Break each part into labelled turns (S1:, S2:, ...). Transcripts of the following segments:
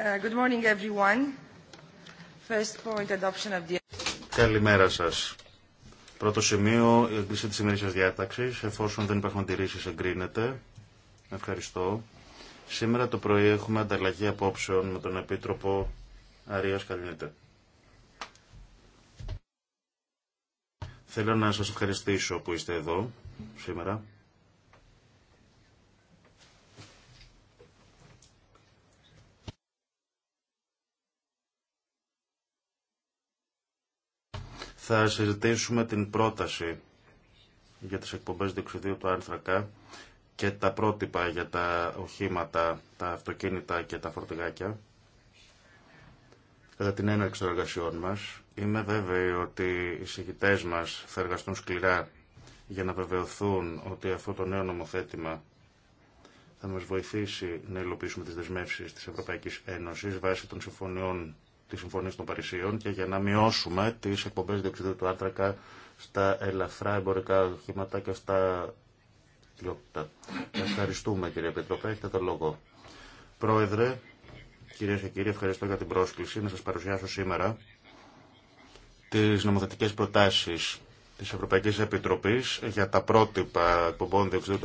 S1: Uh, good morning everyone. First point, adoption of the...
S2: Καλημέρα σας. Πρώτο σημείο, η εγκρίση της διάταξης. Εφόσον δεν υπάρχουν αντιρρήσει, εγκρίνεται. Ευχαριστώ. Σήμερα το πρωί έχουμε ανταλλαγή απόψεων με τον Επίτροπο Αρίας Καλνίτε. Θέλω να σας ευχαριστήσω που είστε εδώ σήμερα. θα συζητήσουμε την πρόταση για τις εκπομπές διοξιδίου του άνθρακα και τα πρότυπα για τα οχήματα, τα αυτοκίνητα και τα φορτηγάκια κατά την έναρξη των εργασιών μας. Είμαι βέβαιη ότι οι συγκητές μας θα εργαστούν σκληρά για να βεβαιωθούν ότι αυτό το νέο νομοθέτημα θα μας βοηθήσει να υλοποιήσουμε τις δεσμεύσεις της Ευρωπαϊκής Ένωσης βάσει των συμφωνιών τη Συμφωνία των Παρισίων και για να μειώσουμε τι εκπομπέ διοξιδίου του άνθρακα στα ελαφρά εμπορικά οχήματα και στα τηλεοπτά. Ευχαριστούμε κύριε Πετροπέ, έχετε το λόγο. Πρόεδρε, κυρίε και κύριοι, ευχαριστώ για την πρόσκληση να σα παρουσιάσω σήμερα τι νομοθετικέ προτάσει Τη Ευρωπαϊκή Επιτροπής για τα πρότυπα εκπομπών διοξιδίου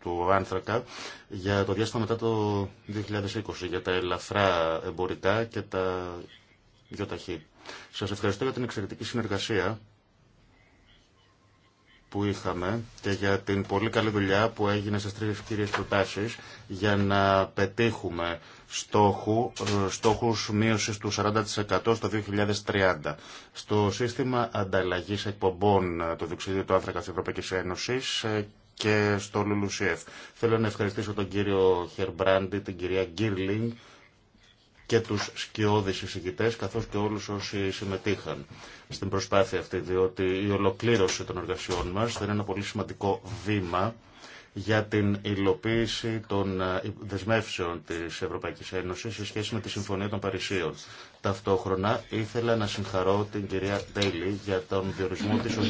S2: του άνθρακα για το διάστημα μετά το 2020, για τα ελαφρά εμπορικά και τα γιοταχή. Σα ευχαριστώ για την εξαιρετική συνεργασία που είχαμε και για την πολύ καλή δουλειά που έγινε στις τρεις κύριες προτάσεις για να πετύχουμε στόχου, ε, στόχους μείωσης του 40% στο 2030. Στο σύστημα ανταλλαγής εκπομπών ε, το διοξιδίου του άνθρακα της Ευρωπαϊκής Ένωσης ε, και στο Λουλουσιεφ. Θέλω να ευχαριστήσω τον κύριο Χερμπράντι, την κυρία Γκίρλινγκ και τους σκιώδεις εισηγητές καθώς και όλους όσοι συμμετείχαν στην προσπάθεια αυτή διότι η ολοκλήρωση των εργασιών μας θα είναι ένα πολύ σημαντικό βήμα για την υλοποίηση των ε, δεσμεύσεων της Ευρωπαϊκής Ένωσης σε σχέση με τη Συμφωνία των Παρισίων. Ταυτόχρονα ήθελα να συγχαρώ την κυρία Τέλη για τον διορισμό της ως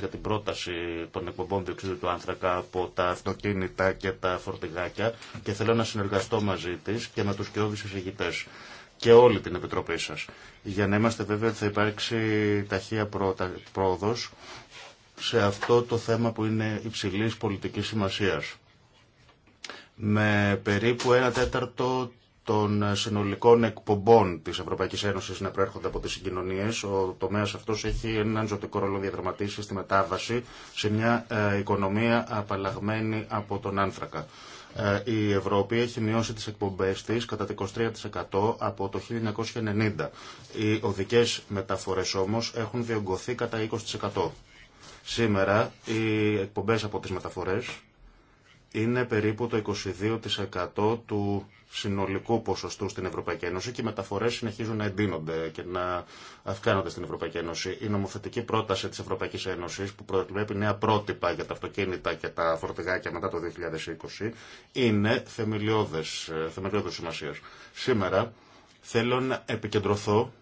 S2: για την πρόταση των εκπομπών διοξείδου του άνθρακα από τα αυτοκίνητα και τα φορτηγάκια και θέλω να συνεργαστώ μαζί της και με τους κοιόδης εισηγητές και όλη την Επιτροπή σας. Για να είμαστε βέβαιοι ότι θα υπάρξει ταχεία πρόοδος σε αυτό το θέμα που είναι υψηλής πολιτικής σημασίας. Με περίπου ένα τέταρτο των συνολικών εκπομπών της Ευρωπαϊκή Ένωση να προέρχονται από τις συγκοινωνίες. Ο τομέας αυτός έχει έναν ζωτικό ρόλο διαδραματίσει στη μετάβαση σε μια ε, οικονομία απαλλαγμένη από τον άνθρακα. Ε, η Ευρώπη έχει μειώσει τις εκπομπές της κατά 23% από το 1990. Οι οδικές μεταφορές όμως έχουν διωγγωθεί κατά 20%. Σήμερα οι εκπομπές από τις μεταφορές είναι περίπου το 22% του συνολικού ποσοστού στην Ευρωπαϊκή Ένωση και οι μεταφορέ συνεχίζουν να εντείνονται και να αυξάνονται στην Ευρωπαϊκή Ένωση. Η νομοθετική πρόταση τη Ευρωπαϊκή Ένωση που προβλέπει νέα πρότυπα για τα αυτοκίνητα και τα φορτηγάκια μετά το 2020 είναι θεμελιώδε ε, σημασία. Σήμερα θέλω να επικεντρωθώ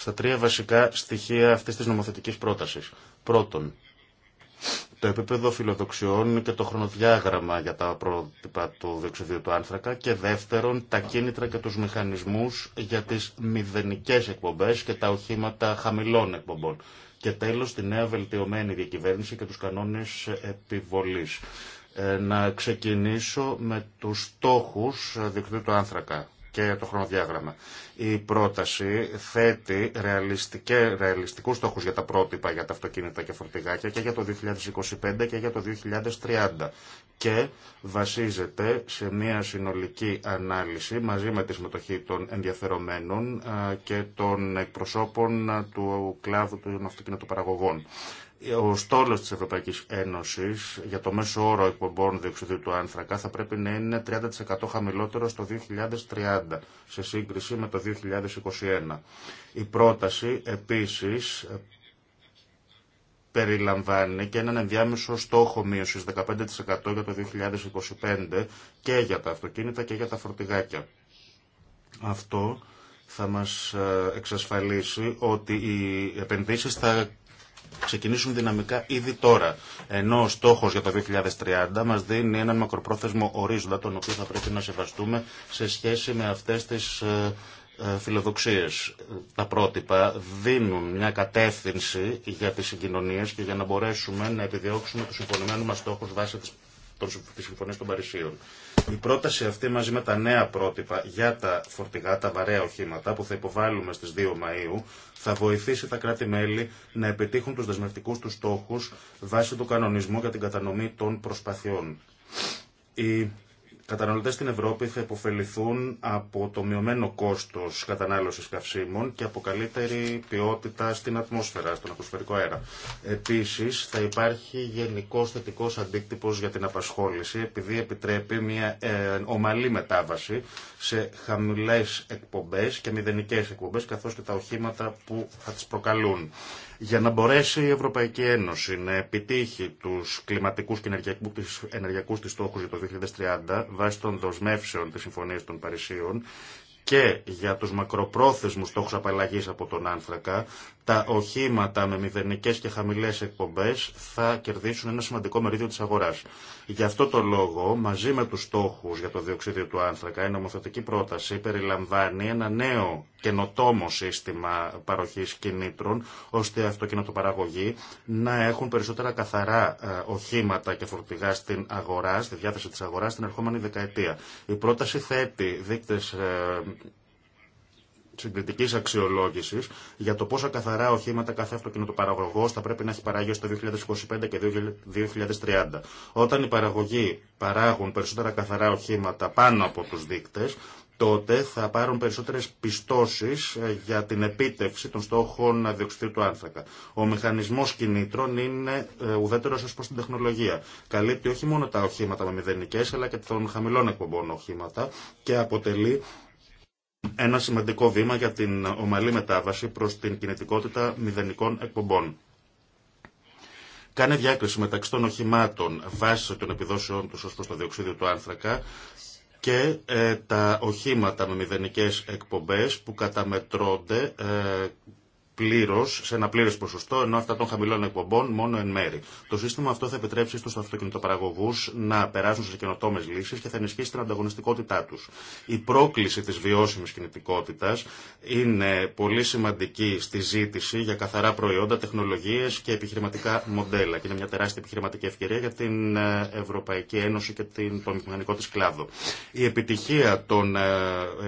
S2: στα τρία βασικά στοιχεία αυτής της νομοθετικής πρότασης. Πρώτον, το επίπεδο φιλοδοξιών και το χρονοδιάγραμμα για τα πρότυπα του διοξιδίου του άνθρακα και δεύτερον τα κίνητρα και τους μηχανισμούς για τις μηδενικές εκπομπές και τα οχήματα χαμηλών εκπομπών. Και τέλος τη νέα βελτιωμένη διακυβέρνηση και τους κανόνες επιβολής. Ε, να ξεκινήσω με τους στόχους ε, διοξιδίου του άνθρακα και το χρονοδιάγραμμα. Η πρόταση θέτει ρεαλιστικούς στόχους για τα πρότυπα για τα αυτοκίνητα και φορτηγάκια και για το 2025 και για το 2030 και βασίζεται σε μια συνολική ανάλυση μαζί με τη συμμετοχή των ενδιαφερομένων και των εκπροσώπων του κλάδου των παραγωγών ο στόλο τη Ευρωπαϊκή Ένωση για το μέσο όρο εκπομπών διοξιδίου του άνθρακα θα πρέπει να είναι 30% χαμηλότερο στο 2030 σε σύγκριση με το 2021. Η πρόταση επίση περιλαμβάνει και έναν ενδιάμεσο στόχο μείωσης 15% για το 2025 και για τα αυτοκίνητα και για τα φορτηγάκια. Αυτό θα μας ε, εξασφαλίσει ότι οι επενδύσεις θα ξεκινήσουν δυναμικά ήδη τώρα. Ενώ ο στόχο για το 2030 μα δίνει έναν μακροπρόθεσμο ορίζοντα, τον οποίο θα πρέπει να σεβαστούμε σε σχέση με αυτέ τι ε, ε, φιλοδοξίες. Τα πρότυπα δίνουν μια κατεύθυνση για τις συγκοινωνίες και για να μπορέσουμε να επιδιώξουμε του συμφωνημένο μας στόχου βάσει της συμφωνίας των Παρισίων. Η πρόταση αυτή μαζί με τα νέα πρότυπα για τα φορτηγά, τα βαρέα οχήματα που θα υποβάλουμε στις 2 Μαΐου θα βοηθήσει τα κράτη-μέλη να επιτύχουν τους δεσμευτικούς τους στόχους βάσει του κανονισμού για την κατανομή των προσπαθειών καταναλωτές στην Ευρώπη θα υποφεληθούν από το μειωμένο κόστος κατανάλωσης καυσίμων και από καλύτερη ποιότητα στην ατμόσφαιρα, στον ατμοσφαιρικό αέρα. Επίσης θα υπάρχει γενικό θετικό αντίκτυπος για την απασχόληση επειδή επιτρέπει μια ε, ομαλή μετάβαση σε χαμηλές εκπομπές και μηδενικές εκπομπές καθώς και τα οχήματα που θα τις προκαλούν. Για να μπορέσει η Ευρωπαϊκή Ένωση να επιτύχει τους κλιματικούς και ενεργειακούς της στόχους για το 2030 βάσει των δοσμεύσεων της Συμφωνίας των Παρισίων και για τους μακροπρόθεσμους στόχους απαλλαγής από τον άνθρακα τα οχήματα με μηδενικέ και χαμηλέ εκπομπέ θα κερδίσουν ένα σημαντικό μερίδιο τη αγορά. Γι' αυτό το λόγο, μαζί με του στόχου για το διοξίδιο του άνθρακα, η νομοθετική πρόταση περιλαμβάνει ένα νέο καινοτόμο σύστημα παροχή κινήτρων, ώστε οι αυτοκινητοπαραγωγοί να έχουν περισσότερα καθαρά ε, οχήματα και φορτηγά στην αγορά, στη διάθεση τη αγορά, στην ερχόμενη δεκαετία. Η πρόταση θέτει δείκτε ε, συγκριτική αξιολόγηση για το πόσα καθαρά οχήματα κάθε αυτοκινητοπαραγωγό θα πρέπει να έχει παράγει στο το 2025 και 2030. Όταν οι παραγωγοί παράγουν περισσότερα καθαρά οχήματα πάνω από του δείκτε, τότε θα πάρουν περισσότερες πιστώσεις ε, για την επίτευξη των στόχων διοξιδίου του άνθρακα. Ο μηχανισμός κινήτρων είναι ε, ουδέτερος ως προς την τεχνολογία. Καλύπτει όχι μόνο τα οχήματα με μηδενικές, αλλά και των χαμηλών εκπομπών οχήματα και αποτελεί ένα σημαντικό βήμα για την ομαλή μετάβαση προς την κινητικότητα μηδενικών εκπομπών. Κάνει διάκριση μεταξύ των οχημάτων βάσει των επιδόσεών του ως προς το διοξίδιο του άνθρακα και ε, τα οχήματα με μηδενικές εκπομπές που καταμετρώνται ε, πλήρω, σε ένα πλήρε ποσοστό, ενώ αυτά των χαμηλών εκπομπών μόνο εν μέρη. Το σύστημα αυτό θα επιτρέψει στου αυτοκινητοπαραγωγού να περάσουν σε καινοτόμε λύσει και θα ενισχύσει την ανταγωνιστικότητά του. Η πρόκληση τη βιώσιμη κινητικότητα είναι πολύ σημαντική στη ζήτηση για καθαρά προϊόντα, τεχνολογίε και επιχειρηματικά μοντέλα. Και είναι μια τεράστια επιχειρηματική ευκαιρία για την ε, Ευρωπαϊκή Ένωση και την, τον μηχανικό τη κλάδο. Η επιτυχία των ε,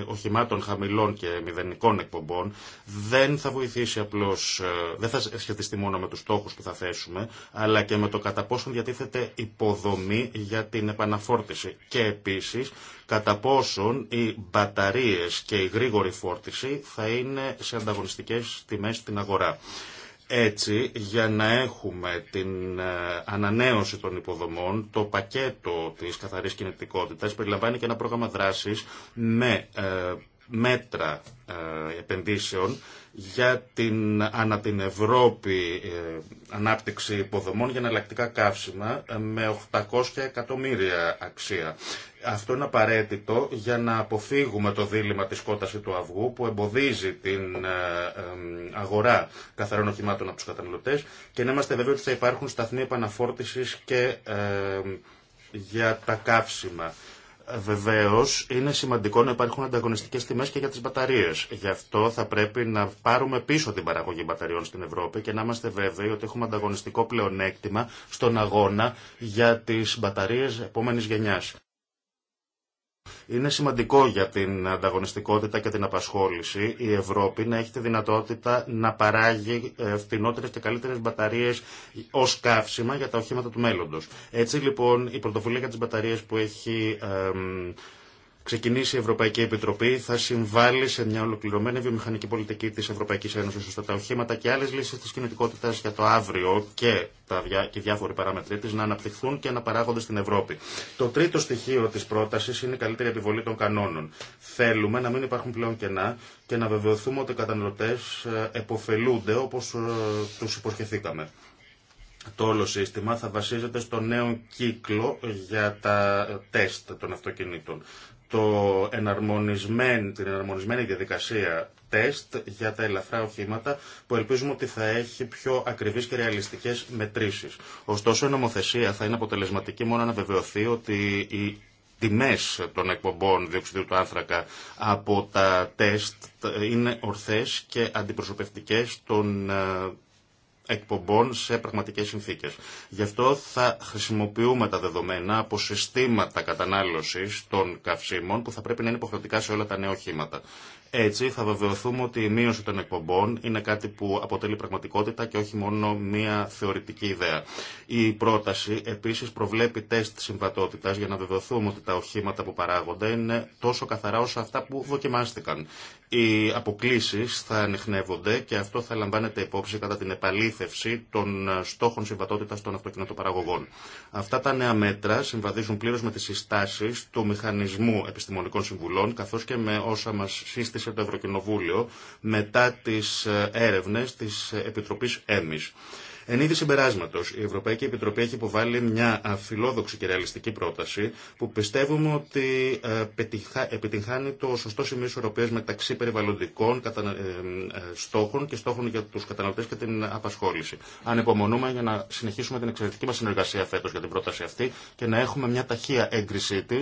S2: οχημάτων χαμηλών και μηδενικών εκπομπών δεν θα βοηθήσει ε, δεν θα σχετιστεί μόνο με τους στόχους που θα θέσουμε, αλλά και με το κατά πόσον διατίθεται υποδομή για την επαναφόρτιση. Και επίσης, κατά πόσον οι μπαταρίες και η γρήγορη φόρτιση θα είναι σε ανταγωνιστικές τιμέ στην αγορά. Έτσι, για να έχουμε την ε, ανανέωση των υποδομών, το πακέτο της καθαρής κινητικότητας περιλαμβάνει και ένα πρόγραμμα δράσης με ε, μέτρα ε, επενδύσεων για την ανά την Ευρώπη ε, ανάπτυξη υποδομών για εναλλακτικά καύσιμα ε, με 800 εκατομμύρια αξία. Αυτό είναι απαραίτητο για να αποφύγουμε το δίλημα της κόταση του αυγού που εμποδίζει την αγορά καθαρών οχημάτων από τους καταναλωτές και να είμαστε βέβαιοι ότι θα υπάρχουν σταθμοί επαναφόρτησης και για τα καύσιμα Βεβαίω, είναι σημαντικό να υπάρχουν ανταγωνιστικέ τιμέ και για τι μπαταρίε. Γι' αυτό θα πρέπει να πάρουμε πίσω την παραγωγή μπαταριών στην Ευρώπη και να είμαστε βέβαιοι ότι έχουμε ανταγωνιστικό πλεονέκτημα στον αγώνα για τι μπαταρίε επόμενη γενιά. Είναι σημαντικό για την ανταγωνιστικότητα και την απασχόληση η Ευρώπη να έχει τη δυνατότητα να παράγει ε, φτηνότερε και καλύτερε μπαταρίε ω καύσιμα για τα οχήματα του μέλλοντο. Έτσι λοιπόν η πρωτοβουλία για τι μπαταρίε που έχει ε, ξεκινήσει η Ευρωπαϊκή Επιτροπή, θα συμβάλλει σε μια ολοκληρωμένη βιομηχανική πολιτική τη Ευρωπαϊκή Ένωση ώστε τα οχήματα και άλλε λύσει τη κινητικότητα για το αύριο και τα και διάφοροι παράμετροι τη να αναπτυχθούν και να παράγονται στην Ευρώπη. Το τρίτο στοιχείο τη πρόταση είναι η καλύτερη επιβολή των κανόνων. Θέλουμε να μην υπάρχουν πλέον κενά και να βεβαιωθούμε ότι οι καταναλωτέ ε, εποφελούνται όπω ε, του υποσχεθήκαμε. Το όλο σύστημα θα βασίζεται στο νέο κύκλο για τα τεστ των αυτοκινήτων το εναρμονισμένη, την εναρμονισμένη διαδικασία τεστ για τα ελαφρά οχήματα που ελπίζουμε ότι θα έχει πιο ακριβείς και ρεαλιστικές μετρήσεις. Ωστόσο η νομοθεσία θα είναι αποτελεσματική μόνο να βεβαιωθεί ότι οι τιμές των εκπομπών διοξιδίου του άνθρακα από τα τεστ είναι ορθές και αντιπροσωπευτικές των ε, εκπομπών σε πραγματικές συνθήκες. Γι' αυτό θα χρησιμοποιούμε τα δεδομένα από συστήματα κατανάλωσης των καυσίμων που θα πρέπει να είναι υποχρεωτικά σε όλα τα νέα οχήματα. Έτσι θα βεβαιωθούμε ότι η μείωση των εκπομπών είναι κάτι που αποτελεί πραγματικότητα και όχι μόνο μία θεωρητική ιδέα. Η πρόταση επίσης προβλέπει τεστ συμβατότητας για να βεβαιωθούμε ότι τα οχήματα που παράγονται είναι τόσο καθαρά όσο αυτά που δοκιμάστηκαν. Οι αποκλήσει θα ανοιχνεύονται και αυτό θα λαμβάνεται υπόψη κατά την επαλήθευση των ε, στόχων συμβατότητα των αυτοκινητοπαραγωγών. Αυτά τα νέα μέτρα συμβαδίζουν πλήρω με τι συστάσει του Μηχανισμού Επιστημονικών Συμβουλών καθώ και με όσα μα σύστησε το Ευρωκοινοβούλιο μετά τι ε, έρευνε τη Επιτροπή ΕΜΗΣ. Εν είδη συμπεράσματο, η Ευρωπαϊκή Επιτροπή έχει υποβάλει μια φιλόδοξη και ρεαλιστική πρόταση που πιστεύουμε ότι ε, επιτυγχάνει το σωστό σημείο ισορροπία μεταξύ περιβαλλοντικών ε, ε, στόχων και στόχων για του καταναλωτέ και την απασχόληση. Ανεπομονούμε για να συνεχίσουμε την εξαιρετική μα συνεργασία φέτο για την πρόταση αυτή και να έχουμε μια ταχεία έγκρισή τη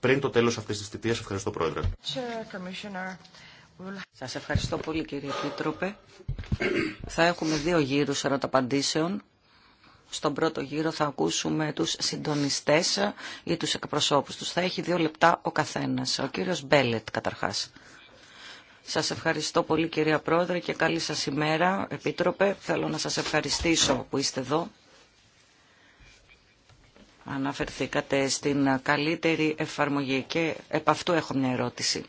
S2: πριν το τέλο αυτή τη θητεία. Ευχαριστώ, Πρόεδρε.
S1: Σας ευχαριστώ πολύ κύριε Επίτροπε. Θα έχουμε δύο γύρους ερωταπαντήσεων. Στον πρώτο γύρο θα ακούσουμε τους συντονιστές ή τους εκπροσώπους τους. Θα έχει δύο λεπτά ο καθένας. Ο κύριος Μπέλετ καταρχάς. Σας ευχαριστώ πολύ κυρία Πρόεδρε και καλή σας ημέρα. Επίτροπε, θέλω να σας ευχαριστήσω που είστε εδώ. Αναφερθήκατε στην καλύτερη εφαρμογή και επ' αυτού έχω μια ερώτηση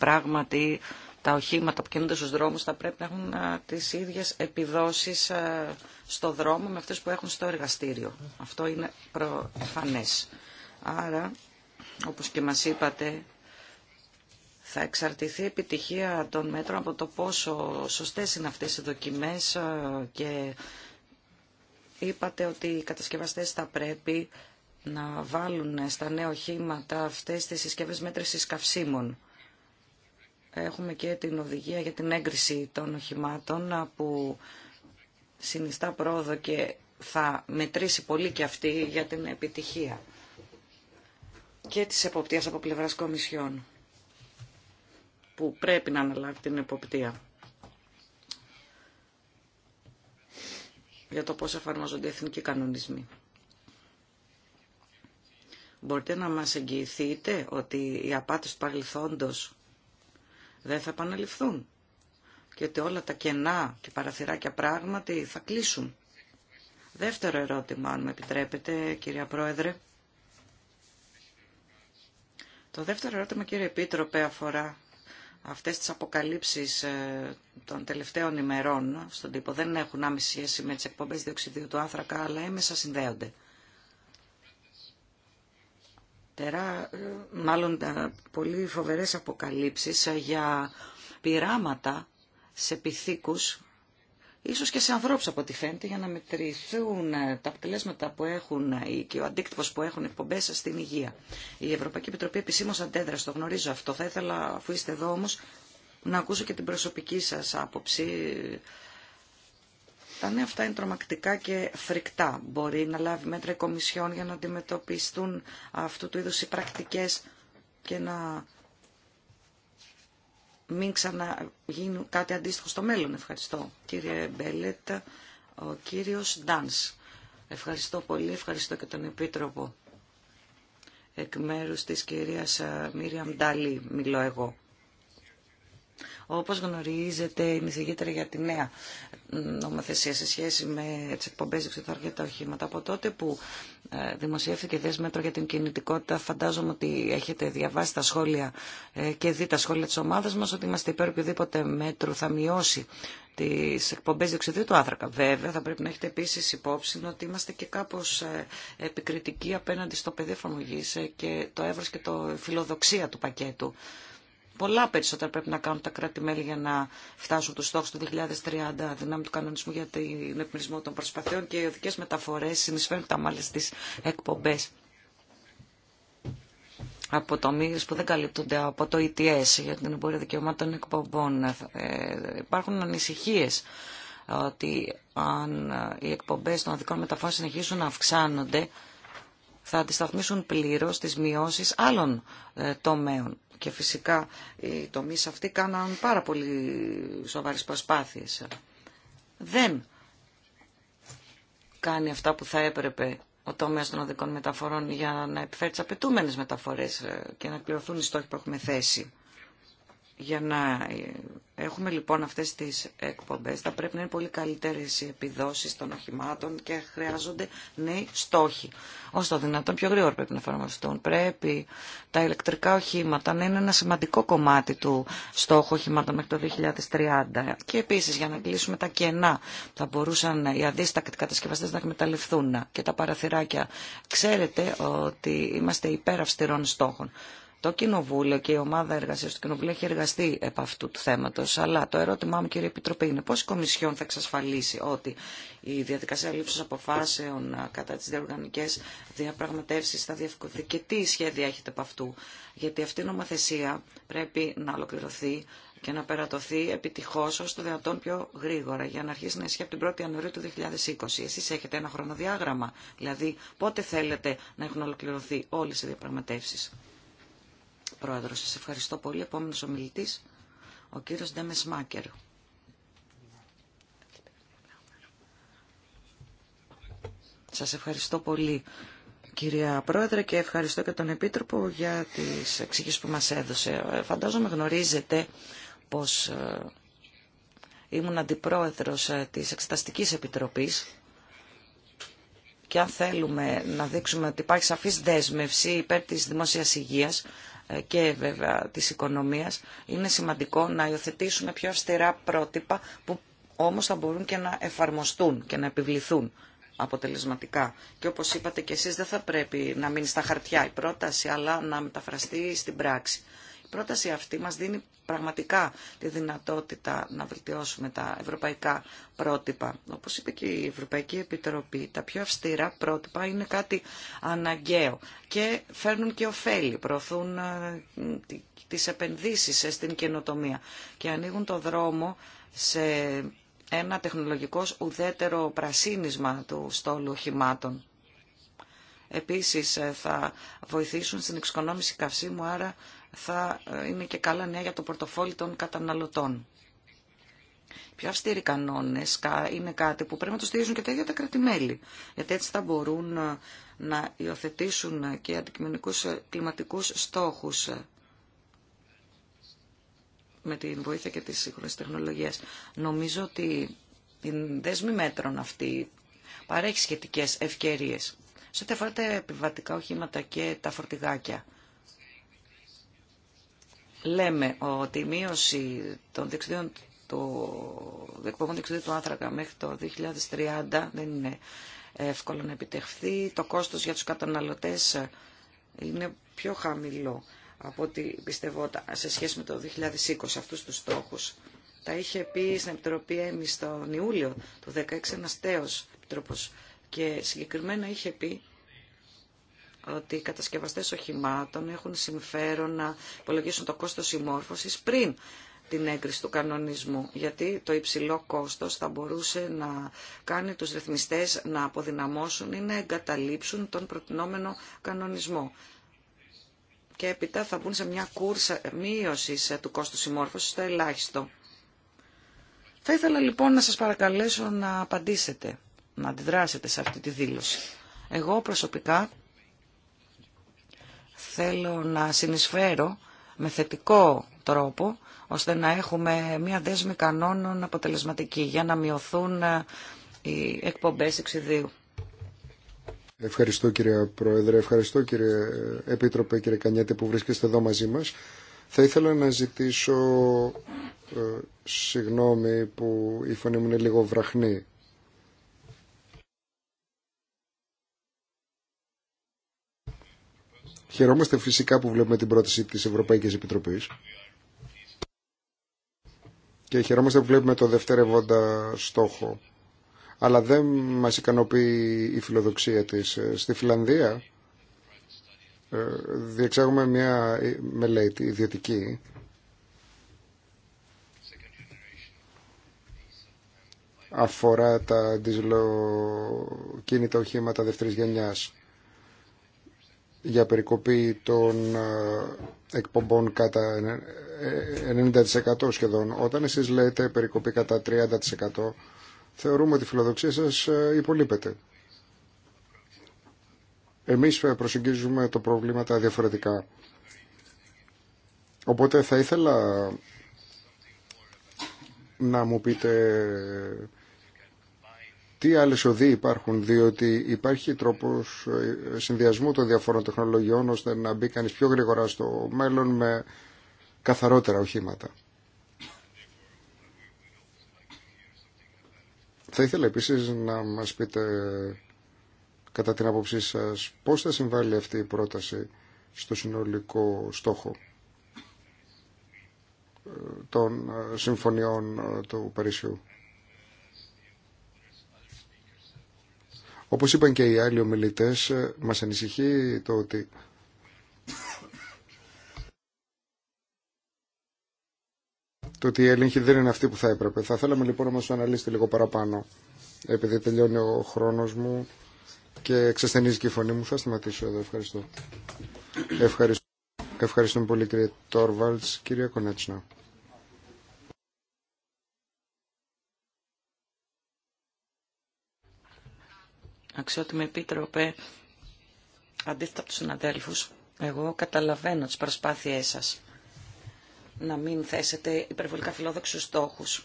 S1: πράγματι τα οχήματα που κινούνται στους δρόμους θα πρέπει να έχουν τις ίδιες επιδόσεις στο δρόμο με αυτές που έχουν στο εργαστήριο. Αυτό είναι προφανές. Άρα, όπως και μας είπατε, θα εξαρτηθεί η επιτυχία των μέτρων από το πόσο σωστές είναι αυτές οι δοκιμές και είπατε ότι οι κατασκευαστές θα πρέπει να βάλουν στα νέα οχήματα αυτές τις συσκευές μέτρησης καυσίμων έχουμε και την οδηγία για την έγκριση των οχημάτων που συνιστά πρόοδο και θα μετρήσει πολύ και αυτή για την επιτυχία και της εποπτείας από πλευράς κομισιών που πρέπει να αναλάβει την εποπτεία για το πώς εφαρμόζονται οι εθνικοί κανονισμοί. Μπορείτε να μας εγγυηθείτε ότι οι απάτες του παρελθόντος δεν θα επαναληφθούν και ότι όλα τα κενά και παραθυράκια πράγματι θα κλείσουν. Δεύτερο ερώτημα, αν με επιτρέπετε, κυρία Πρόεδρε. Το δεύτερο ερώτημα, κύριε Επίτροπε, αφορά αυτές τις αποκαλύψεις ε, των τελευταίων ημερών στον τύπο. Δεν έχουν άμεση σχέση με τις εκπομπές διοξιδίου του άνθρακα, αλλά έμεσα συνδέονται τερά, ε, μάλλον ε, πολύ φοβερές αποκαλύψεις ε, για πειράματα σε πυθίκους, ίσως και σε ανθρώπους από ό,τι φαίνεται, για να μετρηθούν τα αποτελέσματα που έχουν και ο αντίκτυπος που έχουν εκπομπές στην υγεία. Η Ευρωπαϊκή Επιτροπή επισήμως αντέδρασε, το γνωρίζω αυτό. Θα ήθελα, αφού είστε εδώ όμως, να ακούσω και την προσωπική σας άποψη τα ναι, νέα αυτά είναι τρομακτικά και φρικτά. Μπορεί να λάβει μέτρα η Κομισιόν για να αντιμετωπιστούν αυτού του είδους οι πρακτικές και να μην ξαναγίνουν κάτι αντίστοιχο στο μέλλον. Ευχαριστώ κύριε Μπέλετ, ο κύριος Ντάνς. Ευχαριστώ πολύ, ευχαριστώ και τον Επίτροπο. Εκ μέρους της κυρίας ε, Μίρια Μντάλη μιλώ εγώ. Όπως γνωρίζετε, είναι εισηγήτρια για τη νέα νομοθεσία σε σχέση με τι εκπομπέ δεξιοτάρια τα οχήματα. Από τότε που ε, δημοσιεύθηκε η μέτρο για την κινητικότητα, φαντάζομαι ότι έχετε διαβάσει τα σχόλια ε, και δει τα σχόλια τη ομάδα μα ότι είμαστε υπέρ οποιοδήποτε μέτρου θα μειώσει τι εκπομπέ διοξιδίου του άνθρακα. Βέβαια, θα πρέπει να έχετε επίση υπόψη ότι είμαστε και κάπω ε, επικριτικοί απέναντι στο πεδίο εφαρμογή και το εύρο και το φιλοδοξία του πακέτου. Πολλά περισσότερα πρέπει να κάνουν τα κράτη-μέλη για να φτάσουν του στόχου του 2030 δυνάμει του κανονισμού για την επιμερισμό των προσπαθειών και οι οδικέ μεταφορέ συνεισφέρουν τα μάλιστα στι εκπομπέ. από τομεί που δεν καλύπτονται από το ETS για την εμπορία δικαιωμάτων εκπομπών. Ε, υπάρχουν ανησυχίε ότι αν οι εκπομπέ των οδικών μεταφορών συνεχίσουν να αυξάνονται, θα αντισταθμίσουν πλήρως τις μειώσεις άλλων ε, τομέων. Και φυσικά οι τομείς αυτοί κάναν πάρα πολύ σοβαρές προσπάθειες. Δεν κάνει αυτά που θα έπρεπε ο τομέας των οδικών μεταφορών για να επιφέρει τι απαιτούμενε μεταφορές ε, και να πληρωθούν οι στόχοι που έχουμε θέσει. Για να έχουμε λοιπόν αυτές τις εκπομπές θα πρέπει να είναι πολύ καλύτερες οι επιδόσεις των οχημάτων και χρειάζονται νέοι στόχοι. Όσο το δυνατόν πιο γρήγορα πρέπει να εφαρμοστούν. Πρέπει τα ηλεκτρικά οχήματα να είναι ένα σημαντικό κομμάτι του στόχου οχημάτων μέχρι το 2030. Και επίσης για να κλείσουμε τα κενά θα μπορούσαν οι αδίστακτοι κατασκευαστές να εκμεταλλευτούν και τα παραθυράκια. Ξέρετε ότι είμαστε υπέραυστηρών στόχων. Το Κοινοβούλιο και η ομάδα εργασία του Κοινοβουλίου έχει εργαστεί επ' αυτού του θέματο. Αλλά το ερώτημά μου, κύριε Επιτροπή, είναι πώ η Κομισιόν θα εξασφαλίσει ότι η διαδικασία λήψη αποφάσεων κατά τι διοργανικέ διαπραγματεύσει θα διευκολυνθεί και τι σχέδια έχετε επ' αυτού. Γιατί αυτή η νομοθεσία πρέπει να ολοκληρωθεί και να περατωθεί επιτυχώ ω το δυνατόν πιο γρήγορα για να αρχίσει να ισχύει από την 1η Ιανουαρίου του 2020. Εσεί έχετε ένα χρονοδιάγραμμα, δηλαδή πότε θέλετε να έχουν ολοκληρωθεί όλε οι διαπραγματεύσει. Πρόεδρο. Σας ευχαριστώ πολύ. Επόμενος ομιλητής, ο κύριος Ντέμες Μάκερ. Σας ευχαριστώ πολύ κυρία Πρόεδρε και ευχαριστώ και τον Επίτροπο για τις εξήγησεις που μας έδωσε. Φαντάζομαι γνωρίζετε πως ε, ήμουν αντιπρόεδρος ε, της Εξεταστικής Επιτροπής και αν θέλουμε να δείξουμε ότι υπάρχει σαφής δέσμευση υπέρ της δημόσιας υγείας, ε, και βέβαια της οικονομίας, είναι σημαντικό να υιοθετήσουμε πιο αυστηρά πρότυπα που όμως θα μπορούν και να εφαρμοστούν και να επιβληθούν αποτελεσματικά. Και όπως είπατε και εσείς δεν θα πρέπει να μείνει στα χαρτιά η πρόταση αλλά να μεταφραστεί στην πράξη πρόταση αυτή μας δίνει πραγματικά τη δυνατότητα να βελτιώσουμε τα ευρωπαϊκά πρότυπα. Όπως είπε και η Ευρωπαϊκή Επιτροπή, τα πιο αυστηρά πρότυπα είναι κάτι αναγκαίο και φέρνουν και ωφέλη, προωθούν ε, τις επενδύσεις στην καινοτομία και ανοίγουν το δρόμο σε ένα τεχνολογικός ουδέτερο πρασίνισμα του στόλου οχημάτων. Επίσης ε, θα βοηθήσουν στην εξοικονόμηση καυσίμου, άρα θα ε, είναι και καλά νέα για το πορτοφόλι των καταναλωτών. Πιο αυστηροί κανόνε είναι κάτι που πρέπει να το στηρίζουν και τα ίδια τα κρατημέλη. Γιατί έτσι θα μπορούν ε, να υιοθετήσουν και αντικειμενικού ε, κλιματικού στόχου με την βοήθεια και τη σύγχρονη τεχνολογία. Νομίζω ότι η δέσμη μέτρων αυτή παρέχει σχετικέ ευκαιρίε. Σε ό,τι αφορά τα επιβατικά οχήματα και τα φορτηγάκια λέμε ότι η μείωση των διεξιδίων του του άνθρακα μέχρι το 2030 δεν είναι εύκολο να επιτευχθεί. Το κόστος για τους καταναλωτές είναι πιο χαμηλό από ό,τι πιστεύω σε σχέση με το 2020 αυτούς τους στόχους. Τα είχε πει στην Επιτροπή ΕΜΗ τον Ιούλιο του 2016 ένας τέος και συγκεκριμένα είχε πει ότι οι κατασκευαστές οχημάτων έχουν συμφέρον να υπολογίσουν το κόστος συμμόρφωσης πριν την έγκριση του κανονισμού, γιατί το υψηλό κόστος θα μπορούσε να κάνει τους ρυθμιστές να αποδυναμώσουν ή να εγκαταλείψουν τον προτινόμενο κανονισμό. Και έπειτα θα μπουν σε μια κούρσα μείωση του κόστου συμμόρφωσης στο ελάχιστο. Θα ήθελα λοιπόν να σας παρακαλέσω να απαντήσετε, να αντιδράσετε σε αυτή τη δήλωση. Εγώ προσωπικά Θέλω να συνεισφέρω με θετικό τρόπο ώστε να έχουμε μια δέσμη κανόνων αποτελεσματική για να μειωθούν ε, οι εκπομπές εξιδίου.
S3: Ευχαριστώ κύριε Πρόεδρε, ευχαριστώ κύριε Επίτροπε, κύριε Κανιέτη που βρίσκεστε εδώ μαζί μας. Θα ήθελα να ζητήσω ε, συγγνώμη που η φωνή μου είναι λίγο βραχνή Χαιρόμαστε φυσικά που βλέπουμε την πρόταση της Ευρωπαϊκής Επιτροπής και χαιρόμαστε που βλέπουμε το δευτερεύοντα στόχο. Αλλά δεν μας ικανοποιεί η φιλοδοξία της. Ε, στη Φιλανδία ε, διεξάγουμε μια ε, μελέτη ιδιωτική αφορά τα κίνητα οχήματα δεύτερης γενιάς για περικοπή των ε, εκπομπών κατά 90% ε, ε, σχεδόν. Όταν εσείς λέτε περικοπή κατά 30% θεωρούμε ότι η φιλοδοξία σας υπολείπεται. Εμείς προσεγγίζουμε το πρόβλημα τα διαφορετικά. Οπότε θα ήθελα να μου πείτε τι άλλε οδοί υπάρχουν, διότι υπάρχει τρόπος ε, συνδυασμού των διαφόρων τεχνολογιών ώστε να μπει κανεί πιο γρήγορα στο μέλλον με καθαρότερα οχήματα. Θα ήθελα επίσης να μας πείτε κατά την άποψή σας πώς θα συμβάλλει αυτή η πρόταση στο συνολικό στόχο ε, των ε, συμφωνιών του Παρισιού. Όπως είπαν και οι άλλοι ομιλητές, ε, μας ανησυχεί το ότι το ότι δεν είναι αυτή που θα έπρεπε. Θα θέλαμε λοιπόν να μας το αναλύσετε λίγο παραπάνω. Επειδή τελειώνει ο χρόνος μου και εξασθενίζει και η φωνή μου, θα σταματήσω εδώ. Ευχαριστώ. Ευχαριστώ. Ευχαριστούμε πολύ κύριε Τόρβαλτς. κύριε Κονέτσινα.
S1: αξιότιμη επίτροπε, αντίθετα από τους συναδέλφους, εγώ καταλαβαίνω τις προσπάθειές σας να μην θέσετε υπερβολικά φιλόδοξους στόχους.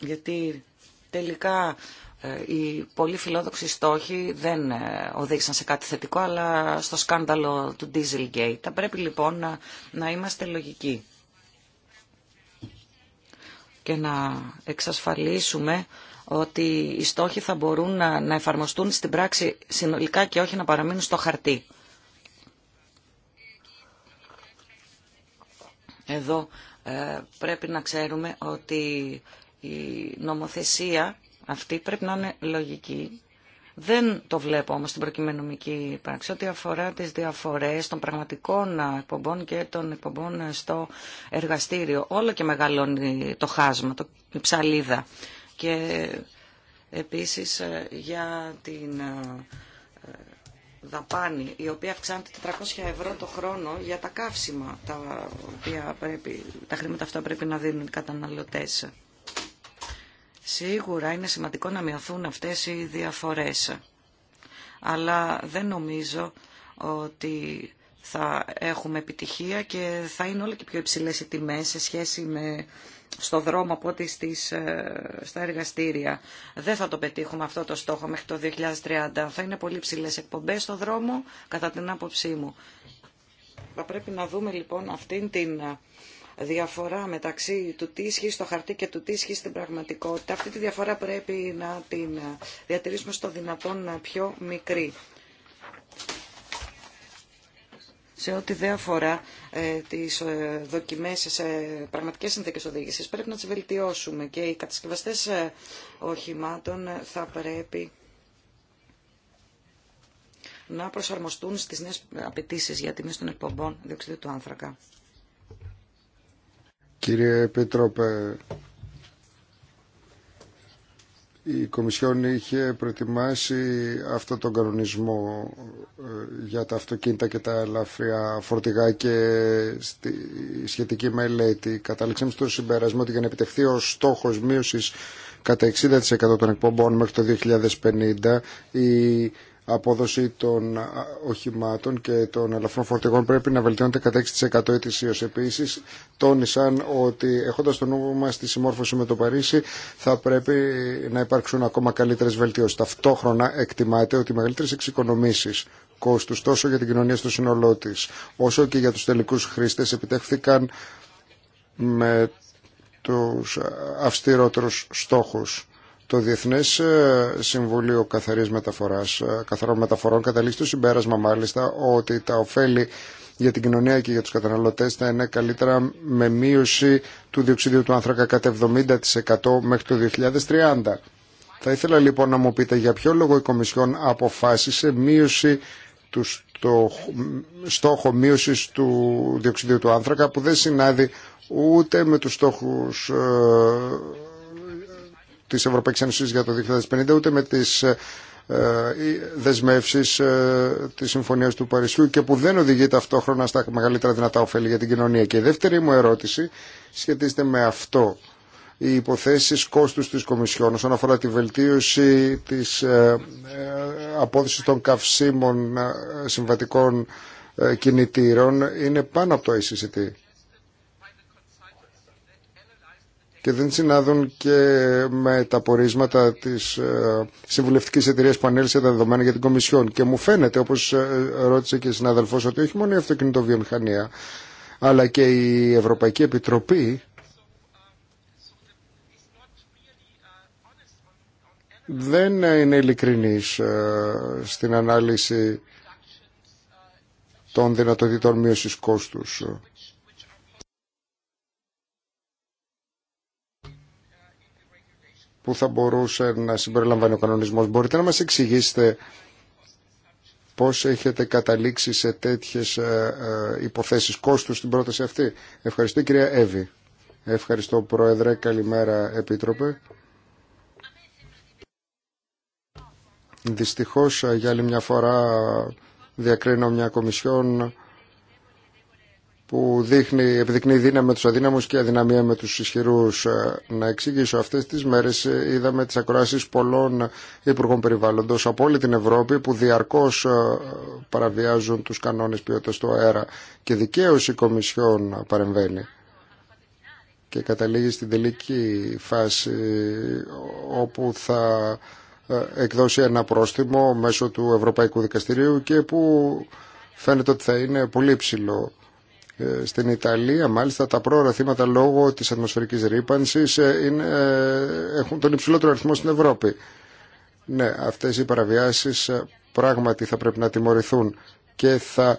S1: Γιατί τελικά ε, οι πολύ φιλόδοξοι στόχοι δεν ε, οδήγησαν σε κάτι θετικό, αλλά στο σκάνδαλο του Dieselgate. Θα πρέπει λοιπόν να, να είμαστε λογικοί και να εξασφαλίσουμε ότι οι στόχοι θα μπορούν να, να εφαρμοστούν στην πράξη συνολικά και όχι να παραμείνουν στο χαρτί. Εδώ ε, πρέπει να ξέρουμε ότι η νομοθεσία αυτή πρέπει να είναι λογική. Δεν το βλέπω όμως στην προκειμενομική πράξη ό,τι αφορά τις διαφορές των πραγματικών εκπομπών και των εκπομπών στο εργαστήριο. Όλο και μεγαλώνει το χάσμα, το, η ψαλίδα και επίσης ε, για την ε, ε, δαπάνη η οποία αυξάνεται 400 ευρώ το χρόνο για τα καύσιμα τα, οποία πρέπει, τα χρήματα αυτά πρέπει να δίνουν οι καταναλωτές. Σίγουρα είναι σημαντικό να μειωθούν αυτές οι διαφορές. Αλλά δεν νομίζω ότι θα έχουμε επιτυχία και θα είναι όλο και πιο υψηλές οι τιμές σε σχέση με στο δρόμο από ό,τι στις, ε, στα εργαστήρια. Δεν θα το πετύχουμε αυτό το στόχο μέχρι το 2030. Θα είναι πολύ ψηλές εκπομπές στο δρόμο, κατά την άποψή μου. Θα πρέπει να δούμε λοιπόν αυτήν την ε, διαφορά μεταξύ του τι ισχύει στο χαρτί και του τι ισχύει στην πραγματικότητα. Αυτή τη διαφορά πρέπει να την ε, διατηρήσουμε στο δυνατόν πιο μικρή σε ό,τι δεν αφορά ε, τις ε, δοκιμές σε πραγματικέ συνθήκες οδήγηση, Πρέπει να τι βελτιώσουμε και οι κατασκευαστές ε, οχημάτων θα πρέπει να προσαρμοστούν στις νέες απαιτήσει για τιμή των εκπομπών διοξιδίου του άνθρακα.
S3: Κύριε Επίτροπε, η Κομισιόν είχε προετοιμάσει αυτό τον κανονισμό ε, για τα αυτοκίνητα και τα ελαφριά φορτηγά και στη σχετική μελέτη. Κατάληξαμε στο συμπέρασμα ότι για να επιτευχθεί ο στόχος μείωσης κατά 60% των εκπομπών μέχρι το 2050 η απόδοση των οχημάτων και των ελαφρών φορτηγών πρέπει να βελτιώνεται κατά 6% ετησίω. Επίσης, τόνισαν ότι έχοντα το νου μα τη συμμόρφωση με το Παρίσι θα πρέπει να υπάρξουν ακόμα καλύτερες βελτιώσει. Ταυτόχρονα εκτιμάται ότι οι μεγαλύτερες εξοικονομήσεις κόστους τόσο για την κοινωνία στο σύνολό τη, όσο και για του τελικού χρήστε, επιτέχθηκαν με τους αυστηρότερους στόχους το Διεθνές ε, Συμβουλίο Καθαρής Μεταφοράς, ε, Καθαρών Μεταφορών καταλήξει το συμπέρασμα μάλιστα ότι τα ωφέλη για την κοινωνία και για τους καταναλωτές θα είναι καλύτερα με μείωση του διοξιδίου του άνθρακα κατά 70% μέχρι το 2030. Θα ήθελα λοιπόν να μου πείτε για ποιο λόγο η Κομισιόν αποφάσισε μείωση του στόχο μείωσης του διοξιδίου του άνθρακα που δεν συνάδει ούτε με τους στόχους ε, της Ευρωπαϊκή Ένωση για το 2050 ούτε με τις ε, ε, δεσμεύσεις ε, της Συμφωνίας του Παρισιού και που δεν οδηγεί ταυτόχρονα στα μεγαλύτερα δυνατά ωφέλη για την κοινωνία. Και η δεύτερη μου ερώτηση σχετίζεται με αυτό. Οι υποθέσει κόστου τη Κομισιόν όσον αφορά τη βελτίωση της απόδοση των καυσίμων συμβατικών κινητήρων είναι πάνω από το ICCT. και δεν συνάδουν και με τα πορίσματα της ε, συμβουλευτική εταιρεία που ανέλησε τα δεδομένα για την Κομισιόν. Και μου φαίνεται, όπως ε, ρώτησε και η συναδελφός, ότι όχι μόνο η αυτοκινητοβιομηχανία, αλλά και η Ευρωπαϊκή Επιτροπή δεν είναι ειλικρινής ε, στην ανάλυση των δυνατοτήτων μείωσης κόστους που θα μπορούσε να συμπεριλαμβάνει ο κανονισμός. Μπορείτε να μας εξηγήσετε πώς έχετε καταλήξει σε τέτοιες ε, ε, υποθέσεις κόστους στην πρόταση αυτή. Ευχαριστώ κυρία Εύη. Ευχαριστώ Πρόεδρε. Καλημέρα Επίτροπε. Δυστυχώς ε, για άλλη μια φορά διακρίνω μια κομισιόν που δείχνει, επιδεικνύει δύναμη με τους αδύναμους και αδυναμία με τους ισχυρούς. Ε, να εξηγήσω, αυτές τις μέρες ε, είδαμε τις ακροάσεις πολλών υπουργών περιβάλλοντος από όλη την Ευρώπη που διαρκώς ε, παραβιάζουν τους κανόνες ποιότητας του αέρα και δικαίως η Κομισιόν παρεμβαίνει και καταλήγει στην τελική φάση όπου θα εκδώσει ένα πρόστιμο μέσω του Ευρωπαϊκού Δικαστηρίου και που φαίνεται ότι θα είναι πολύ ψηλό ε, στην Ιταλία, μάλιστα, τα πρόωρα θύματα λόγω της ατμοσφαιρικής ρήπανσης ε, είναι, ε, έχουν τον υψηλότερο αριθμό στην Ευρώπη. Ναι, αυτές οι παραβιάσεις πράγματι θα πρέπει να τιμωρηθούν και θα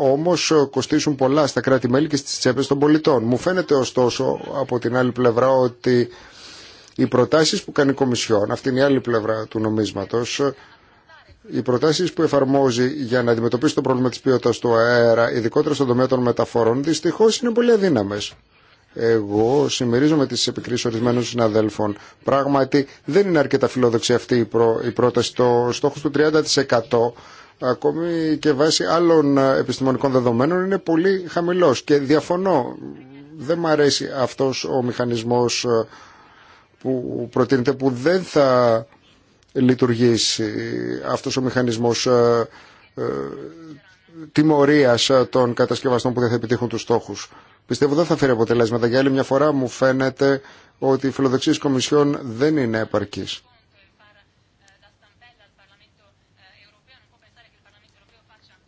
S3: όμως κοστίσουν πολλά στα κράτη-μέλη και στις τσέπες των πολιτών. Μου φαίνεται ωστόσο από την άλλη πλευρά ότι οι προτάσεις που κάνει η Κομισιόν, αυτή είναι η άλλη πλευρά του νομίσματος, οι προτάσει που εφαρμόζει για να αντιμετωπίσει το πρόβλημα τη ποιότητα του αέρα, ειδικότερα στον τομέα των μεταφορών, δυστυχώ είναι πολύ αδύναμε. Εγώ συμμερίζομαι τι επικρίσει ορισμένων συναδέλφων. Πράγματι, δεν είναι αρκετά φιλόδοξη αυτή η πρόταση. Το στόχο του 30% ακόμη και βάσει άλλων επιστημονικών δεδομένων είναι πολύ χαμηλός και διαφωνώ. Δεν μου αρέσει αυτός ο μηχανισμός ε, που προτείνεται που δεν θα λειτουργήσει αυτός ο μηχανισμός ε, ε, τιμωρίας ε, των κατασκευαστών που δεν θα επιτύχουν τους στόχους. Πιστεύω δεν θα φέρει αποτελέσματα. Για άλλη μια φορά μου φαίνεται ότι φιλοδοξία της Κομισιόν δεν είναι επαρκής.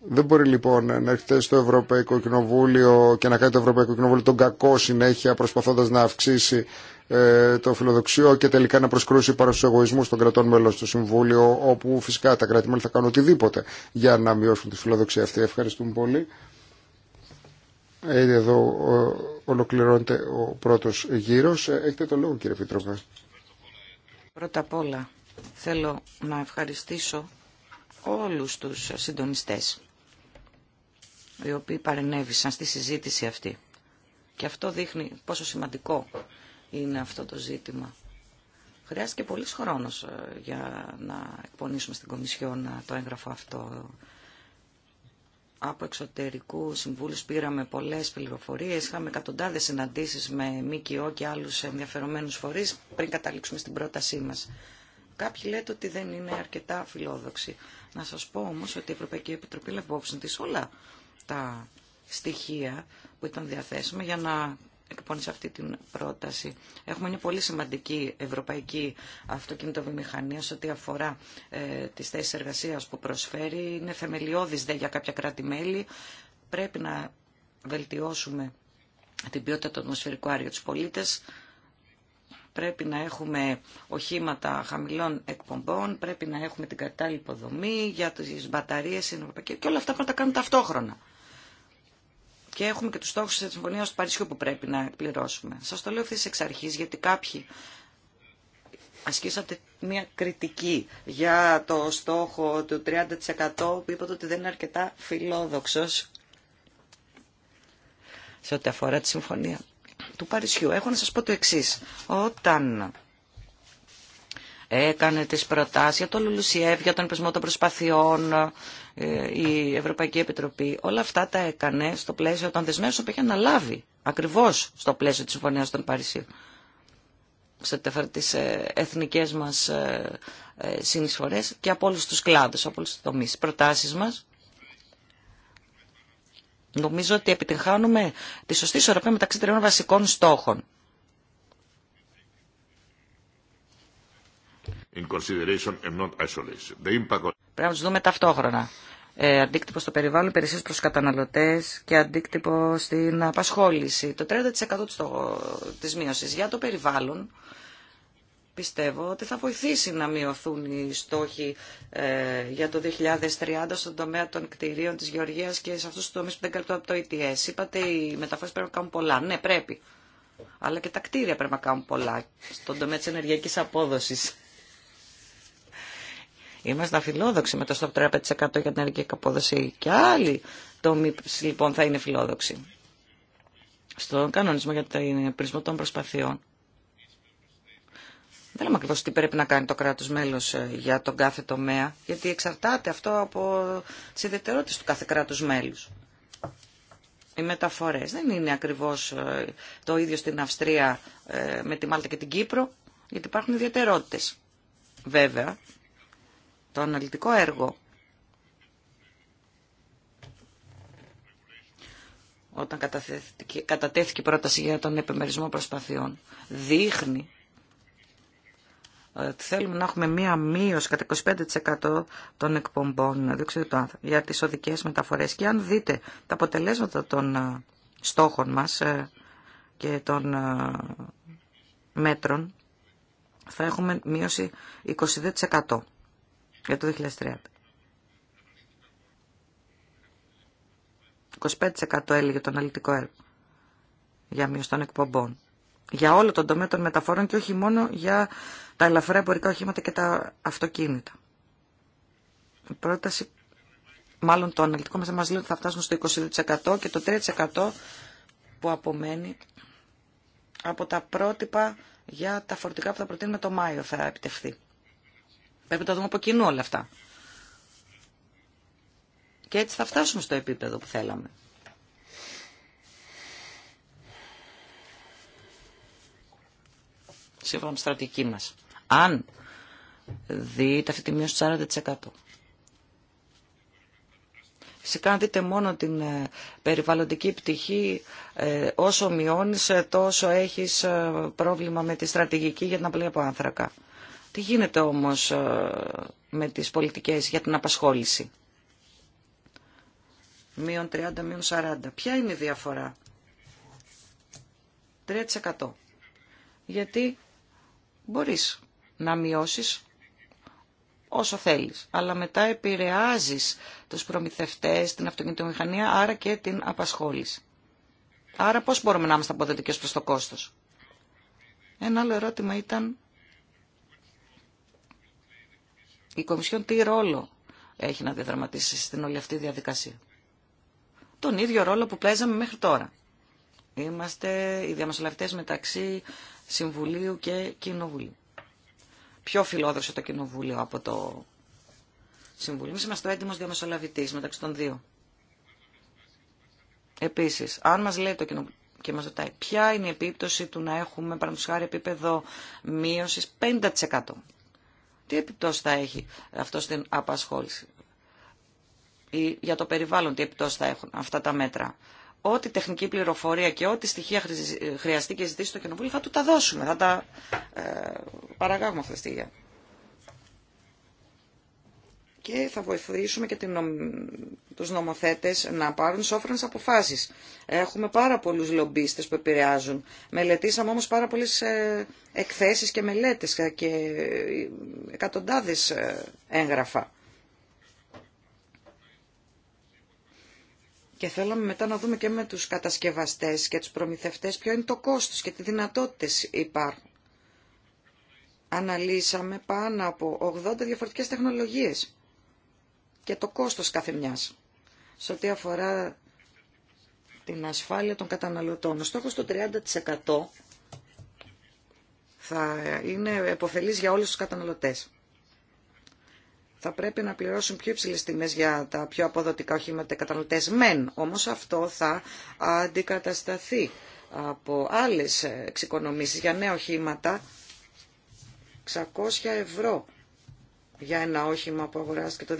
S3: Δεν μπορεί λοιπόν να έρχεται στο Ευρωπαϊκό Κοινοβούλιο και να κάνει το Ευρωπαϊκό Κοινοβούλιο τον κακό συνέχεια προσπαθώντας να αυξήσει ε, το φιλοδοξίο και τελικά να προσκρούσει παρά το των κρατών μέλων στο Συμβούλιο, όπου φυσικά τα κράτη-μέλη θα κάνουν οτιδήποτε για να μειώσουν τη φιλοδοξία αυτή. Ευχαριστούμε πολύ. Ε, εδώ ολοκληρώνεται ο πρώτος γύρος. Ε, έχετε το λόγο κύριε Πίτροπε.
S1: Πρώτα απ' όλα θέλω να ευχαριστήσω όλους τους συντονιστές οι οποίοι παρενέβησαν στη συζήτηση αυτή. Και αυτό δείχνει πόσο σημαντικό είναι αυτό το ζήτημα. Χρειάστηκε πολύ χρόνο ε, για να εκπονήσουμε στην Κομισιόν ε, το έγγραφο αυτό. Από εξωτερικού συμβούλου πήραμε πολλέ πληροφορίε, είχαμε εκατοντάδε συναντήσει με ΜΚΟ και άλλου ενδιαφερομένου φορεί πριν καταλήξουμε στην πρότασή μα. Κάποιοι λέτε ότι δεν είναι αρκετά φιλόδοξοι. Να σα πω όμω ότι η Ευρωπαϊκή Επιτροπή λαμβάνει τη όλα τα στοιχεία που ήταν διαθέσιμα για να εκπώνησε αυτή την πρόταση. Έχουμε μια πολύ σημαντική ευρωπαϊκή αυτοκινητοβιομηχανία σε ό,τι αφορά ε, τις θέσεις εργασίας που προσφέρει. Είναι θεμελιώδης δε για κάποια κράτη-μέλη. Πρέπει να βελτιώσουμε την ποιότητα του ατμοσφαιρικού αέριου τους πολίτες. Πρέπει να έχουμε οχήματα χαμηλών εκπομπών, πρέπει να έχουμε την κατάλληλη υποδομή για τις μπαταρίες και όλα αυτά πρέπει να τα κάνουν ταυτόχρονα και έχουμε και τους στόχους της συμφωνία του Παρισιού που πρέπει να πληρώσουμε. Σας το λέω τη εξ αρχής, γιατί κάποιοι ασκήσατε μια κριτική για το στόχο του 30% που είπατε ότι δεν είναι αρκετά φιλόδοξο σε ό,τι αφορά τη Συμφωνία του Παρισιού. Έχω να σας πω το εξή. Όταν έκανε τις προτάσεις για το Λουλουσιεύ, για τον πεσμό των προσπαθειών, ε, η Ευρωπαϊκή Επιτροπή. Όλα αυτά τα έκανε στο πλαίσιο των δεσμεύσεων που είχε αναλάβει, ακριβώς στο πλαίσιο της Συμφωνίας των Παρισίων. Σε τις ε, εθνικές μας ε, συνεισφορές και από όλους τους κλάδους, από όλους τους τομείς. προτάσεις μας νομίζω ότι επιτυγχάνουμε τη σωστή ισορροπία μεταξύ τριών βασικών στόχων Πρέπει να τους δούμε ταυτόχρονα. Ε, αντίκτυπο στο περιβάλλον, υπηρεσίε προ καταναλωτέ και αντίκτυπο στην απασχόληση. Το 30% τη μείωση για το περιβάλλον πιστεύω ότι θα βοηθήσει να μειωθούν οι στόχοι ε, για το 2030 στον τομέα των κτηρίων της Γεωργίας και σε αυτούς τους τομείς που δεν καλύπτουν από το ETS. Είπατε οι μεταφορές πρέπει να κάνουν πολλά. Ναι, πρέπει. Αλλά και τα κτίρια πρέπει να κάνουν πολλά στον τομέα της ενεργειακής απόδοσης. Είμαστε αφιλόδοξοι με το στόχο 3% για την ενεργειακή απόδοση και άλλοι τομεί λοιπόν θα είναι φιλόδοξοι στον κανονισμό για τον πρισμό των προσπαθειών. Δεν λέμε ακριβώ τι πρέπει να κάνει το κράτο μέλο ε, για τον κάθε τομέα, γιατί εξαρτάται αυτό από τι ιδιαιτερότητε του κάθε κράτου μέλου. Οι μεταφορέ δεν είναι ακριβώ ε, το ίδιο στην Αυστρία ε, με τη Μάλτα και την Κύπρο, γιατί υπάρχουν ιδιαιτερότητε. Βέβαια, το αναλυτικό έργο. όταν κατατέθηκε η πρόταση για τον επιμερισμό προσπαθειών, δείχνει ε, ότι θέλουμε να έχουμε μία μείωση κατά 25% των εκπομπών για τις οδικές μεταφορές. Και αν δείτε τα αποτελέσματα των ε, στόχων μας ε, και των μέτρων, θα έχουμε μείωση 22% για το 2030. 25% έλεγε το αναλυτικό έργο για μείωση των εκπομπών. Για όλο τον τομέα των μεταφορών και όχι μόνο για τα ελαφρά εμπορικά οχήματα και τα αυτοκίνητα. Η πρόταση, μάλλον το αναλυτικό μέσα μας λέει ότι θα φτάσουν στο 22% και το 3% που απομένει από τα πρότυπα για τα φορτικά που θα προτείνουμε το Μάιο θα επιτευχθεί. Πρέπει να τα δούμε από κοινού όλα αυτά. Και έτσι θα φτάσουμε στο επίπεδο που θέλαμε. Σύμφωνα με τη στρατηγική μας. Αν δείτε αυτή τη μείωση του 40%. Φυσικά να δείτε μόνο την ε, περιβαλλοντική πτυχή, ε, όσο μειώνεις ε, τόσο έχεις πρόβλημα με τη στρατηγική για την απλή από άνθρακα. Τι γίνεται όμως ε, με τις πολιτικές για την απασχόληση. Μείον 30, μείον 40. Ποια είναι η διαφορά. 3%. Γιατί μπορείς να μειώσεις όσο θέλεις. Αλλά μετά επηρεάζεις τους προμηθευτές, την αυτοκινητομηχανία, άρα και την απασχόληση. Άρα πώς μπορούμε να είμαστε αποδοτικές προς το κόστος. Ένα άλλο ερώτημα ήταν η Κομισιόν τι ρόλο έχει να διαδραματίσει στην όλη αυτή διαδικασία. Τον ίδιο ρόλο που παίζαμε μέχρι τώρα. Είμαστε οι διαμεσολαβητές μεταξύ Συμβουλίου και Κοινοβουλίου. Πιο φιλόδοξο το Κοινοβούλιο από το Συμβούλιο. Εμείς είμαστε ο έντιμος διαμεσολαβητής μεταξύ των δύο. Επίσης, αν μας λέει το Κοινοβούλιο και μας ρωτάει ποια είναι η επίπτωση του να έχουμε παραδείγματος χάρη επίπεδο μείωσης 50% τι επιπτώσει θα έχει αυτό στην απασχόληση ή για το περιβάλλον τι επιπτώσει θα έχουν αυτά τα μέτρα. Ό,τι τεχνική πληροφορία και ό,τι στοιχεία χρειαστεί και ζητήσει το Κοινοβούλιο θα του τα δώσουμε, θα τα ε, παραγάγουμε αυτά τα στοιχεία και θα βοηθήσουμε και την τους νομοθέτες να πάρουν σόφρονες αποφάσεις. Έχουμε πάρα πολλούς λομπίστες που επηρεάζουν. Μελετήσαμε όμως πάρα πολλές ε, εκθέσεις και μελέτες και ε, εκατοντάδες ε, έγγραφα. Και θέλαμε μετά να δούμε και με τους κατασκευαστές και τους προμηθευτές ποιο είναι το κόστος και τι δυνατότητες υπάρχουν. Αναλύσαμε πάνω από 80 διαφορετικές τεχνολογίες και το κόστος κάθε μιας σε ό,τι αφορά την ασφάλεια των καταναλωτών. Ο στόχος το 30% θα είναι επωφελής για όλους τους καταναλωτές. Θα πρέπει να πληρώσουν πιο υψηλέ τιμέ για τα πιο αποδοτικά οχήματα καταναλωτέ. Μεν, όμω αυτό θα αντικατασταθεί από άλλε εξοικονομήσει για νέα οχήματα. 600 ευρώ για ένα όχημα που αγοράστηκε το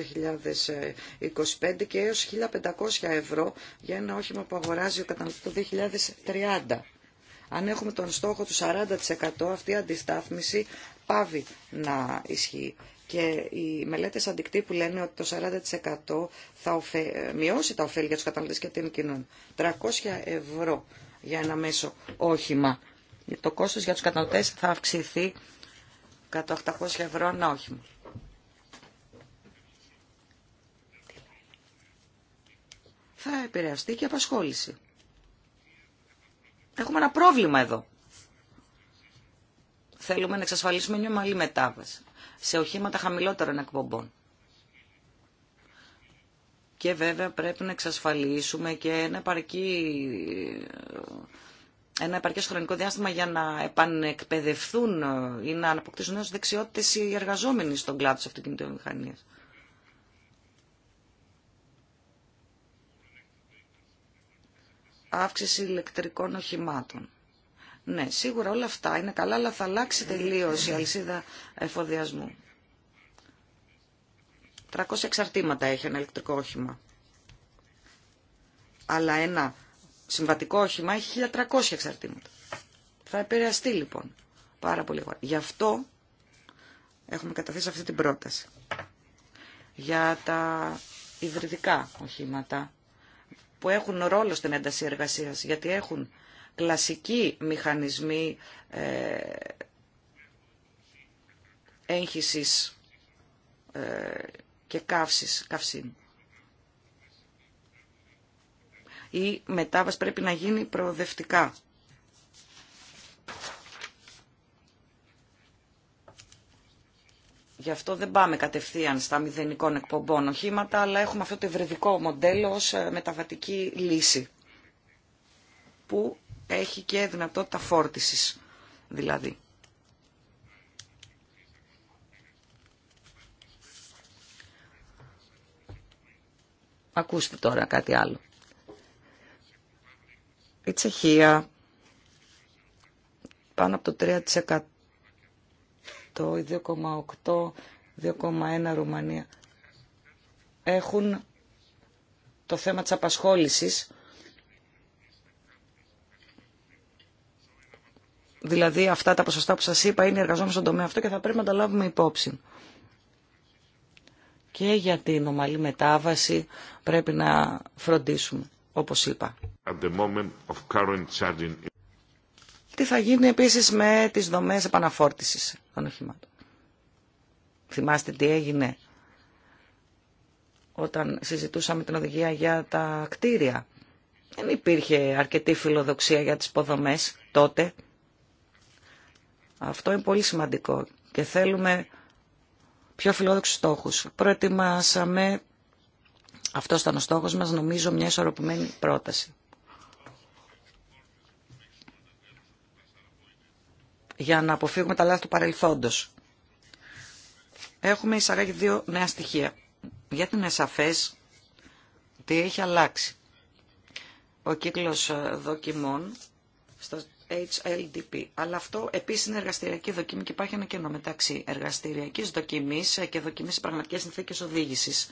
S1: 2025 και έως 1.500 ευρώ για ένα όχημα που αγοράζει ο καταναλωτής το 2030. Αν έχουμε τον στόχο του 40% αυτή η αντιστάθμιση πάβει να ισχύει. Και οι μελέτες αντικτύπου λένε ότι το 40% θα μειώσει τα ωφέλη για τους καταναλωτές και την κοινωνία. 300 ευρώ για ένα μέσο όχημα. Το κόστος για τους καταναλωτές θα αυξηθεί κατά 800 ευρώ ένα όχημα. θα επηρεαστεί και η απασχόληση. Έχουμε ένα πρόβλημα εδώ. Θέλουμε να εξασφαλίσουμε μια ομαλή μετάβαση σε οχήματα χαμηλότερων εκπομπών. Και βέβαια πρέπει να εξασφαλίσουμε και ένα επαρκή ένα επαρκές χρονικό διάστημα για να επανεκπαιδευτούν ή να αναποκτήσουν νέες δεξιότητες οι εργαζόμενοι στον κλάδο της αυτοκινητομηχανίας. αύξηση ηλεκτρικών οχημάτων. Ναι, σίγουρα όλα αυτά είναι καλά, αλλά θα αλλάξει τελείω η αλυσίδα εφοδιασμού. 300 εξαρτήματα έχει ένα ηλεκτρικό όχημα. Αλλά ένα συμβατικό όχημα έχει 1300 εξαρτήματα. Θα επηρεαστεί λοιπόν πάρα πολύ γρήγορα. Γι' αυτό έχουμε καταθέσει αυτή την πρόταση. Για τα υβριδικά οχήματα που έχουν ρόλο στην ένταση εργασίας, γιατί έχουν κλασικοί μηχανισμοί ε, έγχυσης ε, και καύσης, καυσίν. Η μετάβαση πρέπει να γίνει προοδευτικά. Γι' αυτό δεν πάμε κατευθείαν στα μηδενικών εκπομπών οχήματα, αλλά έχουμε αυτό το ευρεδικό μοντέλο ως ε, μεταβατική λύση, που έχει και δυνατότητα φόρτισης, δηλαδή. Ακούστε τώρα κάτι άλλο. Η Τσεχία πάνω από το το 2,8, 2,1 Ρουμανία έχουν το θέμα της απασχόλησης. Δηλαδή αυτά τα ποσοστά που σας είπα είναι εργαζόμενοι στον τομέα αυτό και θα πρέπει να τα λάβουμε υπόψη. Και για την ομαλή μετάβαση πρέπει να φροντίσουμε,
S2: όπως είπα
S1: θα γίνει επίσης με τις δομές επαναφόρτησης των οχημάτων. Θυμάστε τι έγινε όταν συζητούσαμε την οδηγία για τα κτίρια. Δεν υπήρχε αρκετή φιλοδοξία για τις υποδομές τότε. Αυτό είναι πολύ σημαντικό και θέλουμε πιο φιλόδοξους στόχους. Προετοιμάσαμε, αυτό ήταν ο στόχος μας, νομίζω μια ισορροπημένη πρόταση. για να αποφύγουμε τα λάθη του παρελθόντος. Έχουμε εισαγάγει δύο νέα στοιχεία. Γιατί είναι σαφέ τι έχει αλλάξει. Ο κύκλος ε, δοκιμών στο HLDP. Αλλά αυτό επίσης είναι εργαστηριακή δοκίμη και υπάρχει ένα κενό μεταξύ εργαστηριακής δοκιμής ε, και δοκιμής σε πραγματικές συνθήκες οδήγησης.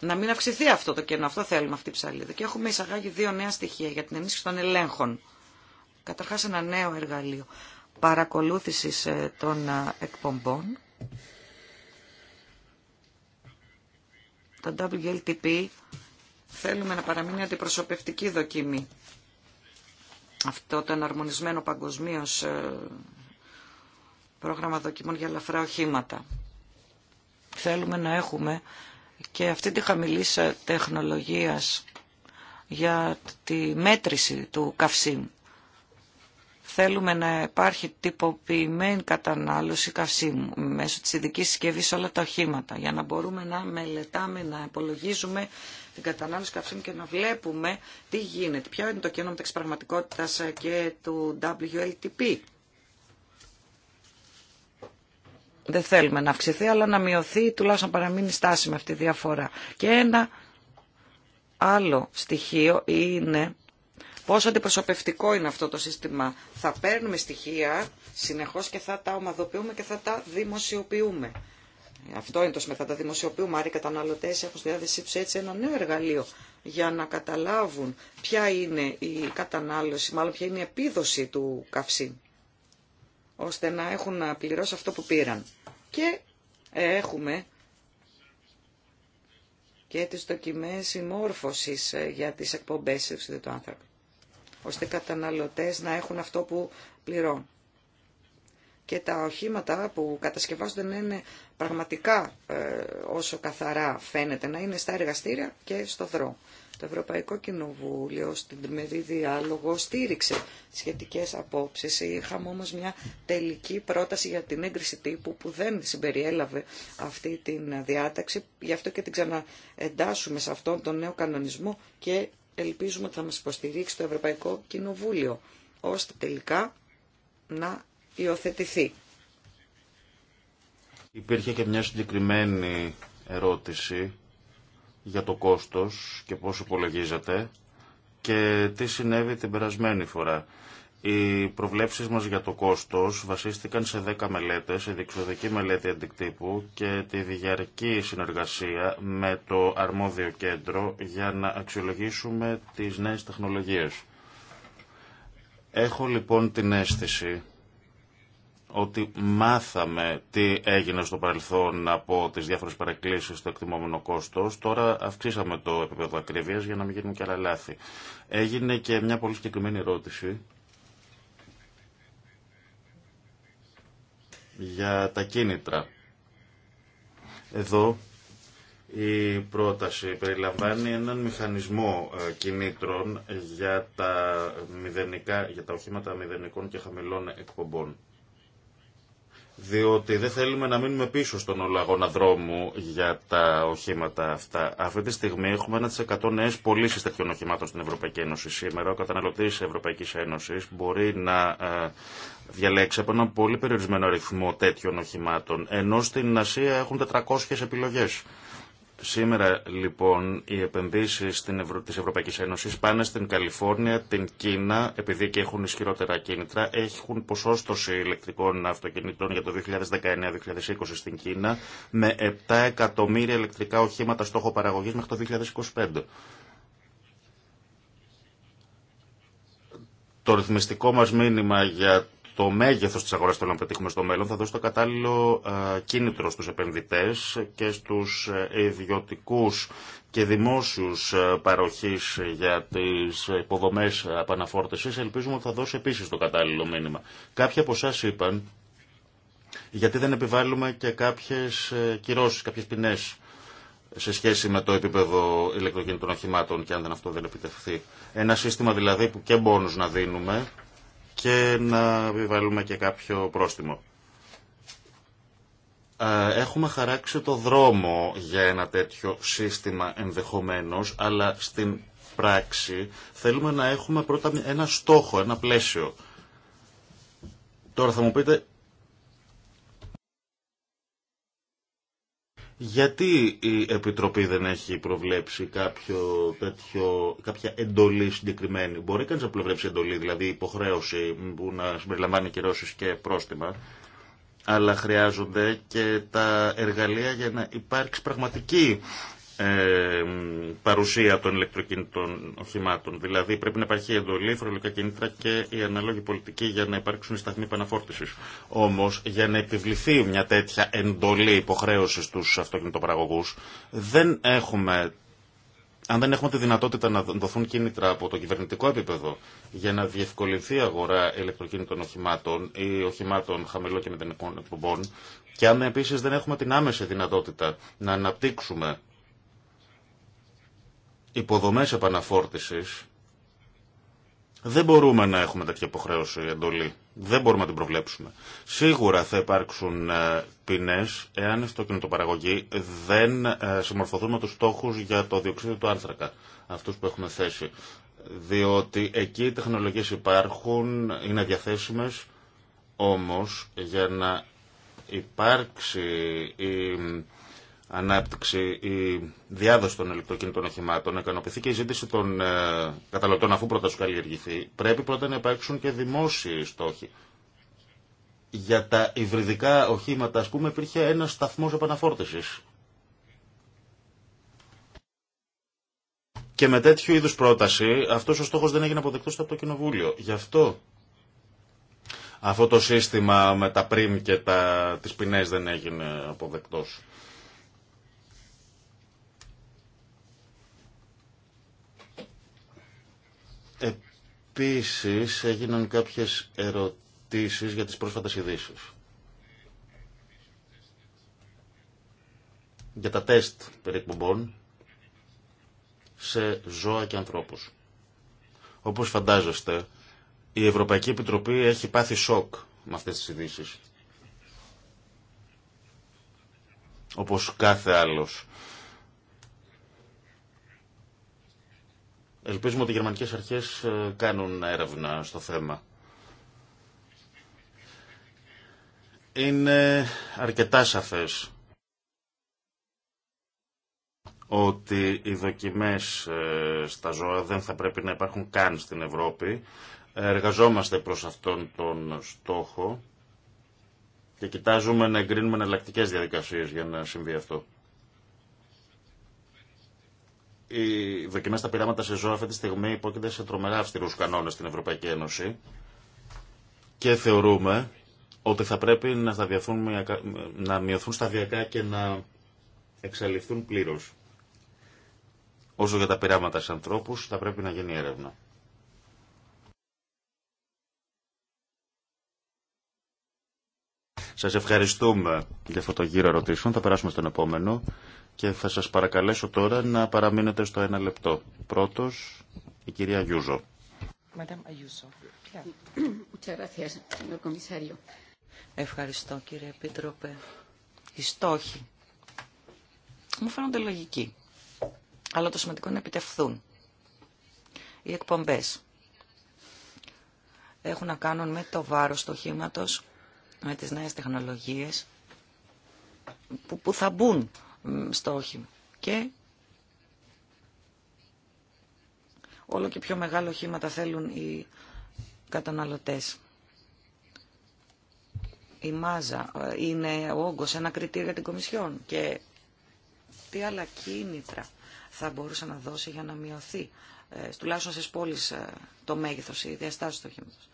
S1: Να μην αυξηθεί αυτό το κενό, αυτό θέλουμε αυτή η ψαλίδα. Και έχουμε εισαγάγει δύο νέα στοιχεία για την ενίσχυση των ελέγχων. Καταρχάς ένα νέο εργαλείο παρακολούθησης ε, των ε, εκπομπών. Το WLTP θέλουμε να παραμείνει αντιπροσωπευτική δοκιμή. Αυτό το εναρμονισμένο παγκοσμίω ε, πρόγραμμα δοκιμών για ελαφρά οχήματα. Θέλουμε να έχουμε και αυτή τη χαμηλή τεχνολογίας για τη μέτρηση του καυσίμου. Θέλουμε να υπάρχει τυποποιημένη κατανάλωση καυσίμου μέσω της ειδικής σε όλα τα οχήματα για να μπορούμε να μελετάμε, να υπολογίζουμε την κατανάλωση καυσίμου και να βλέπουμε τι γίνεται. Ποιο είναι το κενό μεταξύ πραγματικότητα και του WLTP. Δεν θέλουμε να αυξηθεί, αλλά να μειωθεί, τουλάχιστον παραμείνει στάση αυτή τη διαφορά. Και ένα άλλο στοιχείο είναι πόσο αντιπροσωπευτικό είναι αυτό το σύστημα. Θα παίρνουμε στοιχεία συνεχώς και θα τα ομαδοποιούμε και θα τα δημοσιοποιούμε. Αυτό είναι το σημείο. Θα τα δημοσιοποιούμε. Άρα οι καταναλωτέ έχουν στη διάθεσή του έτσι ένα νέο εργαλείο για να καταλάβουν ποια είναι η κατανάλωση, μάλλον ποια είναι η επίδοση του καυσίμου, ώστε να έχουν να πληρώσει αυτό που πήραν. Και έχουμε και τις δοκιμές συμμόρφωσης ε, για τις εκπομπές ε, του άνθρωπου ώστε οι καταναλωτές να έχουν αυτό που πληρώνουν. Και τα οχήματα που κατασκευάζονται να είναι πραγματικά ε, όσο καθαρά φαίνεται να είναι στα εργαστήρια και στο δρόμο. Το Ευρωπαϊκό Κοινοβούλιο στην τριμερή διάλογο στήριξε σχετικές απόψεις. Είχαμε όμως μια τελική πρόταση για την έγκριση τύπου που δεν συμπεριέλαβε αυτή την διάταξη. Γι' αυτό και την ξαναεντάσσουμε σε αυτόν τον νέο κανονισμό και ελπίζουμε ότι θα μας υποστηρίξει το Ευρωπαϊκό Κοινοβούλιο, ώστε τελικά να υιοθετηθεί.
S2: Υπήρχε και μια συγκεκριμένη ερώτηση για το κόστος και πώς υπολογίζεται και τι συνέβη την περασμένη φορά. Οι προβλέψεις μας για το κόστος βασίστηκαν σε 10 μελέτες, σε διεξοδική μελέτη αντικτύπου και τη διαρκή συνεργασία με το αρμόδιο κέντρο για να αξιολογήσουμε τις νέες τεχνολογίες. Έχω λοιπόν την αίσθηση ότι μάθαμε τι έγινε στο παρελθόν από τις διάφορες παρεκκλήσεις στο εκτιμόμενο κόστος. Τώρα αυξήσαμε το επίπεδο ακρίβειας για να μην γίνουν και άλλα λάθη. Έγινε και μια πολύ συγκεκριμένη ερώτηση για τα κίνητρα. Εδώ η πρόταση περιλαμβάνει έναν μηχανισμό ε, κινήτρων για τα, μηδενικά, για τα οχήματα μηδενικών και χαμηλών εκπομπών. Διότι δεν θέλουμε να μείνουμε πίσω στον όλο αγώνα δρόμου για τα οχήματα αυτά. Αυτή τη στιγμή έχουμε 1% νέε πωλήσει τέτοιων οχημάτων στην Ευρωπαϊκή Ένωση. Σήμερα ο καταναλωτή τη Ευρωπαϊκή Ένωση μπορεί να ε, διαλέξει από ένα πολύ περιορισμένο αριθμό τέτοιων οχημάτων, ενώ στην Ασία έχουν 400 επιλογές. Σήμερα λοιπόν οι επενδύσεις της Ευρωπαϊκής Ένωσης πάνε στην Καλιφόρνια, την Κίνα, επειδή και έχουν ισχυρότερα κίνητρα, έχουν ποσόστοση ηλεκτρικών αυτοκινητών για το 2019-2020 στην Κίνα, με 7 εκατομμύρια ηλεκτρικά οχήματα στόχο παραγωγής μέχρι το 2025. Το ρυθμιστικό μας μήνυμα για το μέγεθο τη αγοράς που να πετύχουμε στο μέλλον θα δώσει το κατάλληλο ε, κίνητρο στους επενδυτέ και στου ε, ιδιωτικού και δημόσιου ε, παροχή για τις υποδομέ επαναφόρτηση. Ελπίζουμε ότι θα δώσει επίση το κατάλληλο μήνυμα. Κάποιοι από εσά είπαν γιατί δεν επιβάλλουμε και κάποιε κυρώσει, κάποιε ποινέ σε σχέση με το επίπεδο ηλεκτροκινητών οχημάτων και αν δεν αυτό δεν επιτευχθεί. Ένα σύστημα δηλαδή που και μπόνους να δίνουμε και να επιβαλούμε και κάποιο πρόστιμο. Ε, έχουμε χαράξει το δρόμο για ένα τέτοιο σύστημα ενδεχομένως, αλλά στην πράξη θέλουμε να έχουμε πρώτα ένα στόχο, ένα πλαίσιο. Τώρα θα μου πείτε Γιατί η Επιτροπή δεν έχει προβλέψει κάποιο τέτοιο, κάποια εντολή συγκεκριμένη. Μπορεί κανείς να προβλέψει εντολή, δηλαδή υποχρέωση που να συμπεριλαμβάνει κυρώσεις και πρόστιμα, αλλά χρειάζονται και τα εργαλεία για να υπάρξει πραγματική ε, παρουσία των ηλεκτροκινητών οχημάτων. Δηλαδή πρέπει να υπάρχει εντολή, φορολογικά κινήτρα και η αναλόγη πολιτική για να υπάρξουν σταθμοί επαναφόρτηση. Όμω για να επιβληθεί μια τέτοια εντολή υποχρέωση στου αυτοκινητοπαραγωγού δεν έχουμε. Αν δεν έχουμε τη δυνατότητα να δοθούν κίνητρα από το κυβερνητικό επίπεδο για να διευκολυνθεί η αγορά ηλεκτροκίνητων οχημάτων ή οχημάτων χαμηλών και μηδενικών εκπομπών, και αν επίση δεν έχουμε την άμεση δυνατότητα να αναπτύξουμε υποδομές επαναφόρτησης δεν μπορούμε να έχουμε τέτοια υποχρέωση εντολή. Δεν μπορούμε να την προβλέψουμε. Σίγουρα θα υπάρξουν ε, ποινέ εάν το κινητοπαραγωγή δεν ε, συμμορφωθούμε με του στόχου για το διοξείδιο του άνθρακα. Αυτού που έχουμε θέσει. Διότι εκεί οι τεχνολογίε υπάρχουν, είναι διαθέσιμε, όμως για να υπάρξει η ανάπτυξη, η διάδοση των ηλεκτροκίνητων οχημάτων, ικανοποιηθεί και η ζήτηση των ε, καταναλωτών αφού πρώτα σου καλλιεργηθεί, πρέπει πρώτα να υπάρξουν και δημόσιοι στόχοι. Για τα υβριδικά οχήματα, α πούμε, υπήρχε ένα σταθμό επαναφόρτηση. Και με τέτοιου είδου πρόταση, αυτό ο στόχο δεν έγινε αποδεκτό από το Κοινοβούλιο. Γι' αυτό αυτό το σύστημα με τα πριμ και τα, τις ποινές δεν έγινε αποδεκτός. Επίση, έγιναν κάποιες ερωτήσεις για τις πρόσφατες ειδήσει. Για τα τεστ περί εκπομπών σε ζώα και ανθρώπους. Όπως φαντάζεστε, η Ευρωπαϊκή Επιτροπή έχει πάθει σοκ με αυτέ τι ειδήσει. Όπως κάθε άλλος. Ελπίζουμε ότι οι γερμανικές αρχές ε, κάνουν έρευνα στο θέμα. Είναι αρκετά σαφές ότι οι δοκιμές ε, στα ζώα δεν θα πρέπει να υπάρχουν καν στην Ευρώπη. Εργαζόμαστε προς αυτόν τον στόχο και κοιτάζουμε να εγκρίνουμε εναλλακτικέ διαδικασίες για να συμβεί αυτό. Οι δοκιμέ στα πειράματα σε ζώα αυτή τη στιγμή υπόκειται σε τρομερά αυστηρού κανόνε στην Ευρωπαϊκή Ένωση και θεωρούμε ότι θα πρέπει να, μειωθούν να μειωθούν σταδιακά και να εξαλειφθούν πλήρω. Όσο για τα πειράματα σε ανθρώπου, θα πρέπει να γίνει έρευνα. Σας ευχαριστούμε για αυτό το γύρο ερωτήσεων. Θα περάσουμε στον επόμενο και θα σας παρακαλέσω τώρα να παραμείνετε στο ένα λεπτό. Πρώτος, η κυρία Γιούζο.
S1: Ευχαριστώ κύριε Επίτροπε. Οι στόχοι μου φαίνονται λογικοί, αλλά το σημαντικό είναι να επιτευχθούν. Οι εκπομπές έχουν να κάνουν με το βάρος του οχήματος, με τις νέες τεχνολογίες που θα μπουν στόχοι. Και όλο και πιο μεγάλο χήματα θέλουν οι καταναλωτές. Η μάζα ε, είναι όγκος, ένα κριτήριο για την Κομισιόν και τι άλλα κίνητρα θα μπορούσε να δώσει για να μειωθεί ε, τουλάχιστον στις πόλεις ε, το μέγεθος, η διαστάση του χήματος.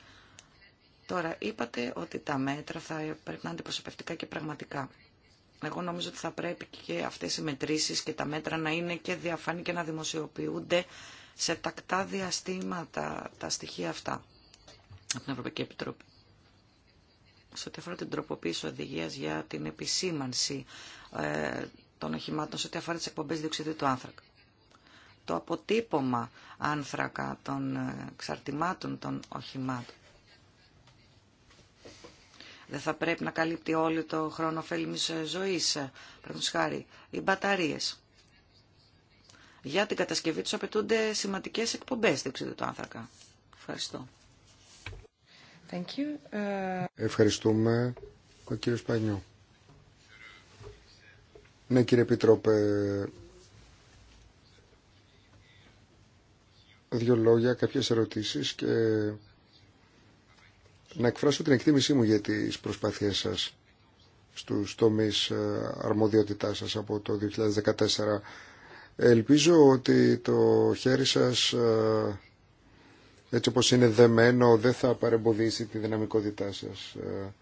S1: Τώρα, είπατε ότι τα μέτρα θα πρέπει να είναι αντιπροσωπευτικά και πραγματικά. Εγώ νομίζω ότι θα πρέπει και αυτές οι μετρήσεις και τα μέτρα να είναι και διαφανή και να δημοσιοποιούνται σε τακτά διαστήματα τα στοιχεία αυτά από την Ευρωπαϊκή Επιτροπή. Σε ό,τι αφορά την τροποποίηση οδηγία για την επισήμανση ε, των οχημάτων, σε ό,τι αφορά τι εκπομπέ διοξιδίου του άνθρακα. Το αποτύπωμα άνθρακα των ε, εξαρτημάτων των οχημάτων δεν θα πρέπει να καλύπτει όλο το χρόνο ωφέλιμης ζωής, παραδείγματος χάρη, οι μπαταρίες. Για την κατασκευή τους απαιτούνται σημαντικές εκπομπές δείξετε το άνθρακα. Ευχαριστώ.
S3: Ε, Ευχαριστούμε. Ο κύριο Πανιού. Ναι κύριε Επιτρόπε, δύο λόγια, κάποιες ερωτήσεις και να εκφράσω την εκτίμησή μου για τις προσπάθειές σας στους τομείς ε, αρμοδιότητάς σας από το 2014. Ελπίζω ότι το χέρι σας ε, έτσι όπως είναι δεμένο δεν θα παρεμποδίσει τη δυναμικότητά σας ε,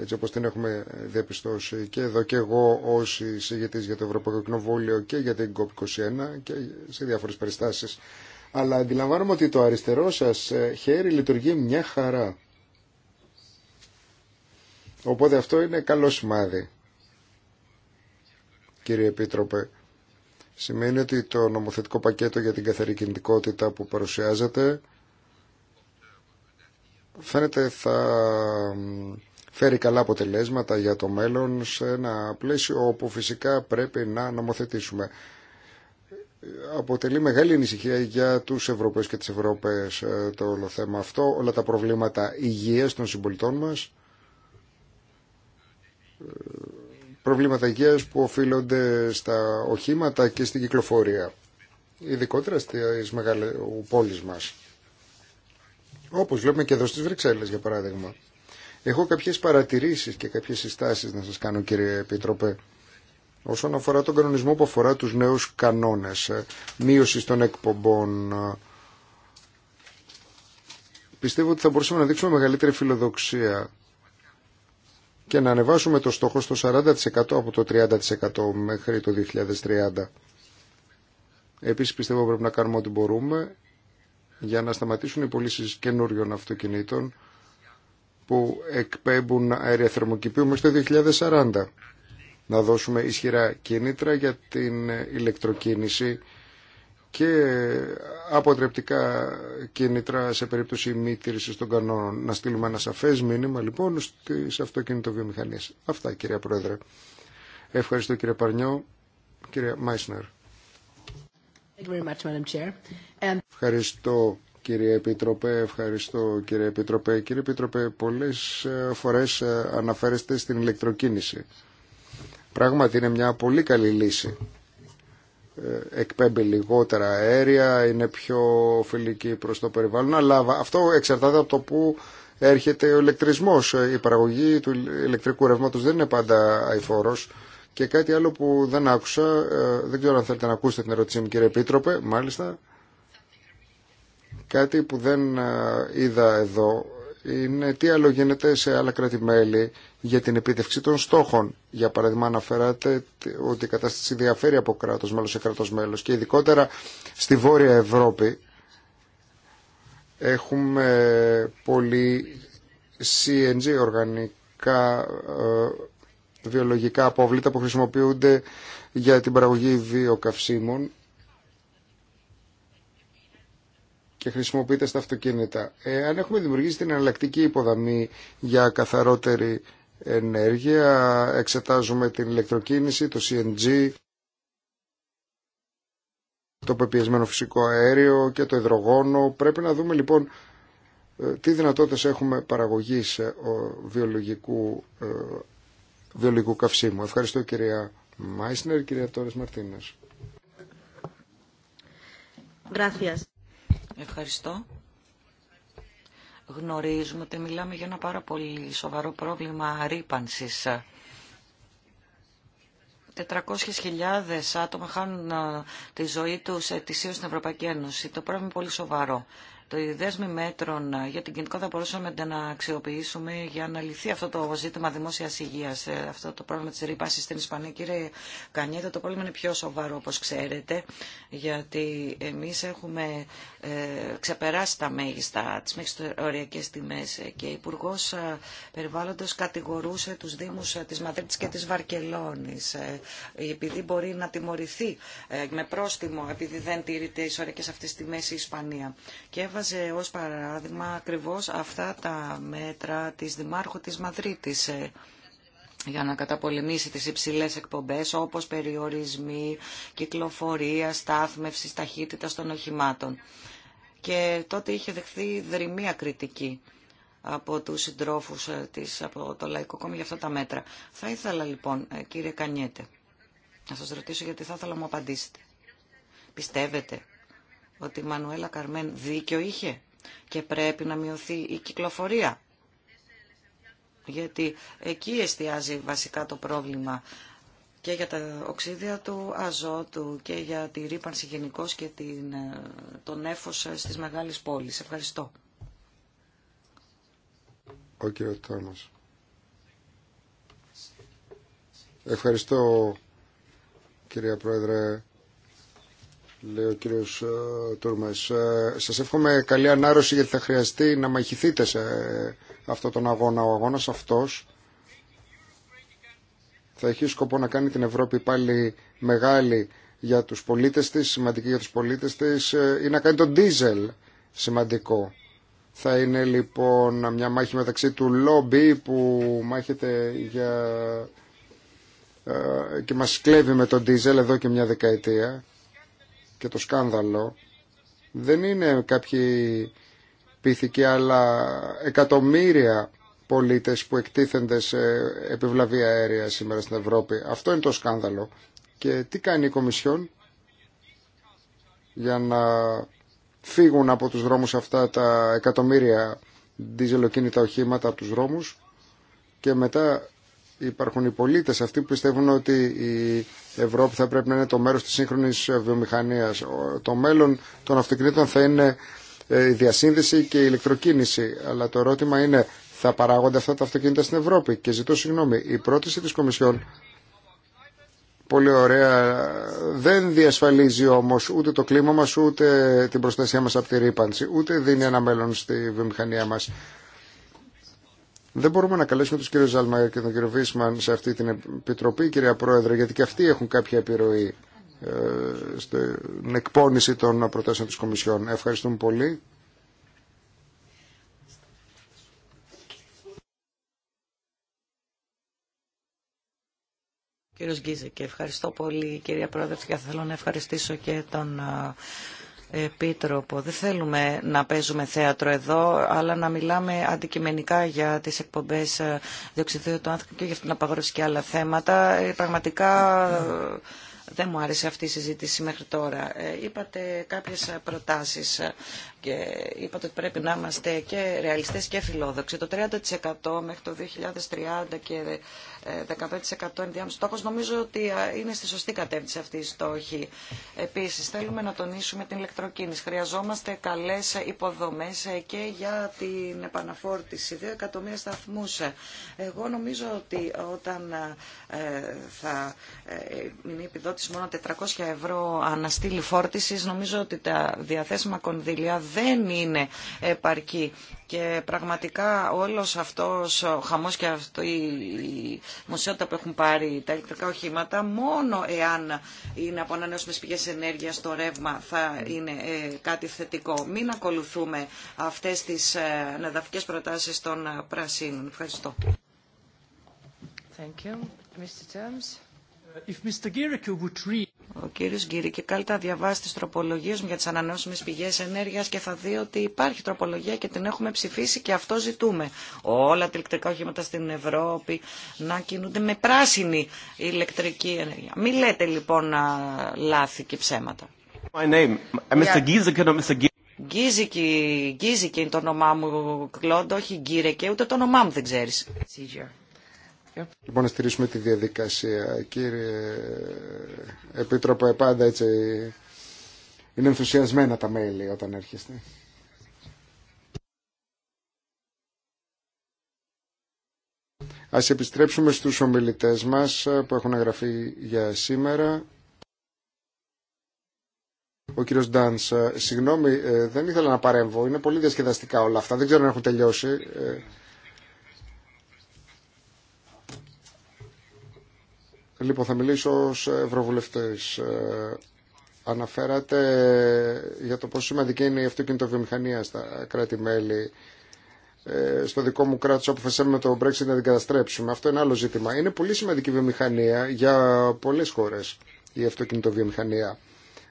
S3: έτσι όπως την έχουμε διαπιστώσει και εδώ και εγώ ως εισηγητής για το Ευρωπαϊκό Κοινοβούλιο και για την COP21 και σε διάφορες περιστάσεις. Αλλά αντιλαμβάνομαι ότι το αριστερό σας χέρι λειτουργεί μια χαρά. Οπότε αυτό είναι καλό σημάδι, κύριε Επίτροπε. Σημαίνει ότι το νομοθετικό πακέτο για την καθαρή κινητικότητα που παρουσιάζεται φαίνεται θα φέρει καλά αποτελέσματα για το μέλλον σε ένα πλαίσιο όπου φυσικά πρέπει να νομοθετήσουμε. Αποτελεί μεγάλη ανησυχία για τους Ευρωπαίους και τις Ευρώπες ε, το όλο θέμα αυτό, όλα τα προβλήματα υγείας των συμπολιτών μας προβλήματα υγείας που οφείλονται στα οχήματα και στην κυκλοφορία, ειδικότερα στις μεγάλες πόλεις μας. Όπως βλέπουμε και εδώ στις Βρυξέλλες, για παράδειγμα. Έχω κάποιες παρατηρήσεις και κάποιες συστάσεις να σας κάνω, κύριε Επίτροπε, όσον αφορά τον κανονισμό που αφορά τους νέους κανόνες, ε, μείωση των εκπομπών, πιστεύω ότι θα μπορούσαμε να δείξουμε μεγαλύτερη φιλοδοξία και να ανεβάσουμε το στόχο στο 40% από το 30% μέχρι το 2030. Επίσης πιστεύω πρέπει να κάνουμε ό,τι μπορούμε για να σταματήσουν οι πωλήσει καινούριων αυτοκινήτων που εκπέμπουν αέρια θερμοκηπίου μέχρι το 2040. Να δώσουμε ισχυρά κίνητρα για την ηλεκτροκίνηση και αποτρεπτικά κίνητρα σε περίπτωση μη τήρησης των κανόνων. Να στείλουμε ένα σαφές μήνυμα λοιπόν στις αυτοκινητοβιομηχανίες. Αυτά κυρία Πρόεδρε. Ευχαριστώ κύριε Παρνιό. Κύριε Μάισνερ. Um, ευχαριστώ κύριε Επίτροπε, ευχαριστώ κύριε Επίτροπε. Κύριε Επίτροπε, πολλές ε, φορές ε, αναφέρεστε στην ηλεκτροκίνηση. Πράγματι είναι μια πολύ καλή λύση ε, εκπέμπει λιγότερα αέρια, είναι πιο φιλική προς το περιβάλλον, αλλά αυτό εξαρτάται από το που έρχεται ο ηλεκτρισμός. Η παραγωγή του ηλεκτρικού ρεύματος δεν είναι πάντα αηφόρος. Και κάτι άλλο που δεν άκουσα, ε, δεν ξέρω αν θέλετε να ακούσετε την ερώτησή μου κύριε Επίτροπε, μάλιστα, κάτι που δεν ε, είδα εδώ είναι τι άλλο γίνεται σε άλλα κράτη-μέλη για την επίτευξη των στόχων. Για παράδειγμα αναφέρατε ότι η κατάσταση διαφέρει από κράτο μέλο σε κράτος μέλο. και ειδικότερα στη Βόρεια Ευρώπη έχουμε πολύ CNG οργανικά ε, βιολογικά απόβλητα που χρησιμοποιούνται για την παραγωγή βιοκαυσίμων και χρησιμοποιείται στα αυτοκίνητα. Ε, αν έχουμε δημιουργήσει την εναλλακτική υποδαμή για καθαρότερη ενέργεια, εξετάζουμε την ηλεκτροκίνηση, το CNG, το πεπιεσμένο φυσικό αέριο και το υδρογόνο. Πρέπει να δούμε λοιπόν ε, τι δυνατότητες έχουμε παραγωγής ε, βιολογικού, βιολογικού καυσίμου. Ευχαριστώ κυρία Μάισνερ, κυρία Τόρες Μαρτίνες.
S1: Gracias. Ευχαριστώ. Γνωρίζουμε ότι μιλάμε για ένα πάρα πολύ σοβαρό πρόβλημα ρήπανσης. 400.000 άτομα χάνουν ε, τη ζωή τους ετησίως στην Ευρωπαϊκή Ένωση. Το πρόβλημα είναι πολύ σοβαρό. Το δέσμη μέτρων ε, για την κοινικό θα μπορούσαμε να αξιοποιήσουμε για να λυθεί αυτό το ζήτημα δημόσια υγεία, ε, αυτό το πρόβλημα τη ρήπαση στην Ισπανία. Κύριε Κανιέτα, το πρόβλημα είναι πιο σοβαρό, όπω ξέρετε, γιατί εμεί έχουμε ε, ξεπεράσει τα μέγιστα, τι μέγιστε οριακέ τιμέ και ο Υπουργό Περιβάλλοντο κατηγορούσε του Δήμου τη Μαδρίτη και τη Βαρκελόνη, επειδή μπορεί να τιμωρηθεί με πρόστιμο, επειδή δεν τηρείται οι οριακέ αυτέ τιμέ η Ισπανία. Και έβαζε ως παράδειγμα ακριβώς αυτά τα μέτρα της Δημάρχου της Μαδρίτης ε, για να καταπολεμήσει τις υψηλές εκπομπές όπως περιορισμοί, κυκλοφορία, στάθμευση, ταχύτητα των οχημάτων. Και τότε είχε δεχθεί δρυμία κριτική από τους συντρόφους ε, της, από το Λαϊκό Κόμμα για αυτά τα μέτρα. Θα ήθελα λοιπόν, ε, κύριε Κανιέτε, να σας ρωτήσω γιατί θα ήθελα να μου απαντήσετε. Πιστεύετε ότι η Μανουέλα Καρμέν δίκιο είχε και πρέπει να μειωθεί η κυκλοφορία. Γιατί εκεί εστιάζει βασικά το πρόβλημα και για τα οξύδια του αζότου και για τη ρήπανση γενικώ και την, ε, τον έφος στις μεγάλες πόλεις. Ευχαριστώ.
S3: Ο κύριο Τόμας. Ευχαριστώ κυρία Πρόεδρε λέει ο κύριος ε, Τούρμες. Ε, σας εύχομαι καλή ανάρρωση γιατί θα χρειαστεί να μαχηθείτε σε αυτόν τον αγώνα. Ο αγώνας αυτός θα έχει σκοπό να κάνει την Ευρώπη πάλι μεγάλη για τους πολίτες της, σημαντική για τους πολίτες της ε, ή να κάνει τον ντίζελ σημαντικό. Θα είναι λοιπόν μια μάχη μεταξύ του λόμπι που μάχεται για... και μας κλέβει με τον ντίζελ εδώ και μια δεκαετία και το σκάνδαλο δεν είναι κάποιοι πήθηκοι, αλλά εκατομμύρια πολίτες που εκτίθενται σε επιβλαβή αέρια σήμερα στην Ευρώπη. Αυτό είναι το σκάνδαλο. Και τι κάνει η Κομισιόν για να φύγουν από τους δρόμους αυτά τα εκατομμύρια διζελοκίνητα οχήματα από τους δρόμους και μετά υπάρχουν οι πολίτες αυτοί που πιστεύουν ότι η Ευρώπη θα πρέπει να είναι το μέρος της σύγχρονης βιομηχανίας. Το μέλλον των αυτοκινήτων θα είναι ε, η διασύνδεση και η ηλεκτροκίνηση. Αλλά το ερώτημα είναι θα παράγονται αυτά τα αυτοκίνητα στην Ευρώπη. Και ζητώ συγγνώμη, η πρόταση της Κομισιόν πολύ ωραία δεν διασφαλίζει όμως ούτε το κλίμα μας ούτε την προστασία μας από τη ρήπανση ούτε δίνει ένα μέλλον στη βιομηχανία μας. Δεν μπορούμε να καλέσουμε τους κύριους Ζάλμα και τον κύριο Βίσμαν σε αυτή την επιτροπή, κυρία Πρόεδρε, γιατί και αυτοί έχουν κάποια επιρροή ε, στην εκπόνηση των προτάσεων της Κομισιόν. Ευχαριστούμε πολύ.
S1: Κύριος Γκίζη, και ευχαριστώ πολύ κυρία Πρόεδρε και θέλω να ευχαριστήσω και τον ε, Επίτροπο. Δεν θέλουμε να παίζουμε θέατρο εδώ, αλλά να μιλάμε αντικειμενικά για τις εκπομπές ε, διοξιδίου του άνθρωπου και για αυτό να και άλλα θέματα. Ε, πραγματικά ε, δεν μου άρεσε αυτή η συζήτηση μέχρι τώρα. Είπατε κάποιες προτάσεις και είπατε ότι πρέπει να είμαστε και ρεαλιστές και φιλόδοξοι. Το 30% μέχρι το 2030 και 15% ε, ενδιάμεσο στόχος νομίζω ότι είναι στη σωστή κατεύθυνση αυτή η στόχη. Επίσης θέλουμε να τονίσουμε την ηλεκτροκίνηση. Χρειαζόμαστε καλές υποδομές ε, και για την επαναφόρτιση. δύο εκατομμύρια σταθμούς. Εγώ νομίζω ότι όταν ε, θα είναι επιδότηση μόνο 400 ευρώ αναστήλη φόρτισης νομίζω ότι τα διαθέσιμα κονδύλια δεν είναι επαρκή. Και πραγματικά όλος αυτός ο χαμός και αυτό η μοσιότητα που έχουν πάρει τα ηλεκτρικά οχήματα, μόνο εάν είναι από ανανεώσιμες πηγές ενέργειας το ρεύμα θα είναι ε, κάτι θετικό. Μην ακολουθούμε αυτές τις ε, αναδαφικές προτάσεις των ε, πρασίνων. Ευχαριστώ. Thank you. Mr. Terms. If Mr. Would read ο κύριος Γκύρη και να διαβάσει τις τροπολογίες μου για τις ανανεώσιμες πηγές ενέργειας και θα δει ότι υπάρχει τροπολογία και την έχουμε ψηφίσει και αυτό ζητούμε. Όλα τα ηλεκτρικά οχήματα στην Ευρώπη να κινούνται με πράσινη ηλεκτρική ενέργεια. Μη λέτε λοιπόν λάθη και ψέματα. My
S3: name. Uh, Mr.
S1: Γκίζικη, είναι το όνομά μου, Κλόντ, όχι Γκύρε και ούτε το όνομά μου δεν ξέρεις.
S3: Λοιπόν, να στηρίσουμε τη διαδικασία. Κύριε Επίτροπε, πάντα έτσι είναι ενθουσιασμένα τα μέλη όταν έρχεστε. Ας επιστρέψουμε στους ομιλητές μας που έχουν γραφεί για σήμερα. Ο κύριος Ντάνς, ε, συγγνώμη, ε, δεν ήθελα να παρέμβω. Είναι πολύ διασκεδαστικά όλα αυτά. Δεν ξέρω αν έχουν τελειώσει. Ε, Λοιπόν, θα μιλήσω ως ευρωβουλευτές. Ε, αναφέρατε για το πόσο σημαντική είναι η αυτοκινητοβιομηχανία στα κράτη-μέλη. Ε, στο δικό μου κράτος αποφασίσαμε με το Brexit να την καταστρέψουμε. Αυτό είναι άλλο ζήτημα. Είναι πολύ σημαντική βιομηχανία για πολλές χώρες η αυτοκινητοβιομηχανία.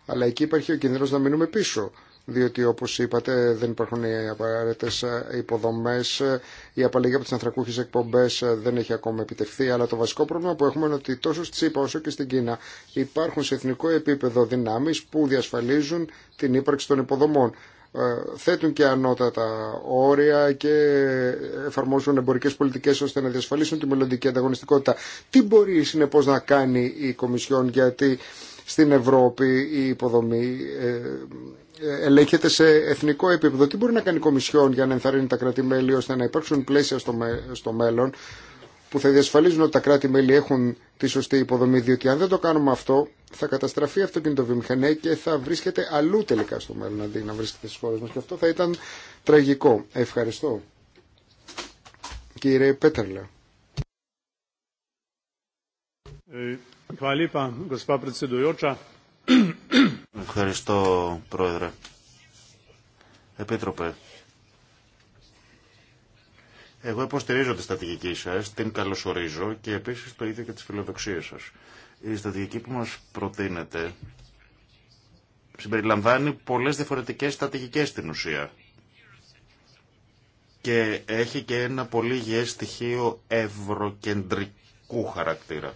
S3: Αλλά εκεί υπάρχει ο κίνδυνος να μείνουμε πίσω διότι όπως είπατε δεν υπάρχουν οι απαραίτητε υποδομές, η απαλλαγή από τις ανθρακούχες εκπομπές δεν έχει ακόμα επιτευχθεί, αλλά το βασικό πρόβλημα που έχουμε είναι ότι τόσο στη ΣΥΠΑ όσο και στην Κίνα υπάρχουν σε εθνικό επίπεδο δυνάμεις που διασφαλίζουν την ύπαρξη των υποδομών ε, θέτουν και ανώτατα όρια και εφαρμόζουν εμπορικέ πολιτικέ ώστε να διασφαλίσουν τη μελλοντική ανταγωνιστικότητα. Τι μπορεί συνεπώ να κάνει η Κομισιόν γιατί στην Ευρώπη η υποδομή ε, ελέγχεται σε εθνικό επίπεδο. Τι μπορεί να κάνει η Κομισιόν για να ενθαρρύνει τα κράτη-μέλη ώστε να υπάρξουν πλαίσια στο μέλλον που θα διασφαλίζουν ότι τα κράτη-μέλη έχουν τη σωστή υποδομή, διότι αν δεν το κάνουμε αυτό, θα καταστραφεί η αυτοκινητοβιομηχανία και θα βρίσκεται αλλού τελικά στο μέλλον, αντί να βρίσκεται στι χώρε μα. Και αυτό θα ήταν τραγικό. Ευχαριστώ. Κύριε Πέτερλα. Ε, Ευχαριστώ,
S2: Πρόεδρε. Επίτροπε, εγώ υποστηρίζω τη στρατηγική σας, την καλωσορίζω και επίσης το ίδιο και τις φιλοδοξίες σας. Η στρατηγική που μας προτείνεται συμπεριλαμβάνει πολλές διαφορετικές στρατηγικές στην ουσία και έχει και ένα πολύ υγιές στοιχείο ευρωκεντρικού χαρακτήρα.